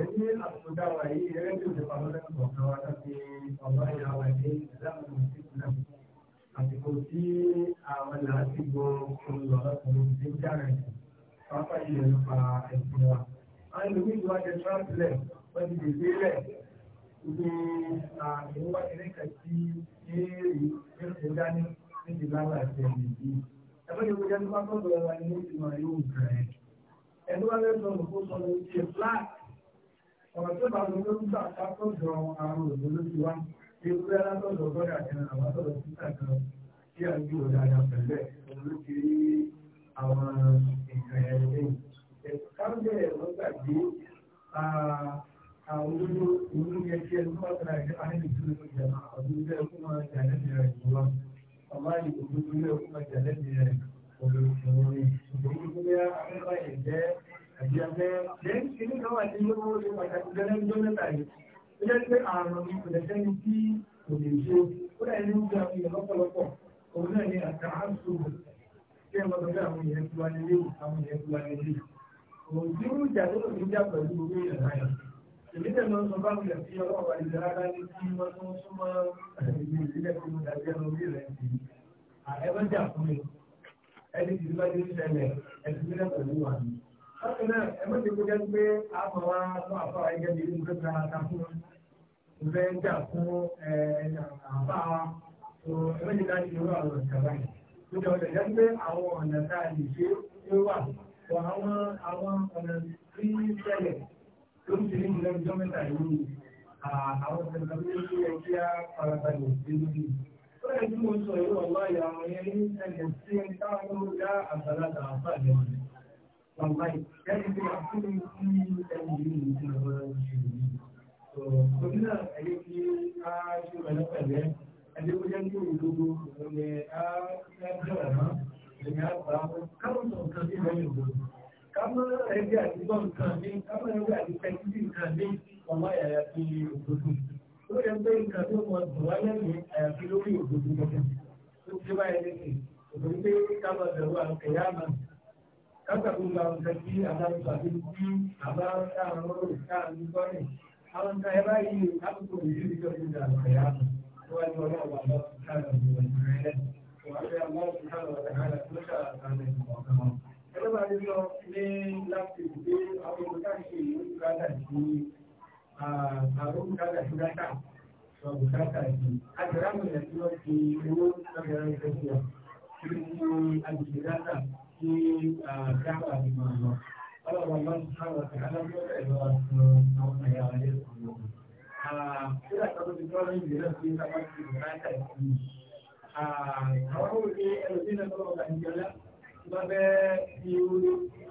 ẹni àtúndà wà yìí ẹgbẹ́ tó ti pamọ́ lẹ́nu kọ̀ọ̀kan wa láti ọ̀gá ìyá wa ní ìlànà ìsìnkú àsìkò tí àwọn làásìgbò olùlọ́lọ́kùnrin ti ń járe pápá ìyẹn nípa ẹ̀sìn wa. àwọn ìlú mi ti wá jẹ tíráńtìlẹ̀ wọ́n ti dèbè rẹ̀ ìpè àìwá ẹ̀rẹ́kà tí éèrè ẹ̀rọ dání níbi lára àti ẹ̀mí yìí. Ẹgbẹ́ ìwé jẹ́ nípa tó bẹ̀rẹ̀ wá ní ìmọ̀ yóò gbà ẹ̀. Ẹni wá lẹ́nu ọ̀nà kó sọ ní ti flat. Ọ̀rọ̀ tó bá lóyún ń gbà ká tó jọ àrùn òdò ló ti wá. Ewúrẹ́ alátọ̀dọ̀ bọ́dà kan àwọn àtọ̀dọ̀ títà kan kí à ń gbé pẹ̀lẹ́ ló ti rí àwọn nǹkan ẹ̀ àwọn olójú olú yẹ kí ẹni tó bá tẹ̀lé àti àníbi tó lè jẹ ọdún ilé ẹkú máa jà lẹ́bi rẹ̀ jùlọ ọmọ yìí olójú ilé ẹkú máa jà lẹ́bi rẹ̀ òun ni ìgbòho tó yá afẹ́fẹ́ yẹn jẹ́ àjẹmẹ́ lẹ́yìn tí ní kan wà ní lówó lè pàtàkì gẹ́gẹ́ ní dókítà yìí ó jẹ́ pé àrùn ni kò lè sẹ́ni tí kò lè ṣe ó dà ní oúnjẹ àwọn èèyàn lọ́pọ̀lọpọ̀ òun náà ni àtà áṣù èmi tẹ̀ lọ sọ bá wulẹ̀ sí ọlọ́wọ́ ìlera dání tí wọ́n tó ń súnmọ́ ìlú ìdílé fún mi dàbí ẹnu orí rẹ̀ sí ẹgbẹ́ jà fún mi ẹni tí bá dé ṣẹlẹ̀ ẹni tí lẹ́ pẹ̀lú wa. bákan náà ẹgbẹ́ tí kò jẹ́ pé a mọ̀ wá fún àfáà ẹgbẹ́ mi ní mo fẹ́ fẹ́ ara ta fún mo fẹ́ jà fún àfáà wa tó ẹgbẹ́ tí láti lè wá àwọn ìjọba yìí. ọ̀nà tá a lè ṣe é wà àwọn ọ̀nà tí ṣẹlẹ̀ lórí ṣe nínú lẹ́nu jọ́ mẹ́ta yìí àwọn ọ̀sẹ̀ta tó yẹ kí ẹ kí á farabalẹ̀ sí lórí. ó yẹ kí mo sọ ìwọ ọ̀wá ìyá àwọn yẹn ní ẹ̀jẹ̀ sí ẹni táwọn tó dá àgbàlagbà àfààní ọ̀rẹ́. bàbá ìjẹ́ni pé àkúrò sí ẹni yìí ní ti lọ́wọ́ ṣe yìí. torí náà ẹ̀yẹ kí á ṣe pẹ̀lẹ́ pẹ̀lẹ́ ẹ̀jẹ̀ kó jẹ́ kí òdodo òun ni á fẹ́ bẹ̀rẹ̀ mọ́ kámọ́ ẹgbẹ́ àdúgbò nǹkan ní kámọ́ ẹgbẹ́ àdúgbò nǹkan ní ọmọ àyàfi òdodo ó yẹ pé nǹkan tó mọ dùn wá lẹ́yìn àyàfi lórí òdodo gbọ́dọ̀ tó ti bá ẹni sè òdodo pé kámọ́ bẹ̀rù àwọn kẹ̀yà àmà kápẹ́ tó gba nǹkan tí adájọ́ àti tí àbá táwọn ọ̀rọ̀ táwọn gbọ́rẹ̀ ẹlẹ́bàá ní lọ ní láti gbé àwọn olùkàṣe ìrúkúrádà sí àwọn olùkàṣe ìrúkúrádà ọ̀bùkátà sí àjọ̀rámù ilẹ̀ tí wọ́n fi owó lọ́gẹ̀rẹ́ ìfẹ́ sí wa kí ní agbègbè dáta kí dáhà ní máa lọ. ọlọ́run ọlọ́run sáwọn ọ̀sẹ̀ alágbèrè ẹ̀rọ àtúnú àwọn ẹ̀yà wọlé kúrò. nígbà tó tó ti tọ́ lóyún ìdílé sí sábà ti bùkátà sí. àwọn olùkẹ́ ẹ̀rọ sí náà tó ọ̀gá ìjọba lábẹ́ ìrú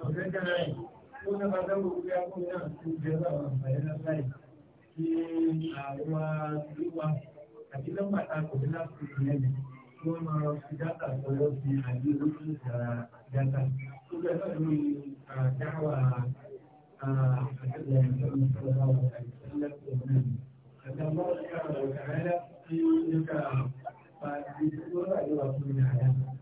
ọ̀gẹ́gẹ́rẹ́ yìí ó ní bàbá wò pé akóni náà ti jẹ́ àwọn àbáyé lásán yìí kí àwọn ìwà àti lọ́pàá kò ní láti fi ẹ̀mí kí wọ́n máa fi dáta sọ̀rọ̀ sí àyè lóṣù ìdára dáta tó bẹ́ẹ̀ náà lórí àdáwà àtẹ̀lẹ̀ ìjọba ìjọba ìjọba ìjọba ìjọba ìjọba ìjọba